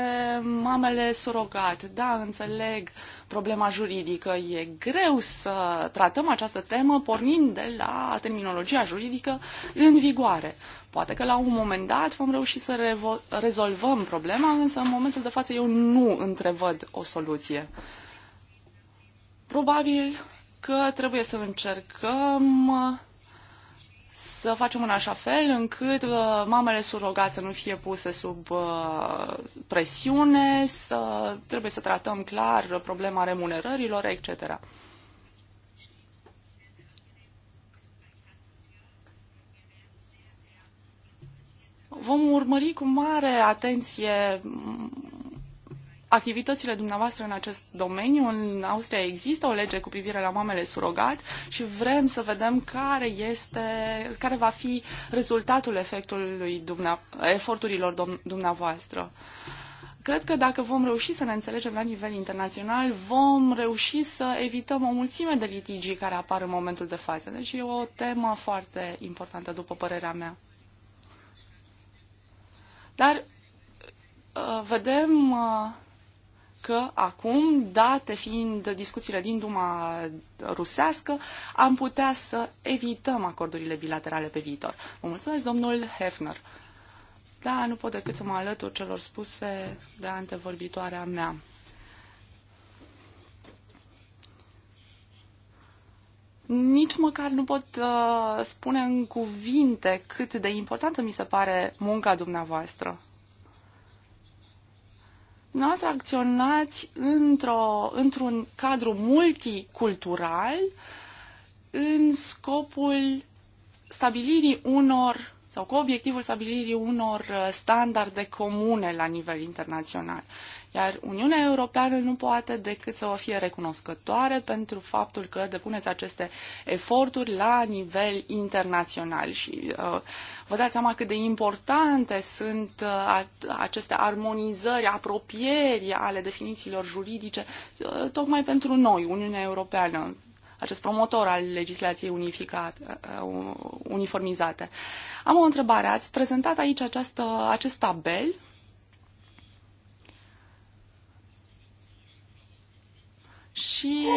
mamele surogat, da, înțeleg problema juridică juridică. E greu să tratăm această temă pornind de la terminologia juridică în vigoare. Poate că la un moment dat vom reuși să rezolvăm problema, însă în momentul de față eu nu întrevăd o soluție. Probabil că trebuie să încercăm să facem în așa fel încât uh, mamele surogat să nu fie puse sub uh, presiune, să trebuie să tratăm clar problema remunerărilor, etc. Vom urmări cu mare atenție activitățile dumneavoastră în acest domeniu. În Austria există o lege cu privire la mamele surogat și vrem să vedem care este, care va fi rezultatul efectului dumneavoastră, eforturilor dumneavoastră. Cred că dacă vom reuși să ne înțelegem la nivel internațional, vom reuși să evităm o mulțime de litigii care apar în momentul de față. Deci e o temă foarte importantă, după părerea mea. Dar uh, vedem uh, că acum, date fiind discuțiile din Duma rusească, am putea să evităm acordurile bilaterale pe viitor. Vă mulțumesc, domnul Hefner. Da, nu pot decât să mă alătur celor spuse de antevorbitoarea mea. nici măcar nu pot uh, spune în cuvinte cât de importantă mi se pare munca dumneavoastră. Noastră acționați într-o, într-un cadru multicultural în scopul stabilirii unor sau cu obiectivul stabilirii unor uh, standarde comune la nivel internațional. Iar Uniunea Europeană nu poate decât să o fie recunoscătoare pentru faptul că depuneți aceste eforturi la nivel internațional. Și uh, vă dați seama cât de importante sunt uh, aceste armonizări, apropieri ale definițiilor juridice, uh, tocmai pentru noi, Uniunea Europeană acest promotor al legislației unificate, uh, uh, uniformizate. Am o întrebare. Ați prezentat aici această, acest tabel și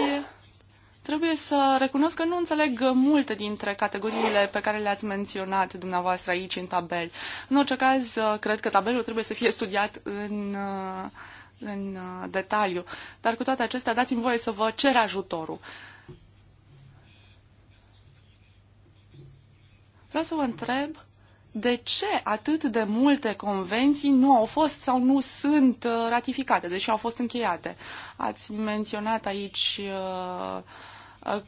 Trebuie să recunosc că nu înțeleg multe dintre categoriile pe care le-ați menționat dumneavoastră aici în tabel. În orice caz, uh, cred că tabelul trebuie să fie studiat în, în detaliu. Dar cu toate acestea, dați-mi voie să vă cer ajutorul. Vreau să vă întreb de ce atât de multe convenții nu au fost sau nu sunt uh, ratificate, deși au fost încheiate. Ați menționat aici uh, uh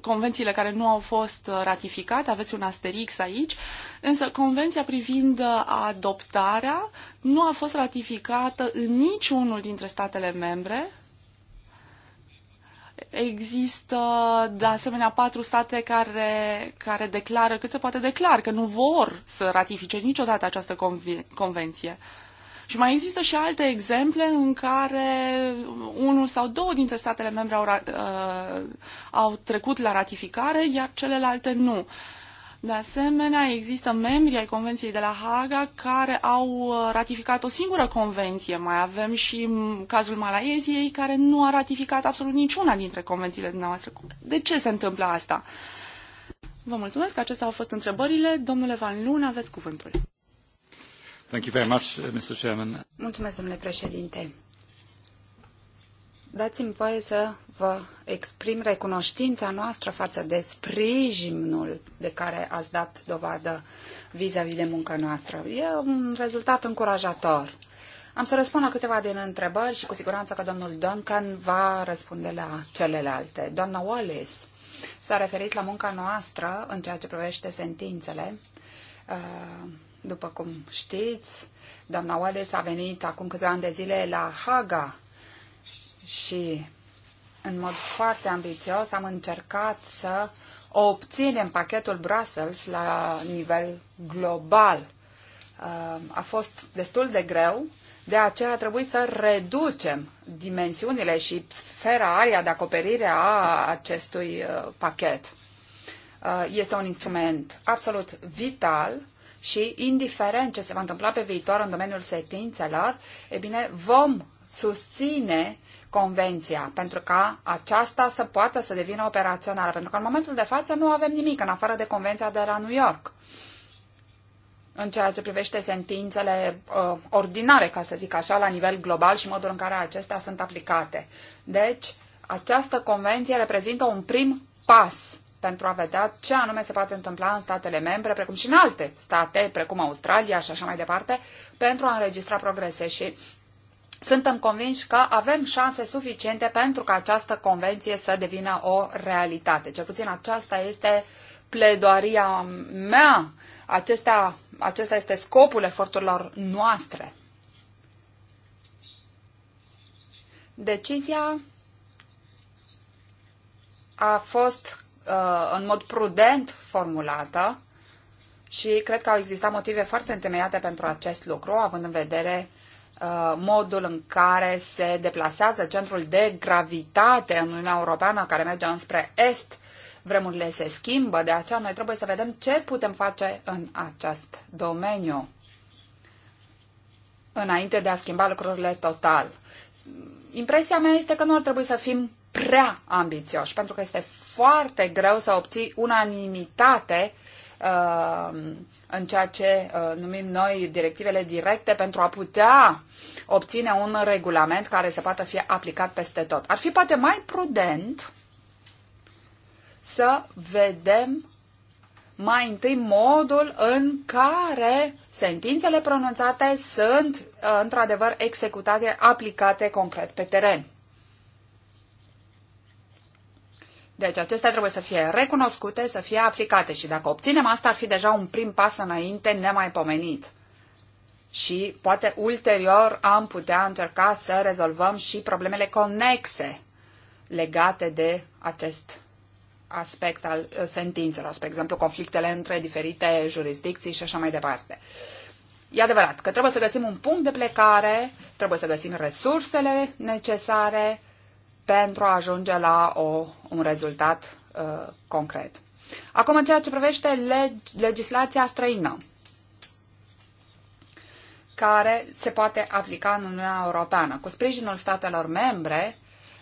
convențiile care nu au fost uh, ratificate, aveți un asterix aici, însă convenția privind adoptarea nu a fost ratificată în niciunul dintre statele membre Există, de asemenea, patru state care, care declară cât se poate declar că nu vor să ratifice niciodată această conven convenție. Și mai există și alte exemple în care unul sau două dintre statele membre au, uh, au trecut la ratificare, iar celelalte nu. Uh, de asemenea, există membri ai Convenției de la Haga care au uh, ratificat o singură convenție. Mai avem și cazul Malaeziei care nu a ratificat absolut niciuna dintre convențiile dumneavoastră. De ce se întâmplă asta? Vă mulțumesc. Acestea au fost întrebările. Domnule Van Loon, aveți cuvântul. Thank you very much, uh, Mr. Chairman. Mulțumesc, domnule președinte. Dați-mi voie să vă exprim recunoștința noastră față de sprijinul de care ați dat dovadă vis-a-vis -vis de munca noastră. E un rezultat încurajator. Am să răspund la câteva din întrebări și cu siguranță că domnul Duncan va răspunde la celelalte. Doamna Wallace s-a referit la munca noastră în ceea ce privește sentințele. Uh, după cum știți, doamna Wallace a venit acum câțiva ani de zile la Haga și în mod foarte ambițios am încercat să obținem pachetul Brussels la nivel global. Uh, a fost destul de greu, de aceea a trebuit să reducem dimensiunile și sfera, aria de acoperire a acestui uh, pachet. Uh, este un instrument absolut vital și indiferent ce se va întâmpla pe viitor în domeniul setințelor, e bine, vom susține convenția, pentru ca aceasta să poată să devină operațională, pentru că în momentul de față nu avem nimic în afară de convenția de la New York în ceea ce privește sentințele uh, ordinare, ca să zic așa, la nivel global și modul în care acestea sunt aplicate. Deci, această convenție reprezintă un prim pas pentru a vedea ce anume se poate întâmpla în statele membre, precum și în alte state, precum Australia și așa mai departe, pentru a înregistra progrese. Și suntem convinși că avem șanse suficiente pentru ca această convenție să devină o realitate. Cel puțin aceasta este pledoaria mea, acesta, acesta este scopul eforturilor noastre. Decizia a fost uh, în mod prudent formulată și cred că au existat motive foarte întemeiate pentru acest lucru, având în vedere uh, Uh, modul în care se deplasează centrul de gravitate în Uniunea Europeană care merge înspre est. Vremurile se schimbă, de aceea noi trebuie să vedem ce putem face în acest domeniu înainte de a schimba lucrurile total. Impresia mea este că nu ar trebui să fim prea ambițioși, pentru că este foarte greu să obții unanimitate uh, Uh, în ceea ce uh, numim noi directivele directe pentru a putea obține un regulament care să poată fi aplicat peste tot. Ar fi poate mai prudent să vedem mai întâi modul în care sentințele pronunțate sunt uh, într-adevăr executate, aplicate concret pe teren. Deci acestea trebuie să fie recunoscute, să fie aplicate și dacă obținem asta ar fi deja un prim pas înainte nemaipomenit. Și poate ulterior am putea încerca să rezolvăm și problemele conexe legate de acest aspect al uh, sentințelor, spre exemplu conflictele între diferite jurisdicții și așa mai departe. E adevărat că trebuie să găsim un punct de plecare, trebuie să găsim resursele necesare, pentru a ajunge la o, un rezultat uh, concret. Acum, în ceea ce privește leg legislația străină, care se poate aplica în Uniunea Europeană. Cu sprijinul statelor membre,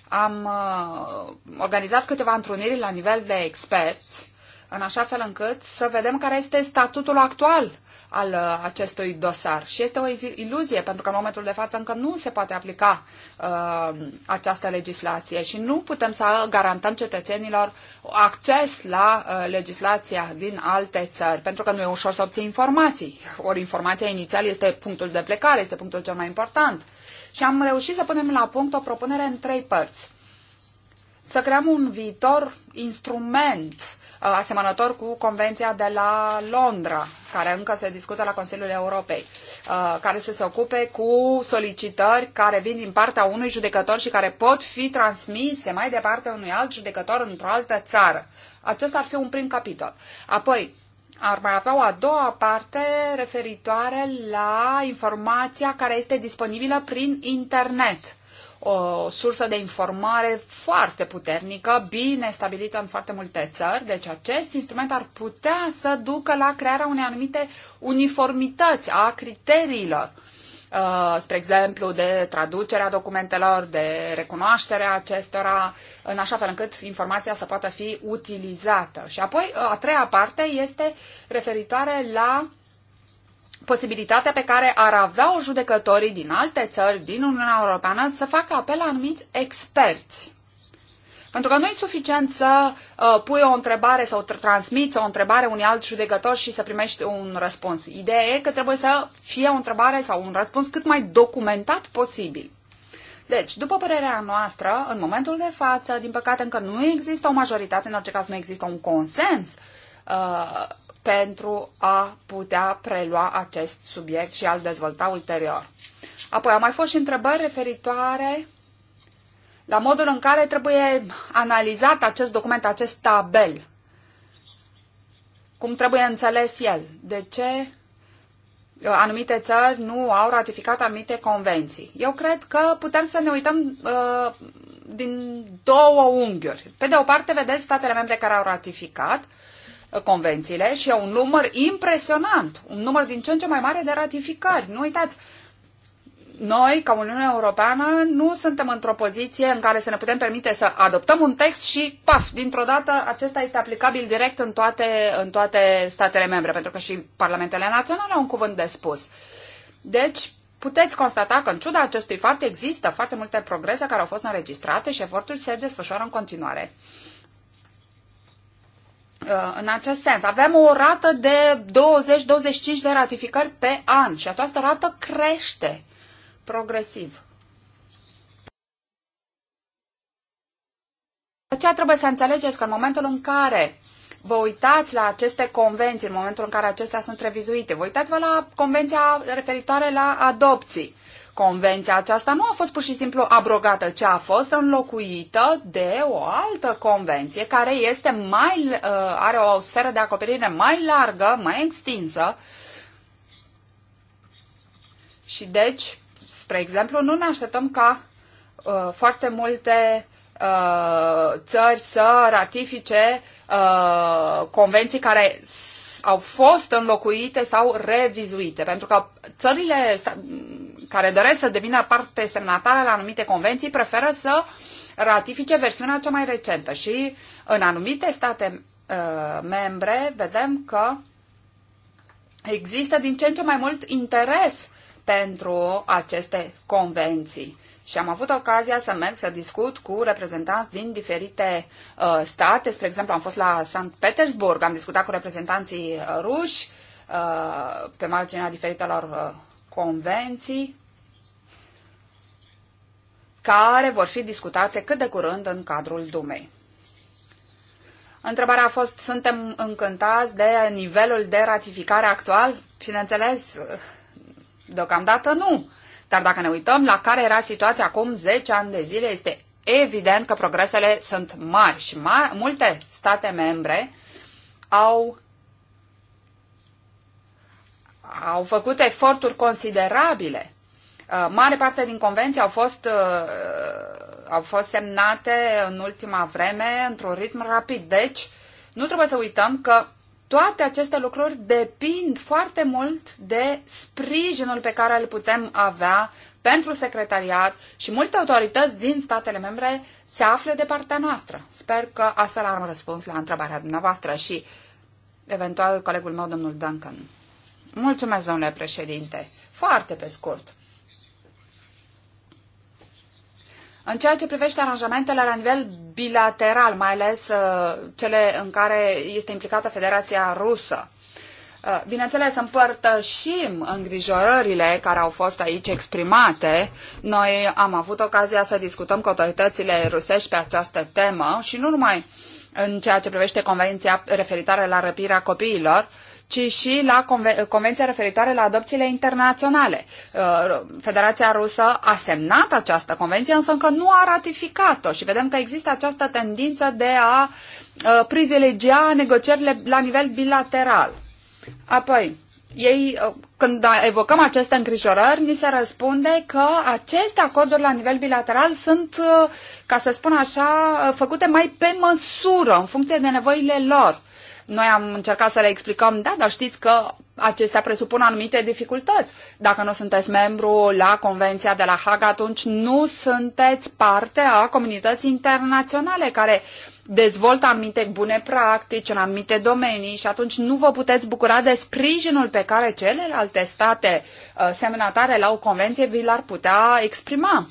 am uh, organizat câteva întruniri la nivel de experți în așa fel încât să vedem care este statutul actual al uh, acestui dosar. Și este o iluzie, pentru că în momentul de față încă nu se poate aplica uh, această legislație și nu putem să garantăm cetățenilor acces la uh, legislația din alte țări, pentru că nu e ușor să obții informații. Ori informația inițială este punctul de plecare, este punctul cel mai important. Și am reușit să punem la punct o propunere în trei părți. Să creăm un viitor instrument asemănător cu Convenția de la Londra, care încă se discută la Consiliul Europei, uh, care să se ocupe cu solicitări care vin din partea unui judecător și care pot fi transmise mai departe unui alt judecător într-o altă țară. Acesta ar fi un prim capitol. Apoi, ar mai avea o a doua parte referitoare la informația care este disponibilă prin internet o sursă de informare foarte puternică, bine stabilită în foarte multe țări. Deci acest instrument ar putea să ducă la crearea unei anumite uniformități a criteriilor. Uh, spre exemplu, de traducerea documentelor, de recunoașterea acestora, în așa fel încât informația să poată fi utilizată. Și apoi, uh, a treia parte este referitoare la uh, posibilitatea pe care ar avea-o judecătorii din alte țări, din Uniunea Europeană, să facă apel la anumiți experți. Pentru că nu e suficient să uh, pui o întrebare sau tr- transmiți o întrebare unui alt judecător și să primești un răspuns. Ideea e că trebuie să fie o întrebare sau un răspuns cât mai documentat posibil. Deci, după părerea noastră, în momentul de față, din păcate încă nu există o majoritate, în orice caz nu există un consens uh, pentru a putea prelua acest subiect și a-l dezvolta ulterior. Apoi au mai fost și întrebări referitoare la modul în care trebuie analizat acest document, acest tabel. Cum trebuie înțeles el? De ce uh, anumite țări nu au ratificat anumite convenții? Eu cred că putem să ne uităm uh, din două unghiuri. Pe de o parte, vedeți statele membre care au ratificat convențiile și e un număr impresionant, un număr din ce în ce mai mare de ratificări. Nu uitați, noi, ca Uniunea Europeană, nu suntem într-o poziție în care să ne putem permite să adoptăm un text și, paf, dintr-o dată acesta este aplicabil direct în toate, în toate statele membre, pentru că și parlamentele naționale au un cuvânt de spus. Deci, puteți constata că, în ciuda acestui fapt, există foarte multe progrese care au fost înregistrate și eforturi se desfășoară în continuare. Uh, în acest sens. Avem o rată de 20-25 de ratificări pe an și această rată crește progresiv. Ceea trebuie să înțelegeți că în momentul în care vă uitați la aceste convenții, în momentul în care acestea sunt revizuite, vă uitați-vă la convenția referitoare la adopții. Convenția aceasta nu a fost pur și simplu abrogată, ci a fost înlocuită de o altă convenție care este mai, uh, are o sferă de acoperire mai largă, mai extinsă. Și deci, spre exemplu, nu ne așteptăm ca uh, foarte multe uh, țări să ratifice uh, convenții care au fost înlocuite sau revizuite, pentru că țările, care doresc să devină parte semnatară la anumite convenții preferă să ratifice versiunea cea mai recentă și în anumite state uh, membre vedem că există din ce în ce mai mult interes pentru aceste convenții. Și am avut ocazia să merg să discut cu reprezentanți din diferite uh, state. Spre exemplu, am fost la Sankt Petersburg, am discutat cu reprezentanții ruși uh, pe marginea diferitelor uh, convenții care vor fi discutate cât de curând în cadrul Dumei. Întrebarea a fost, suntem încântați de nivelul de ratificare actual? Bineînțeles, deocamdată nu. Dar dacă ne uităm la care era situația acum 10 ani de zile, este evident că progresele sunt mari și mari, multe state membre au au făcut eforturi considerabile. Uh, mare parte din convenții au fost, uh, au fost semnate în ultima vreme într-un ritm rapid. Deci, nu trebuie să uităm că toate aceste lucruri depind foarte mult de sprijinul pe care îl putem avea pentru secretariat și multe autorități din statele membre se află de partea noastră. Sper că astfel am răspuns la întrebarea dumneavoastră și eventual colegul meu, domnul Duncan. Mulțumesc, domnule președinte. Foarte pe scurt. În ceea ce privește aranjamentele la nivel bilateral, mai ales uh, cele în care este implicată Federația Rusă, uh, Bineînțeles, împărtășim îngrijorările care au fost aici exprimate. Noi am avut ocazia să discutăm cu autoritățile rusești pe această temă și nu numai în ceea ce privește convenția referitoare la răpirea copiilor, uh, ci și la Convenția referitoare la adopțiile internaționale. Uh, Federația Rusă a semnat această convenție, însă încă nu a ratificat-o și vedem că există această tendință de a uh, privilegia negocierile la nivel bilateral. Apoi, ei, uh, când evocăm aceste îngrijorări, ni se răspunde că aceste acorduri la nivel bilateral sunt, ca să spun așa, făcute mai pe măsură, în funcție de nevoile lor. Noi am încercat să le explicăm, da, dar știți că acestea presupun anumite dificultăți. Dacă nu sunteți membru la Convenția de la Haga, atunci nu sunteți parte a comunității internaționale care dezvoltă anumite bune practici în anumite domenii și atunci nu vă puteți bucura de sprijinul pe care celelalte state uh, semnatare la o convenție vi l-ar putea exprima.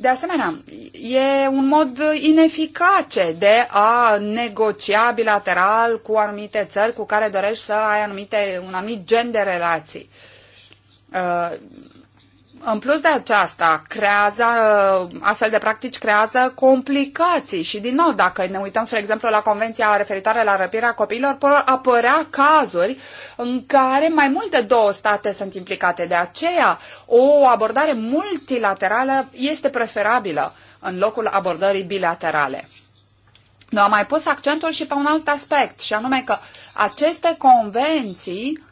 De asemenea, e un mod ineficace de a negocia bilateral cu anumite țări cu care dorești să ai anumite, un anumit gen de relații. Uh, în plus de aceasta, creează, astfel de practici creează complicații și, din nou, dacă ne uităm, spre exemplu, la convenția referitoare la răpirea copiilor, pot apărea cazuri în care mai multe două state sunt implicate. De aceea, o abordare multilaterală este preferabilă în locul abordării bilaterale. Nu am mai pus accentul și pe un alt aspect, și anume că aceste convenții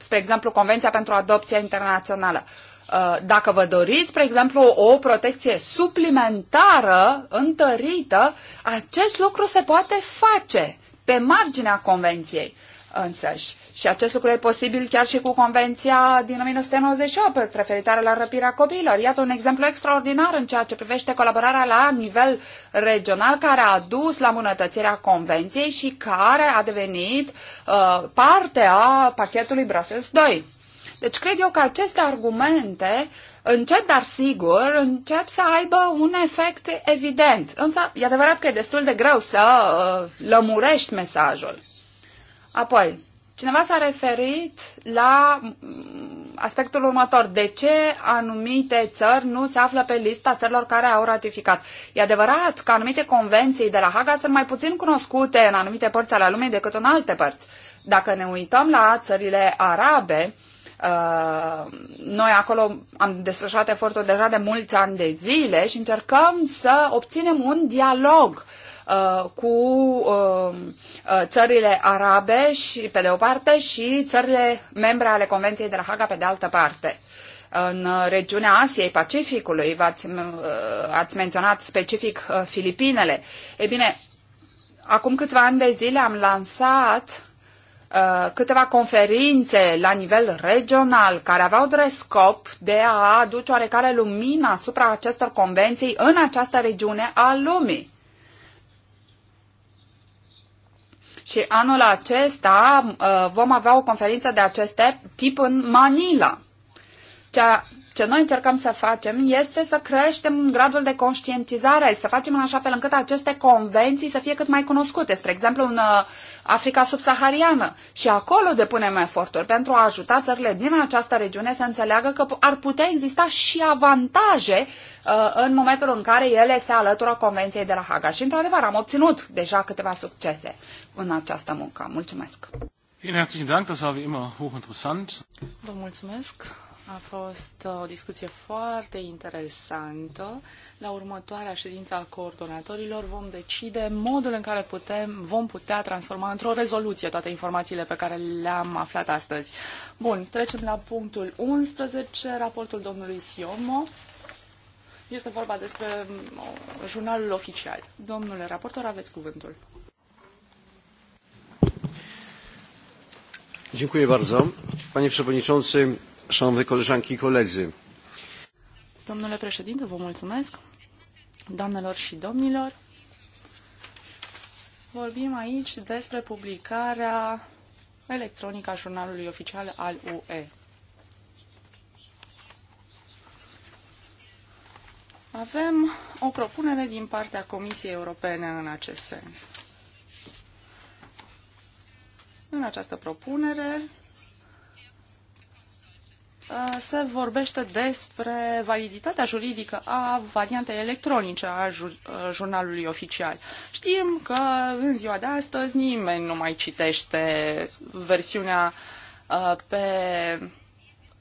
spre exemplu, Convenția pentru Adopție Internațională. Uh, dacă vă doriți, spre exemplu, o protecție suplimentară, întărită, acest lucru se poate face pe marginea Convenției însăși. Și acest lucru e posibil chiar și cu Convenția din 1998 referitoare la răpirea copiilor. Iată un exemplu extraordinar în ceea ce privește colaborarea la nivel regional care a dus la îmbunătățirea Convenției și care a devenit uh, parte a pachetului Brussels 2. Deci cred eu că aceste argumente, încet dar sigur, încep să aibă un efect evident. Însă e adevărat că e destul de greu să uh, lămurești mesajul. Apoi, Cineva s-a referit la mm, aspectul următor. De ce anumite țări nu se află pe lista țărilor care au ratificat? E adevărat că anumite convenții de la Haga sunt mai puțin cunoscute în anumite părți ale lumii decât în alte părți. Dacă ne uităm la țările arabe, uh, noi acolo am desfășurat efortul deja de mulți ani de zile și încercăm să obținem un dialog uh, Uh, cu um, uh, țările arabe și pe de o parte și țările membre ale Convenției de la Haga pe de altă parte. În regiunea Asiei, Pacificului, ați uh, ați menționat specific Filipinele. E bine, acum câțiva ani de zile am lansat câteva conferințe la nivel regional care aveau drept scop de a aduce oarecare lumină asupra acestor convenții în această regiune a lumii. Și anul acesta uh, vom avea o conferință de acest tip în Manila. Ceea ce noi încercăm să facem este să creștem gradul de conștientizare, să facem în așa fel încât aceste convenții să fie cât mai cunoscute, spre exemplu în uh, Africa subsahariană. Și acolo depunem eforturi pentru a ajuta țările din această regiune să înțeleagă că ar putea exista și avantaje uh, în momentul în care ele se alătură Convenției de la Haga. Și, într-adevăr, am obținut deja câteva succese în această muncă. Mulțumesc! Vielen herzlichen Dank, das war wie immer hochinteressant. Vă mulțumesc. A fost uh, o discuție foarte interesantă. La următoarea ședință a coordonatorilor vom decide modul în care putem, vom putea transforma într-o rezoluție toate informațiile pe care le-am aflat astăzi. Bun, trecem la punctul 11, raportul domnului Siomo. Este vorba despre um, jurnalul oficial. Domnule raportor, aveți cuvântul. Dziękuję bardzo. Panie Przewodniczący, Domnule președinte, vă mulțumesc. Doamnelor și domnilor, vorbim aici despre publicarea electronică a jurnalului oficial al UE. Avem o propunere din partea Comisiei Europene în acest sens. În această propunere Uh, se vorbește despre validitatea juridică a variantei electronice a uh, jurnalului oficial. Știm că în ziua de astăzi nimeni nu mai citește versiunea uh, pe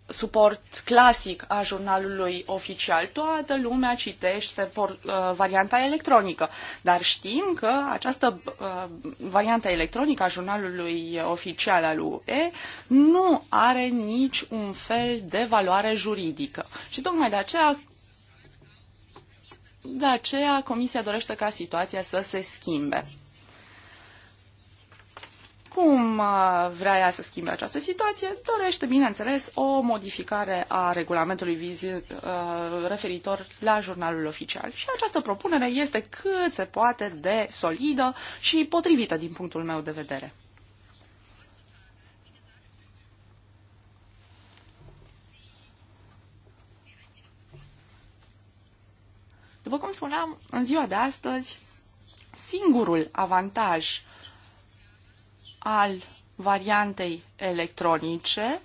suport clasic a jurnalului oficial. Toată lumea citește por, uh, varianta electronică, dar știm că această uh, variantă electronică a jurnalului oficial al UE nu are nici un fel de valoare juridică. Și tocmai de aceea de aceea Comisia dorește ca situația să se schimbe. Cum uh, vrea ea să schimbe această situație? Dorește, bineînțeles, o modificare a regulamentului vizit, uh, referitor la jurnalul oficial. Și această propunere este cât se poate de solidă și potrivită din punctul meu de vedere. După cum spuneam, în ziua de astăzi, singurul avantaj al variantei electronice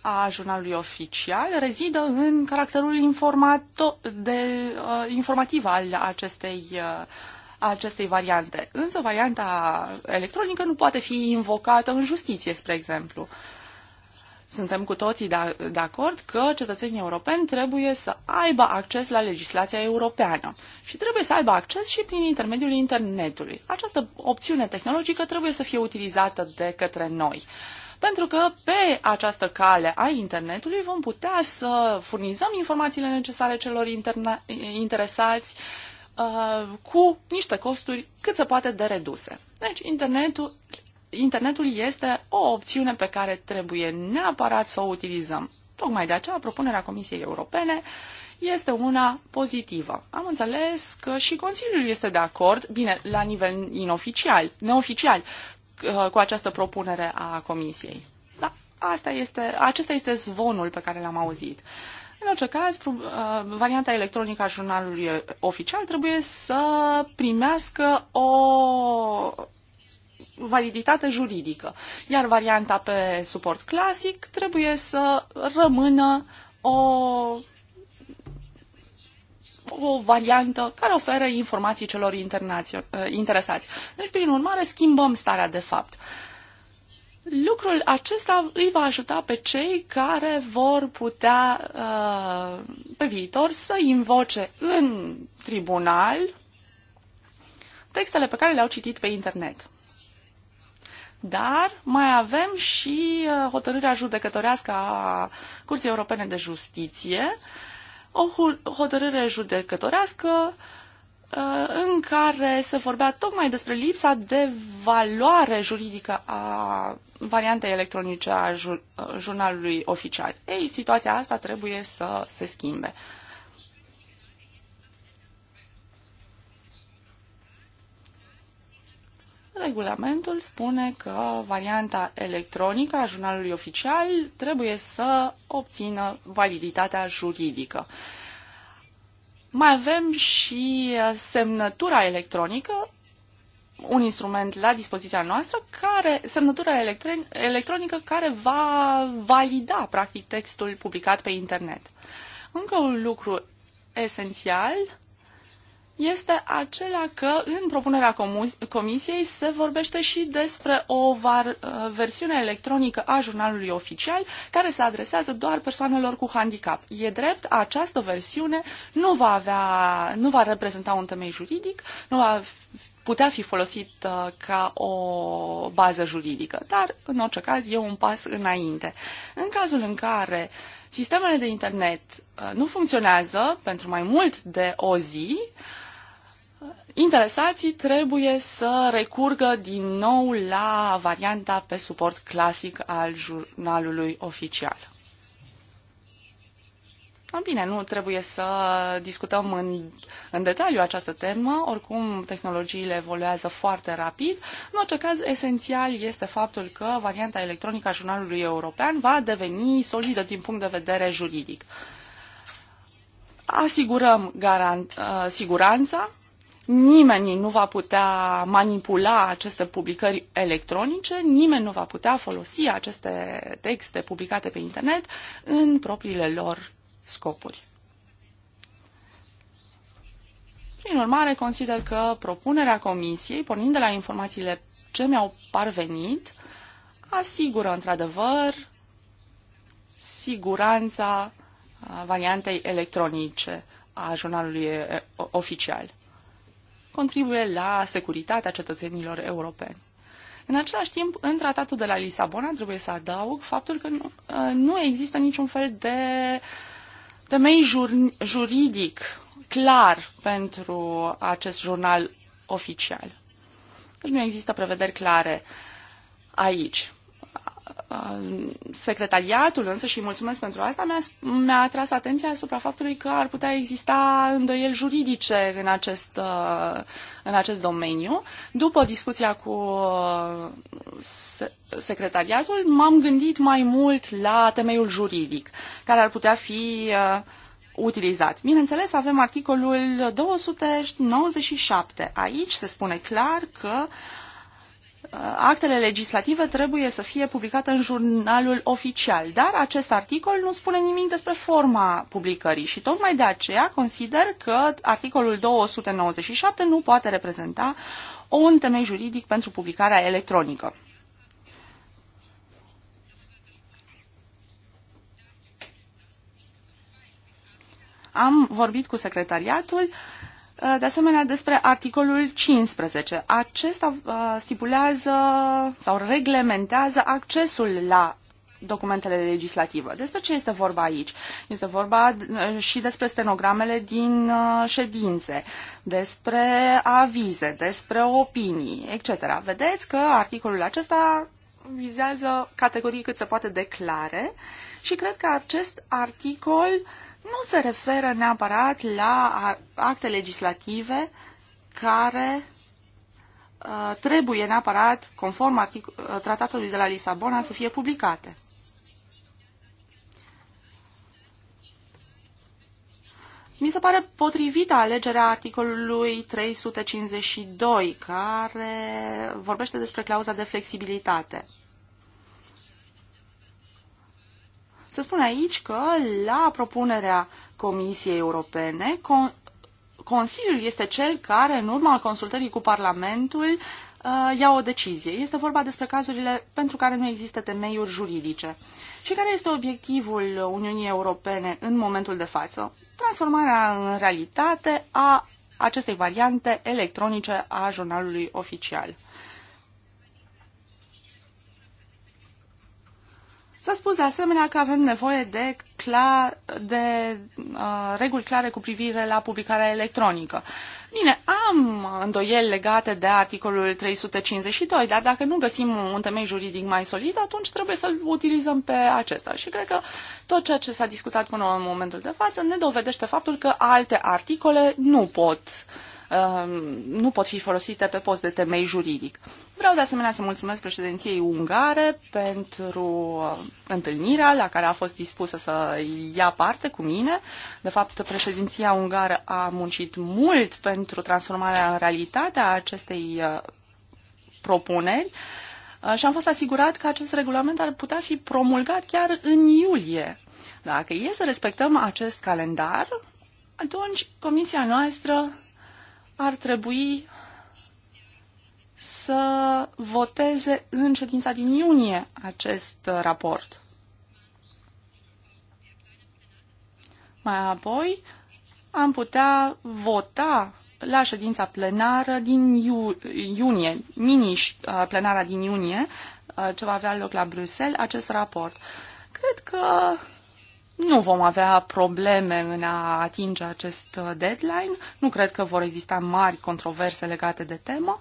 a jurnalului oficial rezidă în caracterul de, uh, informativ al acestei, uh, acestei variante. Însă varianta electronică nu poate fi invocată în justiție, spre exemplu. Uh, suntem cu toții da, de acord că cetățenii europeni trebuie să aibă acces la legislația europeană și trebuie să aibă acces și prin intermediul internetului. Această opțiune tehnologică trebuie să fie utilizată de către noi pentru că pe această cale a internetului vom putea să furnizăm informațiile necesare celor interna- interesați uh, cu niște costuri cât se poate de reduse. Deci internetul internetul este o opțiune pe care trebuie neapărat să o utilizăm. Tocmai de aceea, propunerea Comisiei Europene este una pozitivă. Am înțeles că și Consiliul este de acord, bine, la nivel inoficial, neoficial, uh, cu această propunere a Comisiei. Da, asta este, acesta este zvonul pe care l-am auzit. În orice caz, uh, varianta electronică a jurnalului oficial trebuie să primească o validitate juridică. Iar varianta pe suport clasic trebuie să rămână o o variantă care oferă informații celor eh, interesați. Deci, prin urmare, schimbăm starea de fapt. Lucrul acesta îi va ajuta pe cei care vor putea eh, pe viitor să invoce în tribunal textele pe care le-au citit pe internet. Dar mai avem și uh, hotărârea judecătorească a Curții Europene de Justiție, o hotărâre judecătorească uh, în care se vorbea tocmai despre lipsa de valoare juridică a variantei electronice a uh, jurnalului oficial. Ei, situația asta trebuie să se schimbe. Regulamentul spune că varianta electronică a jurnalului oficial trebuie să obțină validitatea juridică. Mai avem și semnătura electronică, un instrument la dispoziția noastră, care, semnătura electronică care va valida, practic, textul publicat pe internet. Încă un lucru esențial este acela că în propunerea comisiei se vorbește și despre o uh, versiune electronică a jurnalului oficial care se adresează doar persoanelor cu handicap. E drept, această versiune nu va, avea, nu va reprezenta un temei juridic, nu va putea fi folosit uh, ca o bază juridică, dar în orice caz e un pas înainte. În cazul în care sistemele de internet uh, nu funcționează pentru mai mult de o zi, interesații trebuie să recurgă din nou la varianta pe suport clasic al jurnalului oficial. Bine, nu trebuie să discutăm în, în detaliu această temă, oricum tehnologiile evoluează foarte rapid. În orice caz, esențial este faptul că varianta electronică a jurnalului european va deveni solidă din punct de vedere juridic. Asigurăm garan- uh, siguranța, nimeni nu va putea manipula aceste publicări electronice, nimeni nu va putea folosi aceste texte publicate pe internet în propriile lor scopuri. Prin urmare, consider că propunerea Comisiei, pornind de la informațiile ce mi-au parvenit, asigură într-adevăr siguranța uh, variantei electronice a jurnalului uh, oficial contribuie la securitatea cetățenilor europeni. În același timp, în tratatul de la Lisabona trebuie să adaug faptul că nu, ă, nu există niciun fel de temei jur, juridic clar pentru acest jurnal oficial. Deci nu există prevederi clare aici. Uh, secretariatul însă, și mulțumesc pentru asta, mi-a, mi-a atras atenția asupra faptului că ar putea exista îndoieli juridice în acest, uh, în acest domeniu. După discuția cu uh, secretariatul, m-am gândit mai mult la temeiul juridic, care ar putea fi utilizat. Bineînțeles, avem articolul 297. Aici se spune clar că uh, actele legislative trebuie să fie publicate în jurnalul oficial, dar acest articol nu spune nimic despre forma publicării și tocmai de aceea consider că articolul 297 nu poate reprezenta un temei juridic pentru publicarea electronică. Am vorbit cu secretariatul uh, Uh, de asemenea despre articolul 15. Acesta uh, stipulează sau reglementează accesul la documentele legislative. Despre ce este vorba aici? Este vorba uh, și despre stenogramele din ședințe, despre avize, despre opinii, etc. Vedeți că articolul acesta vizează categorii cât se poate declare și cred că acest articol uh, nu se referă neapărat la acte legislative care uh, trebuie neapărat, conform uh, tratatului de la Lisabona, să fie publicate. Mi se pare potrivită alegerea articolului 352, care vorbește despre clauza de flexibilitate. Se spune aici că la propunerea Comisiei Europene, con Consiliul este cel care, în urma consultării cu Parlamentul, uh, ia o decizie. Este vorba despre cazurile pentru care nu există temeiuri juridice. Și care este obiectivul Uniunii Europene în momentul de față? Transformarea în realitate a acestei variante electronice a jurnalului oficial. S-a spus de asemenea că avem nevoie de, clar, de uh, reguli clare cu privire la publicarea electronică. Bine, am îndoieli legate de articolul 352, dar dacă nu găsim un temei juridic mai solid, atunci trebuie să-l utilizăm pe acesta. Și cred că tot ceea ce s-a discutat până în momentul de față ne dovedește faptul că alte articole nu pot uh, Um, nu pot fi folosite pe post de temei juridic. Vreau de asemenea să mulțumesc președinției ungare pentru uh, întâlnirea la care a fost dispusă să ia parte cu mine. De fapt, președinția ungară a muncit mult pentru transformarea în realitate a acestei uh, propuneri uh, și am fost asigurat că acest regulament ar putea fi promulgat chiar în iulie. Dacă e să respectăm acest calendar, atunci comisia noastră ar trebui să voteze în ședința din iunie acest raport. Mai apoi am putea vota la ședința plenară din iu- iunie, mini-plenara uh, din iunie, uh, ce va avea loc la Bruxelles, acest raport. Cred că nu vom avea probleme în a atinge acest uh, deadline. Nu cred că vor exista mari controverse legate de temă.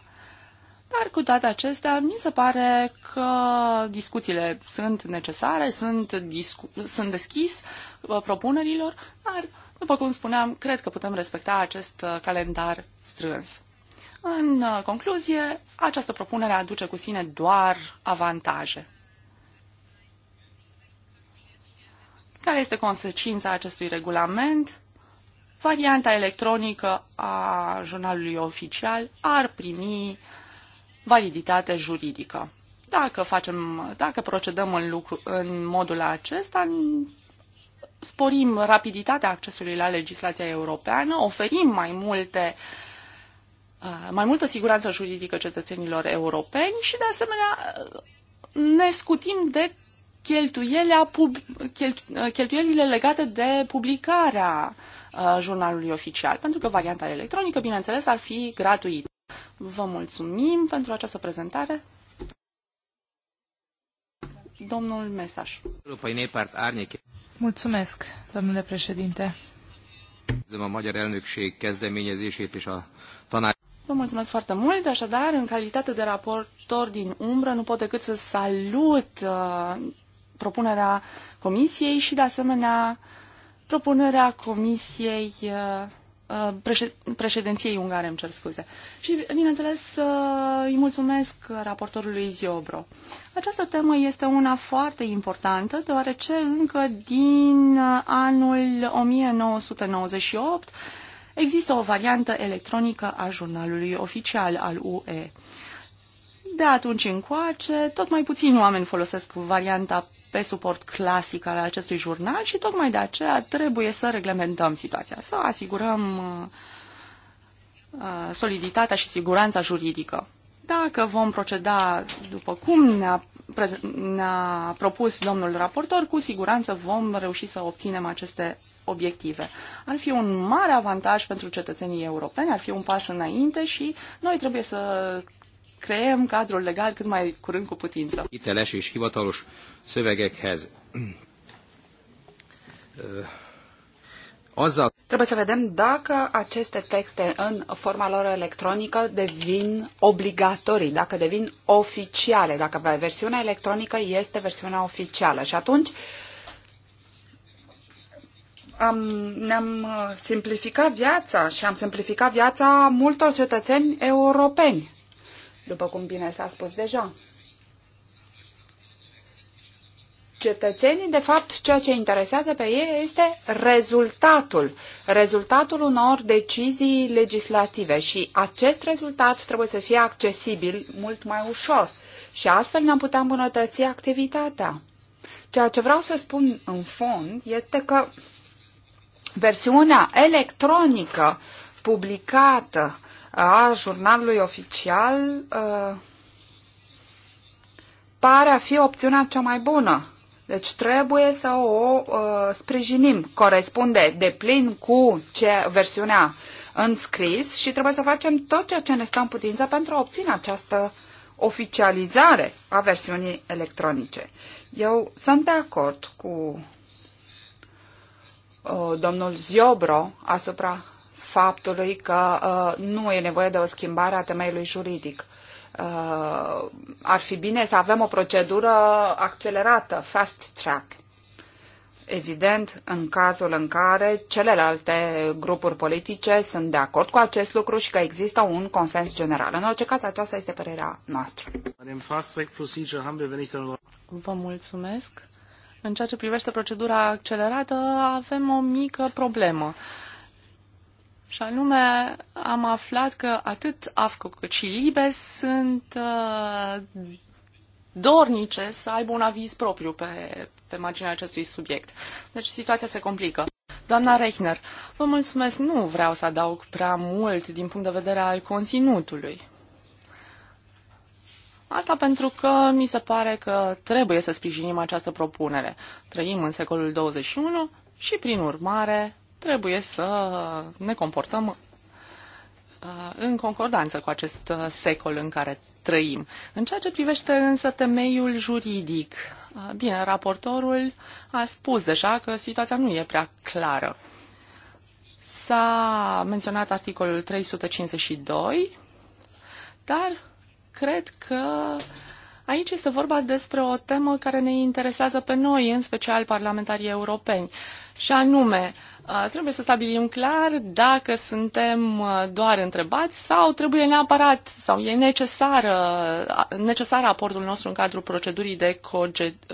Dar cu toate acestea, mi se pare că discuțiile sunt necesare, sunt, discu- sunt deschis uh, propunerilor, dar, după cum spuneam, cred că putem respecta acest uh, calendar strâns. În concluzie, această propunere aduce cu sine doar avantaje. Care este consecința acestui regulament? Varianta electronică a jurnalului oficial ar primi validitate juridică. Dacă, facem, dacă procedăm în, lucru, în modul acesta, sporim rapiditatea accesului la legislația europeană, oferim mai multe uh, mai multă siguranță juridică cetățenilor europeni și, de asemenea, ne scutim de Uh, cheltuielile legate de publicarea uh, jurnalului oficial, pentru că varianta electronică, bineînțeles, ar fi gratuită. Vă mulțumim pentru această prezentare. Domnul Mesaș. Mulțumesc, domnule președinte. kezdeményezését és a Vă mulțumesc foarte mult, așadar, în calitate de raportor din umbră, nu pot decât să salut uh, propunerea comisiei și, de asemenea, propunerea comisiei uh, uh, președinției ungare, îmi cer scuze. Și, bineînțeles, uh, îi mulțumesc raportorului Ziobro. Această temă este una foarte importantă, deoarece încă din anul 1998 există o variantă electronică a jurnalului oficial al UE. De atunci încoace, tot mai puțini oameni folosesc varianta pe suport clasic al acestui jurnal și tocmai de aceea trebuie să reglementăm situația, să asigurăm uh, uh, soliditatea și siguranța juridică. Dacă vom proceda după cum ne-a, ne-a propus domnul raportor, cu siguranță vom reuși să obținem aceste obiective. Ar fi un mare avantaj pentru cetățenii europeni, ar fi un pas înainte și noi trebuie să creăm cadrul legal cât mai curând cu putință. Hiteles és hivatalos szövegekhez. Azzal... Trebuie să vedem dacă aceste texte în forma lor electronică devin obligatorii, dacă devin oficiale, dacă versiunea electronică este versiunea oficială. Și atunci am, ne-am uh, simplificat viața și am simplificat viața multor cetățeni europeni după cum bine s-a spus deja. Cetățenii, de fapt, ceea ce interesează pe ei este rezultatul, rezultatul unor decizii legislative și acest rezultat trebuie să fie accesibil mult mai ușor și astfel ne-am putea îmbunătăți activitatea. Ceea ce vreau să spun în fond este că versiunea electronică publicată a jurnalului oficial uh, pare a fi opțiunea cea mai bună. Deci trebuie să o uh, sprijinim. Corespunde de plin cu ce, versiunea în scris și trebuie să facem tot ceea ce ne stă în putință pentru a obține această oficializare a versiunii electronice. Eu sunt de acord cu uh, domnul Ziobro asupra faptului că uh, nu e nevoie de o schimbare a temeiului juridic. Uh, ar fi bine să avem o procedură accelerată, fast track. Evident, în cazul în care celelalte grupuri politice sunt de acord cu acest lucru și că există un consens general. În orice caz, aceasta este părerea noastră. Vă mulțumesc. În ceea ce privește procedura accelerată, avem o mică problemă. Și anume, am aflat că atât AFCO cât și LIBE sunt uh, dornice să aibă un aviz propriu pe, pe marginea acestui subiect. Deci situația se complică. Doamna Rechner, vă mulțumesc, nu vreau să adaug prea mult din punct de vedere al conținutului. Asta pentru că mi se pare că trebuie să sprijinim această propunere. Trăim în secolul 21 și, prin urmare, trebuie să ne comportăm uh, în concordanță cu acest uh, secol în care trăim. În ceea ce privește însă temeiul juridic, uh, bine, raportorul a spus deja că situația nu e prea clară. S-a menționat articolul 352, dar cred că aici este vorba despre o temă care ne interesează pe noi, în special parlamentarii europeni, și anume uh, Trebuie să stabilim clar dacă suntem doar întrebați sau trebuie neapărat sau e necesar, necesar aportul nostru în cadrul procedurii de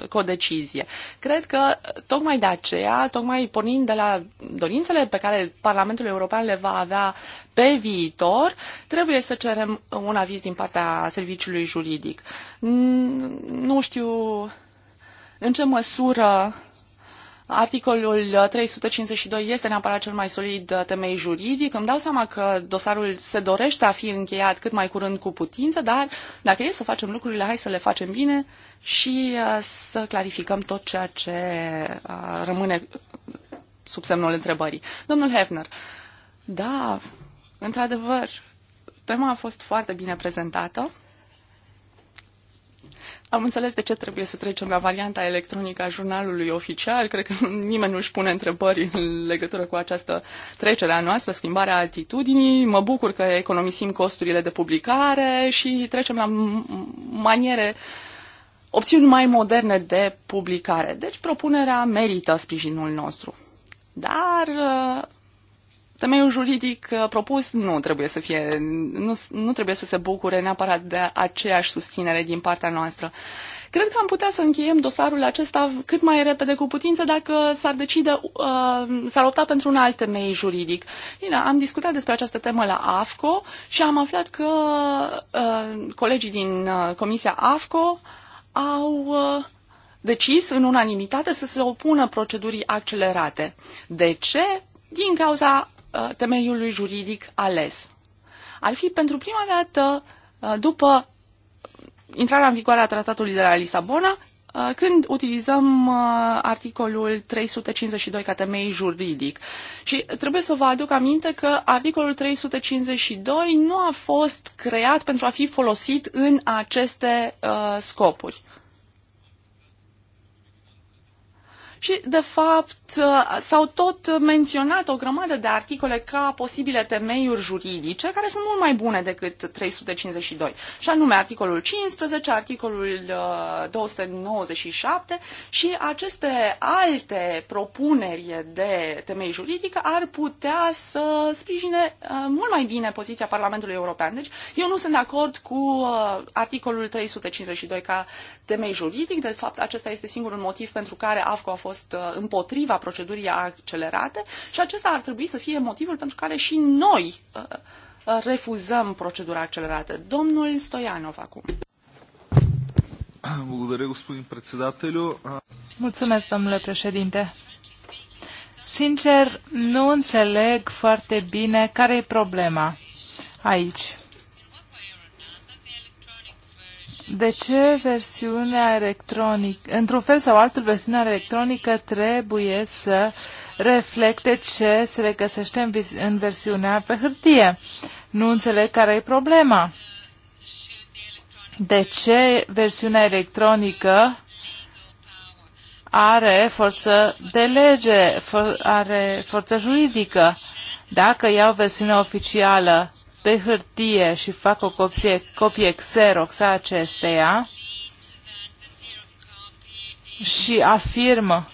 codecizie. Cred că tocmai de aceea, tocmai pornind de la dorințele pe care Parlamentul European le va avea pe viitor, trebuie să cerem un aviz din partea serviciului juridic. Nu știu în ce măsură Articolul 352 este neapărat cel mai solid temei juridic. Îmi dau seama că dosarul se dorește a fi încheiat cât mai curând cu putință, dar dacă e să facem lucrurile, hai să le facem bine și uh, să clarificăm tot ceea ce uh, rămâne sub semnul întrebării. Domnul Hefner, da, într-adevăr, tema a fost foarte bine prezentată. Am înțeles de ce trebuie să trecem la varianta electronică a jurnalului oficial. Cred că nimeni nu își pune întrebări în legătură cu această trecere a noastră, schimbarea atitudinii. Mă bucur că economisim costurile de publicare și trecem la maniere, opțiuni mai moderne de publicare. Deci propunerea merită sprijinul nostru. Dar Temeiul juridic uh, propus nu trebuie să fie, nu, nu trebuie să se bucure neapărat de aceeași susținere din partea noastră. Cred că am putea să încheiem dosarul acesta cât mai repede cu putință dacă s-ar decide, uh, s-ar opta pentru un alt temei juridic. Bine, am discutat despre această temă la AFCO și am aflat că uh, colegii din uh, Comisia AFCO au uh, decis în unanimitate să se opună procedurii accelerate. De ce? Din cauza Uh, temeiului juridic ales. Ar fi pentru prima dată uh, după intrarea în vigoare a tratatului de la Lisabona, uh, când utilizăm articolul 352 ca temei juridic. Și trebuie să vă aduc aminte că articolul 352 nu a fost creat pentru a fi folosit în aceste scopuri. Și, de fapt, s-au tot menționat o grămadă de articole ca posibile temeiuri juridice, care sunt mult mai bune decât 352. Și anume articolul 15, articolul 297 uh, și aceste alte propuneri de temei juridică ar putea să sprijine uh, mult mai bine poziția Parlamentului European. Deci, eu nu sunt de acord cu uh, articolul 352 ca temei juridic. De fapt, acesta este singurul motiv pentru care AFCO a fost fost uh, împotriva procedurii accelerate și acesta ar trebui să fie motivul pentru care și noi uh, uh, refuzăm procedura accelerată. Domnul Stoianov acum. Mulțumesc, domnule președinte. Sincer, nu înțeleg foarte bine care e problema aici. De ce versiunea electronică, într-un fel sau altul, versiunea electronică trebuie să reflecte ce se regăsește în, în versiunea pe hârtie? Nu înțeleg care e problema. De ce versiunea electronică are forță de lege, for, are forță juridică? Dacă iau versiunea oficială, pe hârtie și fac o copie, copie Xerox a acesteia și afirmă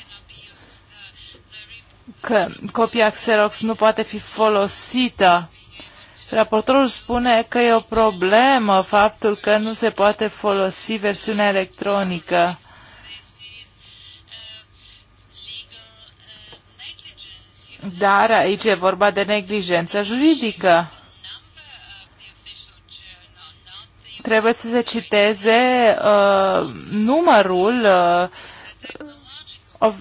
că copia Xerox nu poate fi folosită. Raportorul spune că e o problemă faptul că nu se poate folosi versiunea electronică. Dar aici e vorba de neglijență juridică. trebuie să se citeze uh, numărul uh, of,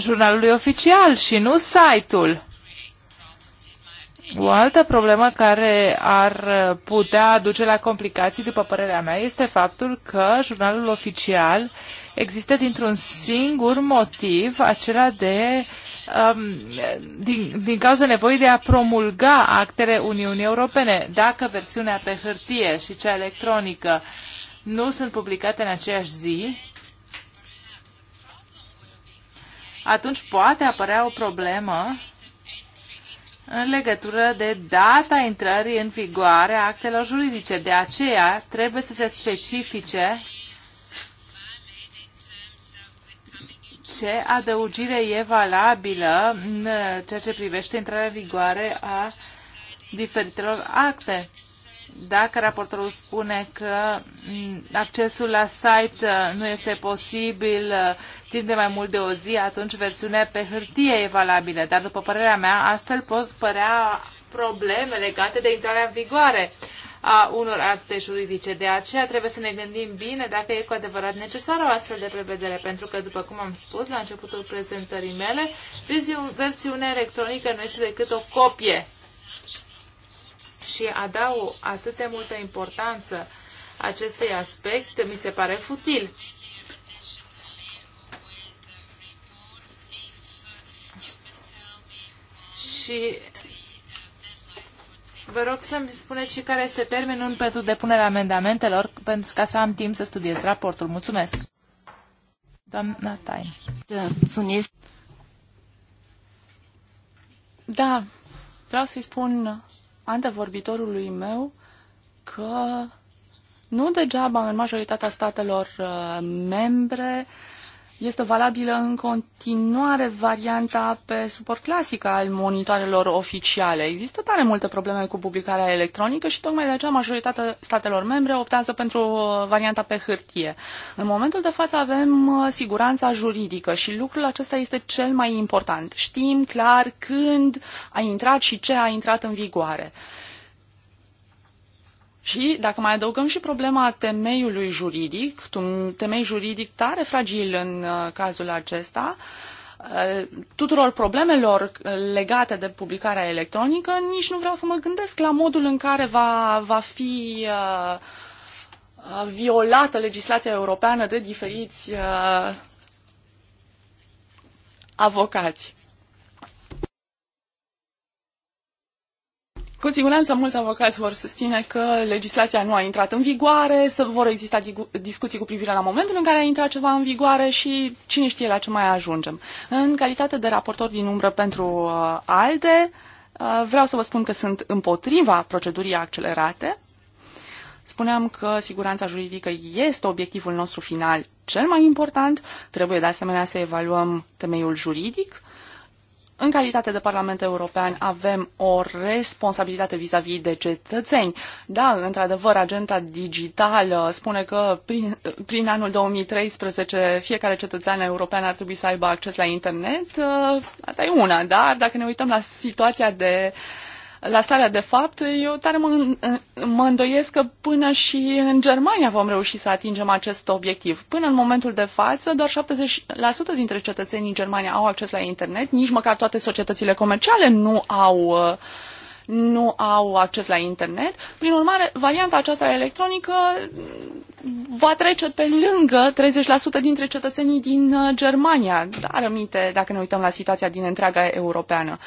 jurnalului oficial și nu site-ul. O altă problemă care ar putea duce la complicații, după părerea mea, este faptul că jurnalul oficial există dintr-un singur motiv, acela de uh, Um, din, din cauza nevoii de a promulga actele Uniunii Europene, dacă versiunea pe hârtie și cea electronică nu sunt publicate în aceeași zi, atunci poate apărea o problemă în legătură de data intrării în vigoare a actelor juridice. De aceea trebuie să se specifice ce adăugire e valabilă în ceea ce privește intrarea în vigoare a diferitelor acte. Dacă raportorul spune că accesul la site uh, nu este posibil uh, timp de mai mult de o zi, atunci versiunea pe hârtie e valabilă. Dar, după părerea mea, astfel pot părea probleme legate de intrarea în vigoare. Uh, a unor acte juridice. De aceea trebuie să ne gândim bine dacă e cu adevărat necesară o astfel de prevedere, pentru că, după cum am spus la începutul prezentării mele, versiunea electronică nu este decât o copie și adaug atât de multă importanță acestui aspect, mi se pare futil. Și Vă rog să-mi spuneți și care este termenul pentru depunerea amendamentelor, pentru ca să am timp să studiez raportul. Mulțumesc. Doamna Tain. Da, vreau să-i spun antevorbitorului meu că nu degeaba în majoritatea statelor uh, membre uh, este valabilă în continuare varianta pe suport clasic al monitoarelor oficiale. Există tare multe probleme cu publicarea electronică și tocmai de aceea majoritatea statelor membre optează pentru uh, varianta pe hârtie. În momentul de față avem uh, siguranța juridică și lucrul acesta este cel mai important. Știm clar când a intrat și ce a intrat în vigoare. Și dacă mai adăugăm și problema temeiului juridic, un temei juridic tare fragil în uh, cazul acesta, uh, tuturor problemelor uh, legate de publicarea electronică, nici nu vreau să mă gândesc la modul în care va, va fi violată legislația europeană de diferiți avocați. Cu siguranță mulți avocați vor susține că legislația nu a intrat în vigoare, să vor exista discuții cu privire la momentul în care a intrat ceva în vigoare și cine știe la ce mai ajungem. În calitate de raportor din umbră pentru uh, ALDE, uh, vreau să vă spun că sunt împotriva procedurii accelerate. Spuneam că siguranța juridică este obiectivul nostru final cel mai important. Trebuie de asemenea să evaluăm temeiul juridic în calitate de Parlament European avem o responsabilitate vis-a-vis -vis de cetățeni. Da, într-adevăr, agenda digitală spune că prin, prin anul 2013 fiecare cetățean european ar trebui să aibă acces la internet. Uh, asta e una, dar dacă ne uităm la situația de uh, la starea de fapt, eu tare mă, mă îndoiesc că până și în Germania vom reuși să atingem acest obiectiv. Până în momentul de față, doar 70% dintre cetățenii în Germania au acces la internet, nici măcar toate societățile comerciale nu au uh, nu au acces la internet. Prin urmare, varianta aceasta electronică va trece pe lângă 30% dintre cetățenii din uh, Germania. Dar aminte, dacă ne uităm la situația din întreaga europeană.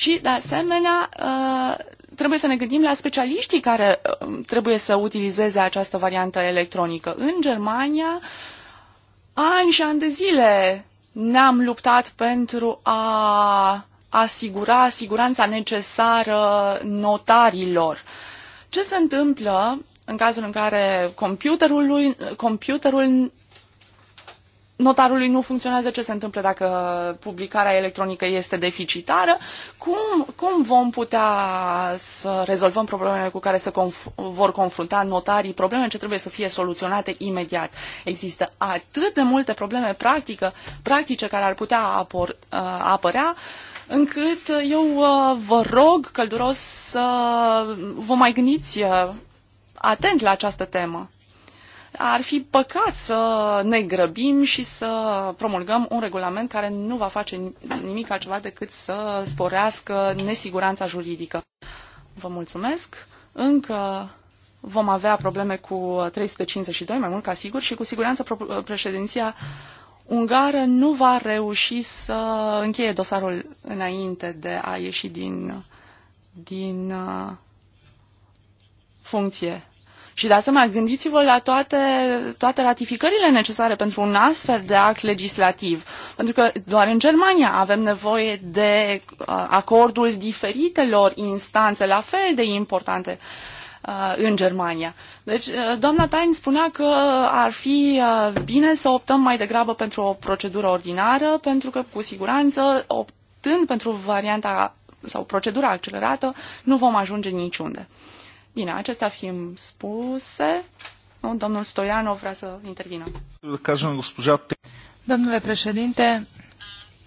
Și, de asemenea, uh, trebuie să ne gândim la specialiștii care uh, trebuie să utilizeze această variantă electronică. În Germania, ani și ani de zile ne-am luptat pentru a asigura siguranța necesară notarilor. Ce se întâmplă în cazul în care computerul, lui, computerul notarului nu funcționează, ce se întâmplă dacă publicarea electronică este deficitară, cum, cum vom putea să rezolvăm problemele cu care se conf- vor confrunta notarii, probleme ce trebuie să fie soluționate imediat. Există atât de multe probleme practică, practice care ar putea apor, uh, apărea, încât eu uh, vă rog călduros să vă mai gândiți uh, atent la această temă. Ar fi păcat să ne grăbim și să promulgăm un regulament care nu va face nimic altceva decât să sporească nesiguranța juridică. Vă mulțumesc. Încă vom avea probleme cu 352, mai mult ca sigur, și cu siguranță președinția ungară nu va reuși să încheie dosarul înainte de a ieși din, din uh, funcție. Și de asemenea, gândiți-vă la toate, toate ratificările necesare pentru un astfel de act legislativ. Pentru că doar în Germania avem nevoie de uh, acordul diferitelor instanțe la fel de importante uh, în Germania. Deci, uh, doamna Tain spunea că ar fi bine să optăm mai degrabă pentru o procedură ordinară, pentru că, cu siguranță, optând pentru varianta sau procedura accelerată, nu vom ajunge niciunde. Bine, acestea fiind spuse, domnul Stoianov vrea să intervină. Domnule președinte,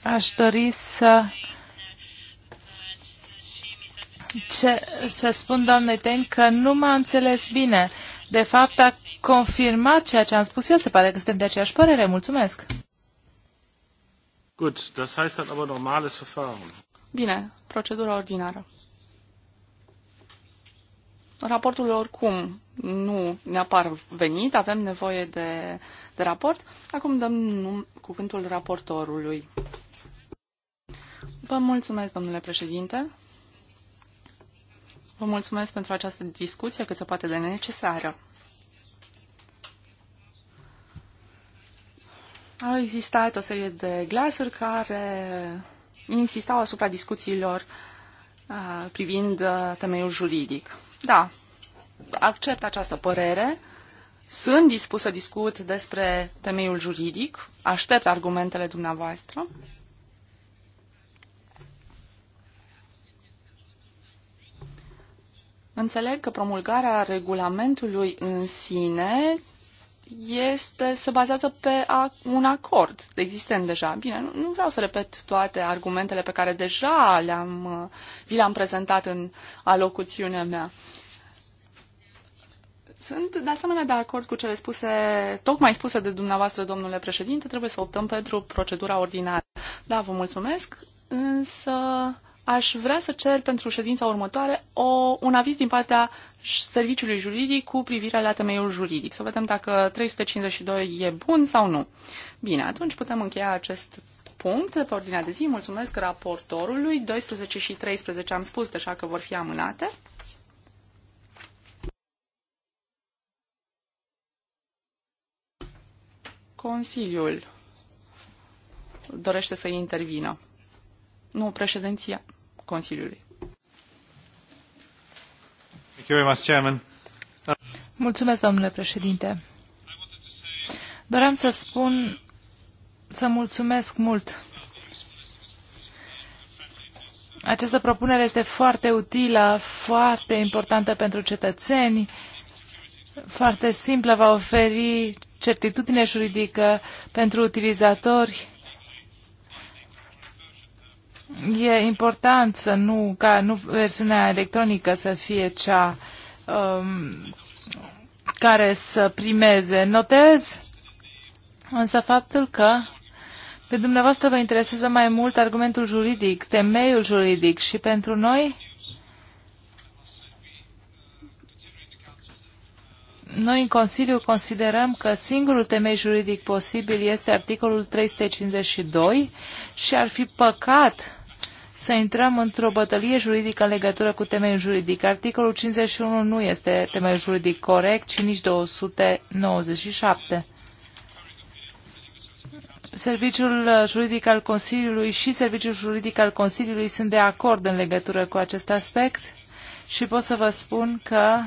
aș dori să ce, să spun doamnei Ten că nu m-a înțeles bine. De fapt, a confirmat ceea ce am spus eu. Se pare că suntem de aceeași părere. Mulțumesc. Gut, das heißt aber normales Verfahren. Bine, procedura ordinară raportul oricum nu ne-a venit, avem nevoie de, de raport. Acum dăm num- cuvântul raportorului. Vă mulțumesc, domnule președinte. Vă mulțumesc pentru această discuție cât se poate de necesară. Au existat o serie de glasuri care insistau asupra discuțiilor uh, privind uh, temeiul juridic. Da, accept această părere. Sunt dispus să discut despre temeiul juridic. Aștept argumentele dumneavoastră. Înțeleg că promulgarea regulamentului în sine este, se bazează pe a, un acord existent deja. Bine, nu, nu vreau să repet toate argumentele pe care deja le-am, vi le-am prezentat în alocuțiunea mea. Sunt de asemenea de acord cu cele spuse, tocmai spuse de dumneavoastră, domnule președinte, trebuie să optăm pentru procedura ordinară. Da, vă mulțumesc, însă aș vrea să cer pentru ședința următoare o, un aviz din partea serviciului juridic cu privire la temeiul juridic, să vedem dacă 352 e bun sau nu. Bine, atunci putem încheia acest punct pe ordinea de zi. Mulțumesc raportorului. 12 și 13 am spus deja că vor fi amânate. Consiliul dorește să intervină. Nu, președinția Consiliului. Mulțumesc, domnule președinte. Doream să spun să mulțumesc mult. Această propunere este foarte utilă, foarte importantă pentru cetățeni, foarte simplă, va oferi certitudine juridică pentru utilizatori. E important să nu, ca nu versiunea electronică să fie cea um, care să primeze. Notez însă faptul că pe dumneavoastră vă interesează mai mult argumentul juridic, temeiul juridic și pentru noi Noi în Consiliu considerăm că singurul temei juridic posibil este articolul 352 și ar fi păcat să intrăm într-o bătălie juridică în legătură cu temei juridic. Articolul 51 nu este temei juridic corect ci nici 297. Serviciul juridic al Consiliului și Serviciul juridic al Consiliului sunt de acord în legătură cu acest aspect și pot să vă spun că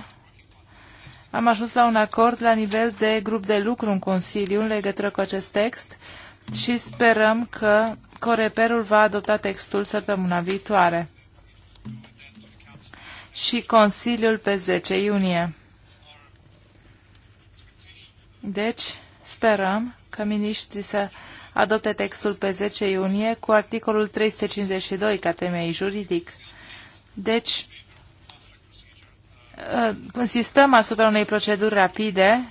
am ajuns la un acord la nivel de grup de lucru în Consiliu în legătură cu acest text și sperăm că Coreperul va adopta textul săptămâna viitoare și Consiliul pe 10 iunie. Deci, sperăm că miniștrii să adopte textul pe 10 iunie cu articolul 352 ca temei juridic. Deci, Uh, insistăm asupra unei proceduri rapide,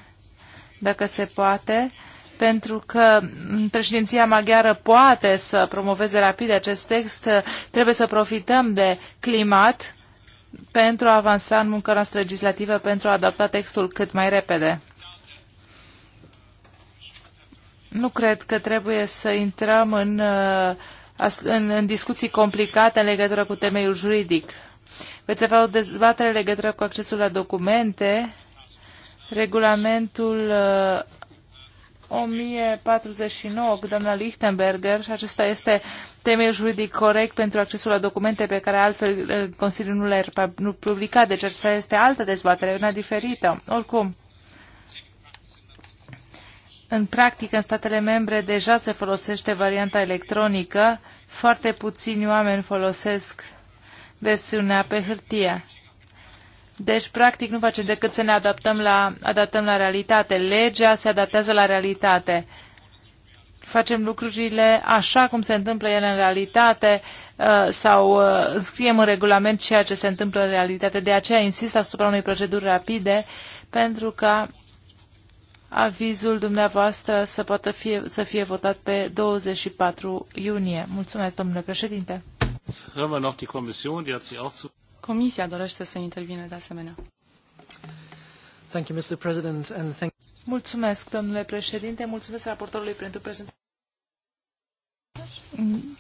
dacă se poate, pentru că președinția maghiară poate să promoveze rapid acest text, trebuie să profităm de climat pentru a avansa în munca noastră legislativă, pentru a adapta textul cât mai repede. Nu cred că trebuie să intrăm în, uh, în, în discuții complicate în legătură cu temeiul juridic. Veți avea o dezbatere legătură cu accesul la documente, regulamentul 1049 uh, cu doamna Lichtenberger și acesta este temeiul juridic corect pentru accesul la documente pe care altfel uh, Consiliul nu le a publicat. deci acesta este altă dezbatere, una diferită. Oricum, în practică, în statele membre deja se folosește varianta electronică, foarte puțini oameni folosesc versiunea pe hârtie. Deci, practic, nu facem decât să ne adaptăm la, adaptăm la realitate. Legea se adaptează la realitate. Facem lucrurile așa cum se întâmplă ele în realitate uh, sau uh, scriem în regulament ceea ce se întâmplă în realitate. De aceea insist asupra unei proceduri rapide pentru ca avizul dumneavoastră să poată fi, să fie votat pe 24 iunie. Mulțumesc, domnule președinte. Comisia dorește să intervine de asemenea. Thank you, Mr. President, and thank... Mulțumesc, domnule președinte, mulțumesc raportorului pentru prezentare.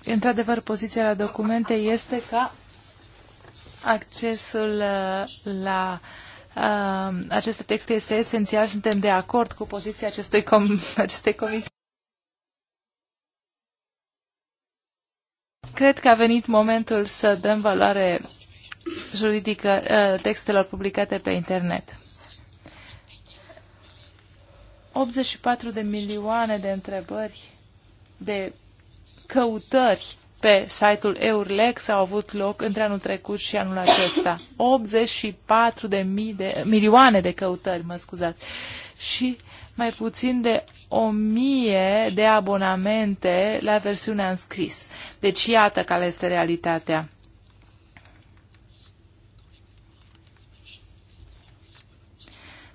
Într-adevăr, poziția la documente este ca accesul uh, la uh, aceste texte este esențial. Suntem de acord cu poziția acestui com acestei comisii. Cred că a venit momentul să dăm valoare juridică ă, textelor publicate pe internet. 84 de milioane de întrebări, de căutări pe site-ul Eurlex au avut loc între anul trecut și anul acesta. 84 de, mii de milioane de căutări, mă scuzați. Și mai puțin de o mie de abonamente la versiunea înscris. Deci iată care este realitatea.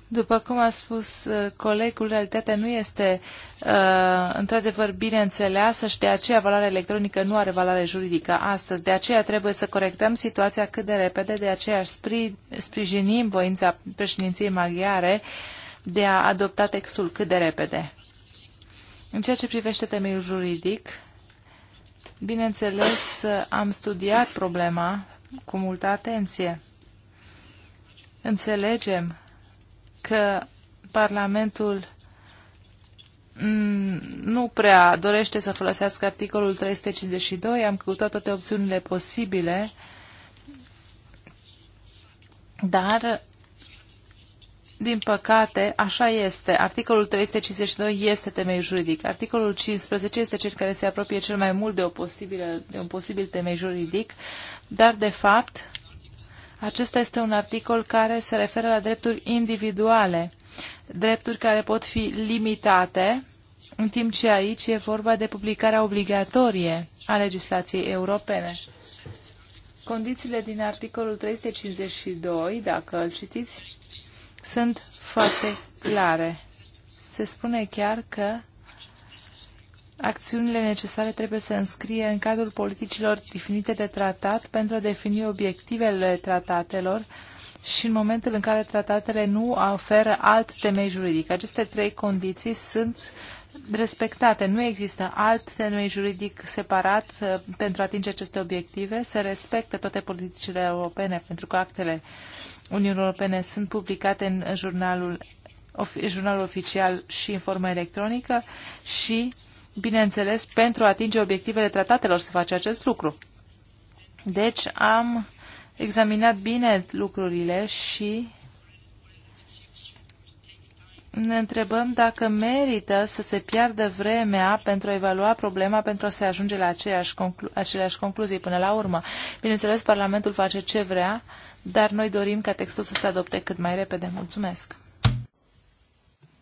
După cum a spus uh, colegul, realitatea nu este uh, într-adevăr bine înțeleasă și de aceea valoarea electronică nu are valoare juridică astăzi. De aceea trebuie să corectăm situația cât de repede, de aceea spri, sprijinim voința președinției maghiare de a adopta textul cât de repede. În ceea ce privește temeiul juridic, bineînțeles, am studiat problema cu multă atenție. Înțelegem că Parlamentul nu prea dorește să folosească articolul 352, am căutat toate opțiunile posibile, dar din păcate, așa este. Articolul 352 este temei juridic. Articolul 15 este cel care se apropie cel mai mult de, o posibilă, de un posibil temei juridic, dar, de fapt, acesta este un articol care se referă la drepturi individuale, drepturi care pot fi limitate, în timp ce aici e vorba de publicarea obligatorie a legislației europene. Condițiile din articolul 352, dacă îl citiți, sunt foarte clare. Se spune chiar că acțiunile necesare trebuie să înscrie în cadrul politicilor definite de tratat pentru a defini obiectivele tratatelor și în momentul în care tratatele nu oferă alt temei juridic. Aceste trei condiții sunt uh, respectate. Nu există alt tenui juridic separat uh, pentru a atinge aceste obiective. Se respectă toate politicile europene, pentru că actele Uniunii Europene sunt publicate în jurnalul, of, jurnalul oficial și în formă electronică și, bineînțeles, pentru a atinge obiectivele tratatelor se face acest lucru. Deci am examinat bine lucrurile și ne întrebăm dacă merită să se piardă vremea pentru a evalua problema pentru a se ajunge la aceeași conclu- aceleași concluzii până la urmă. Bineînțeles, Parlamentul face ce vrea, dar noi dorim ca textul să se adopte cât mai repede. Mulțumesc!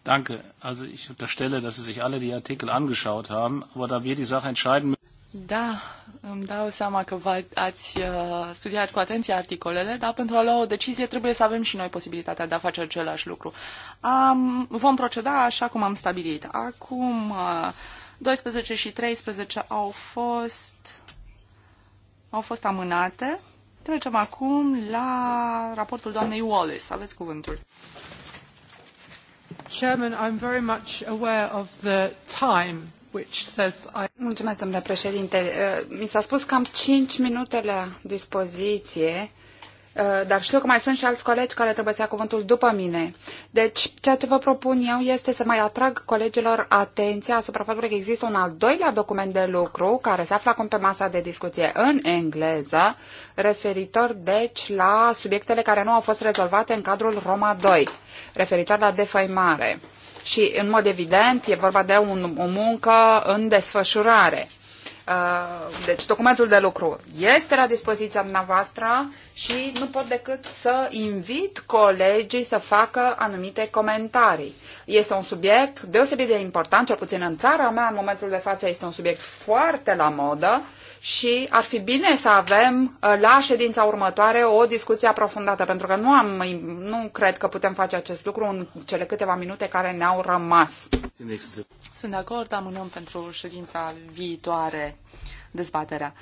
Danke. Also ich unterstelle, dass Sie sich alle die Artikel angeschaut haben, aber da wir die Sache entscheiden müssen. Da, îmi dau seama că ați uh, studiat cu atenție articolele, dar pentru a lua o decizie trebuie să avem și noi posibilitatea de a face același lucru. Am, vom proceda așa cum am stabilit. Acum, 12 uh, și 13 au fost, au fost amânate. Trecem acum la raportul doamnei Wallace. Aveți cuvântul. Chairman, I'm very much aware of the time which says I... Mulțumesc, domnule președinte. Uh, mi s-a spus că am 5 minute la dispoziție, uh, dar știu că mai sunt și alți colegi care trebuie să ia cuvântul după mine. Deci, ceea ce vă propun eu este să mai atrag colegilor atenția asupra faptului că există un al doilea document de lucru care se află acum pe masa de discuție în engleză, referitor deci la subiectele care nu au fost rezolvate în cadrul Roma 2, referitor la defăimare și, în mod evident, e vorba de un, o muncă în desfășurare. Uh, deci documentul de lucru este la dispoziția dumneavoastră și nu pot decât să invit colegii să facă anumite comentarii. Este un subiect deosebit de important, cel puțin în țara mea, în momentul de față este un subiect foarte la modă și ar fi bine să avem uh, la ședința următoare o discuție aprofundată, pentru că nu, am, nu cred că putem face acest lucru în cele câteva minute care ne-au rămas. Sunt de acord, amânăm pentru ședința viitoare dezbaterea.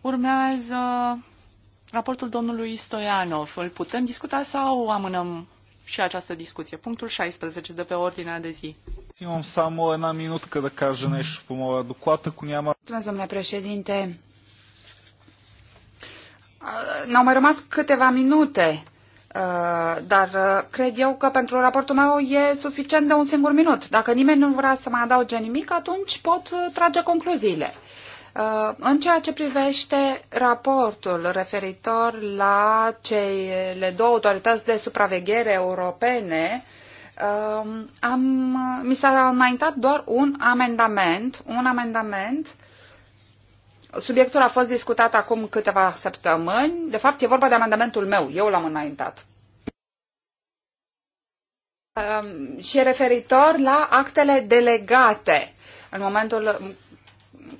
Urmează raportul domnului Stoianov. Îl putem discuta sau amânăm și această discuție? Punctul 16 de pe ordinea de zi. Mulțumesc, Domnule președinte, n-au mai rămas câteva minute. Uh, dar uh, cred eu că pentru raportul meu e suficient de un singur minut. Dacă nimeni nu vrea să mai adauge nimic, atunci pot uh, trage concluziile. În ceea ce privește raportul referitor la cele două autorități de supraveghere europene, um, am, mi s-a înaintat doar un amendament, un amendament Subiectul a fost discutat acum câteva săptămâni. De fapt, e vorba de amendamentul meu. Eu l-am înaintat. Um, și referitor la actele delegate. În momentul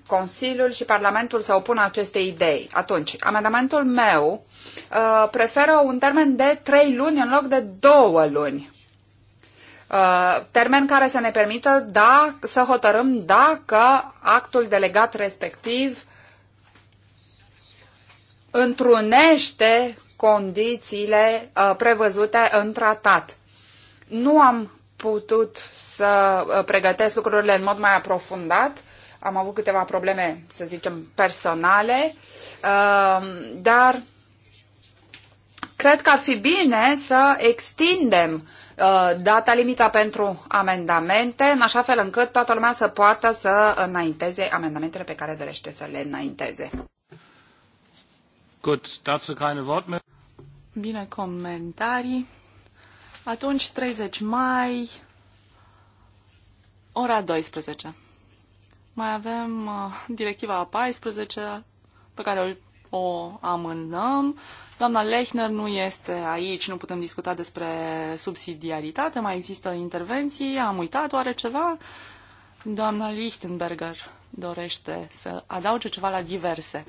Consiliul și Parlamentul se opun acestei idei. Atunci, amendamentul meu uh, preferă un termen de trei luni în loc de două luni. Uh, termen care să ne permită da, să hotărâm dacă actul delegat respectiv întrunește condițiile uh, prevăzute în tratat. Nu am putut să uh, pregătesc lucrurile în mod mai aprofundat. Am avut câteva probleme, să zicem, personale, uh, dar cred că ar fi bine să extindem data limită pentru amendamente, în așa fel încât toată lumea să poată să înainteze amendamentele pe care dorește să le înainteze dazu keine Bine, comentarii. Atunci, 30 mai, ora 12. Mai avem uh, directiva a 14 pe care o, o amânăm. Doamna Lechner nu este aici, nu putem discuta despre subsidiaritate, mai există intervenții, am uitat oare ceva? Doamna Lichtenberger dorește să adauge ceva la diverse.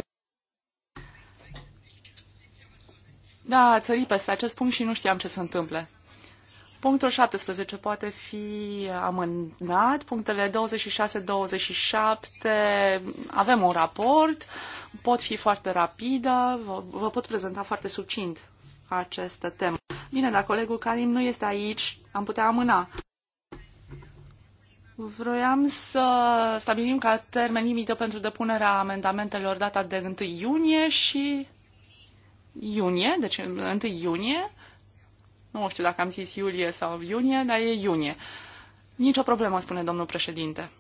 Da, a țărit peste acest punct și nu știam ce se întâmplă. Punctul 17 poate fi amânat, punctele 26-27 avem un raport, pot fi foarte rapidă, vă, vă pot prezenta foarte succint această temă. Bine, dar colegul Karim nu este aici, am putea amâna. Vroiam să stabilim ca termen limită pentru depunerea amendamentelor data de 1 iunie și iunie, deci 1 iunie, nu știu dacă am zis iulie sau iunie, dar e iunie. Nicio problemă, spune domnul președinte.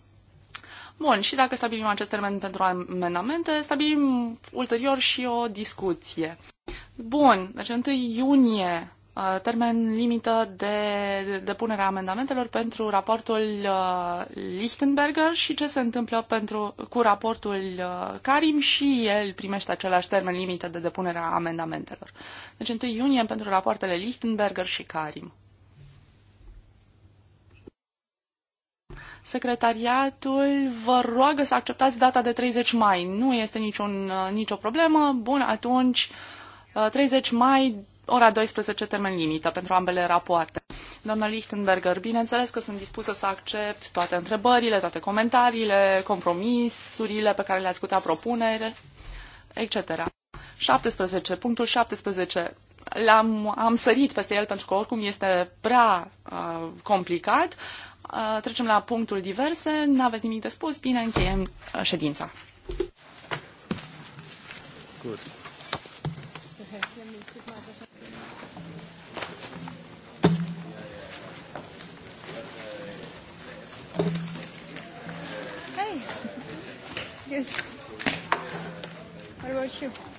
Bun, și dacă stabilim acest termen pentru amendamente, stabilim ulterior și o discuție. Bun, deci 1 iunie Uh, termen limită de depunere a amendamentelor pentru raportul uh, Lichtenberger și ce se întâmplă pentru, cu raportul uh, Karim și el primește același termen limită de depunere a amendamentelor. Deci 1 iunie pentru rapoartele Lichtenberger și Karim. Secretariatul vă roagă să acceptați data de 30 mai. Nu este niciun, nicio problemă. Bun, atunci 30 mai ora 12 termen limită pentru ambele rapoarte. Doamna Lichtenberger, bineînțeles că sunt dispusă să accept toate întrebările, toate comentariile, compromisurile pe care le-ați putea propunere, etc. 17. Punctul 17 l-am am sărit peste el pentru că oricum este prea uh, complicat. Uh, trecem la punctul diverse. Nu aveți nimic de spus. Bine, încheiem uh, ședința. Good. Yes. What about you?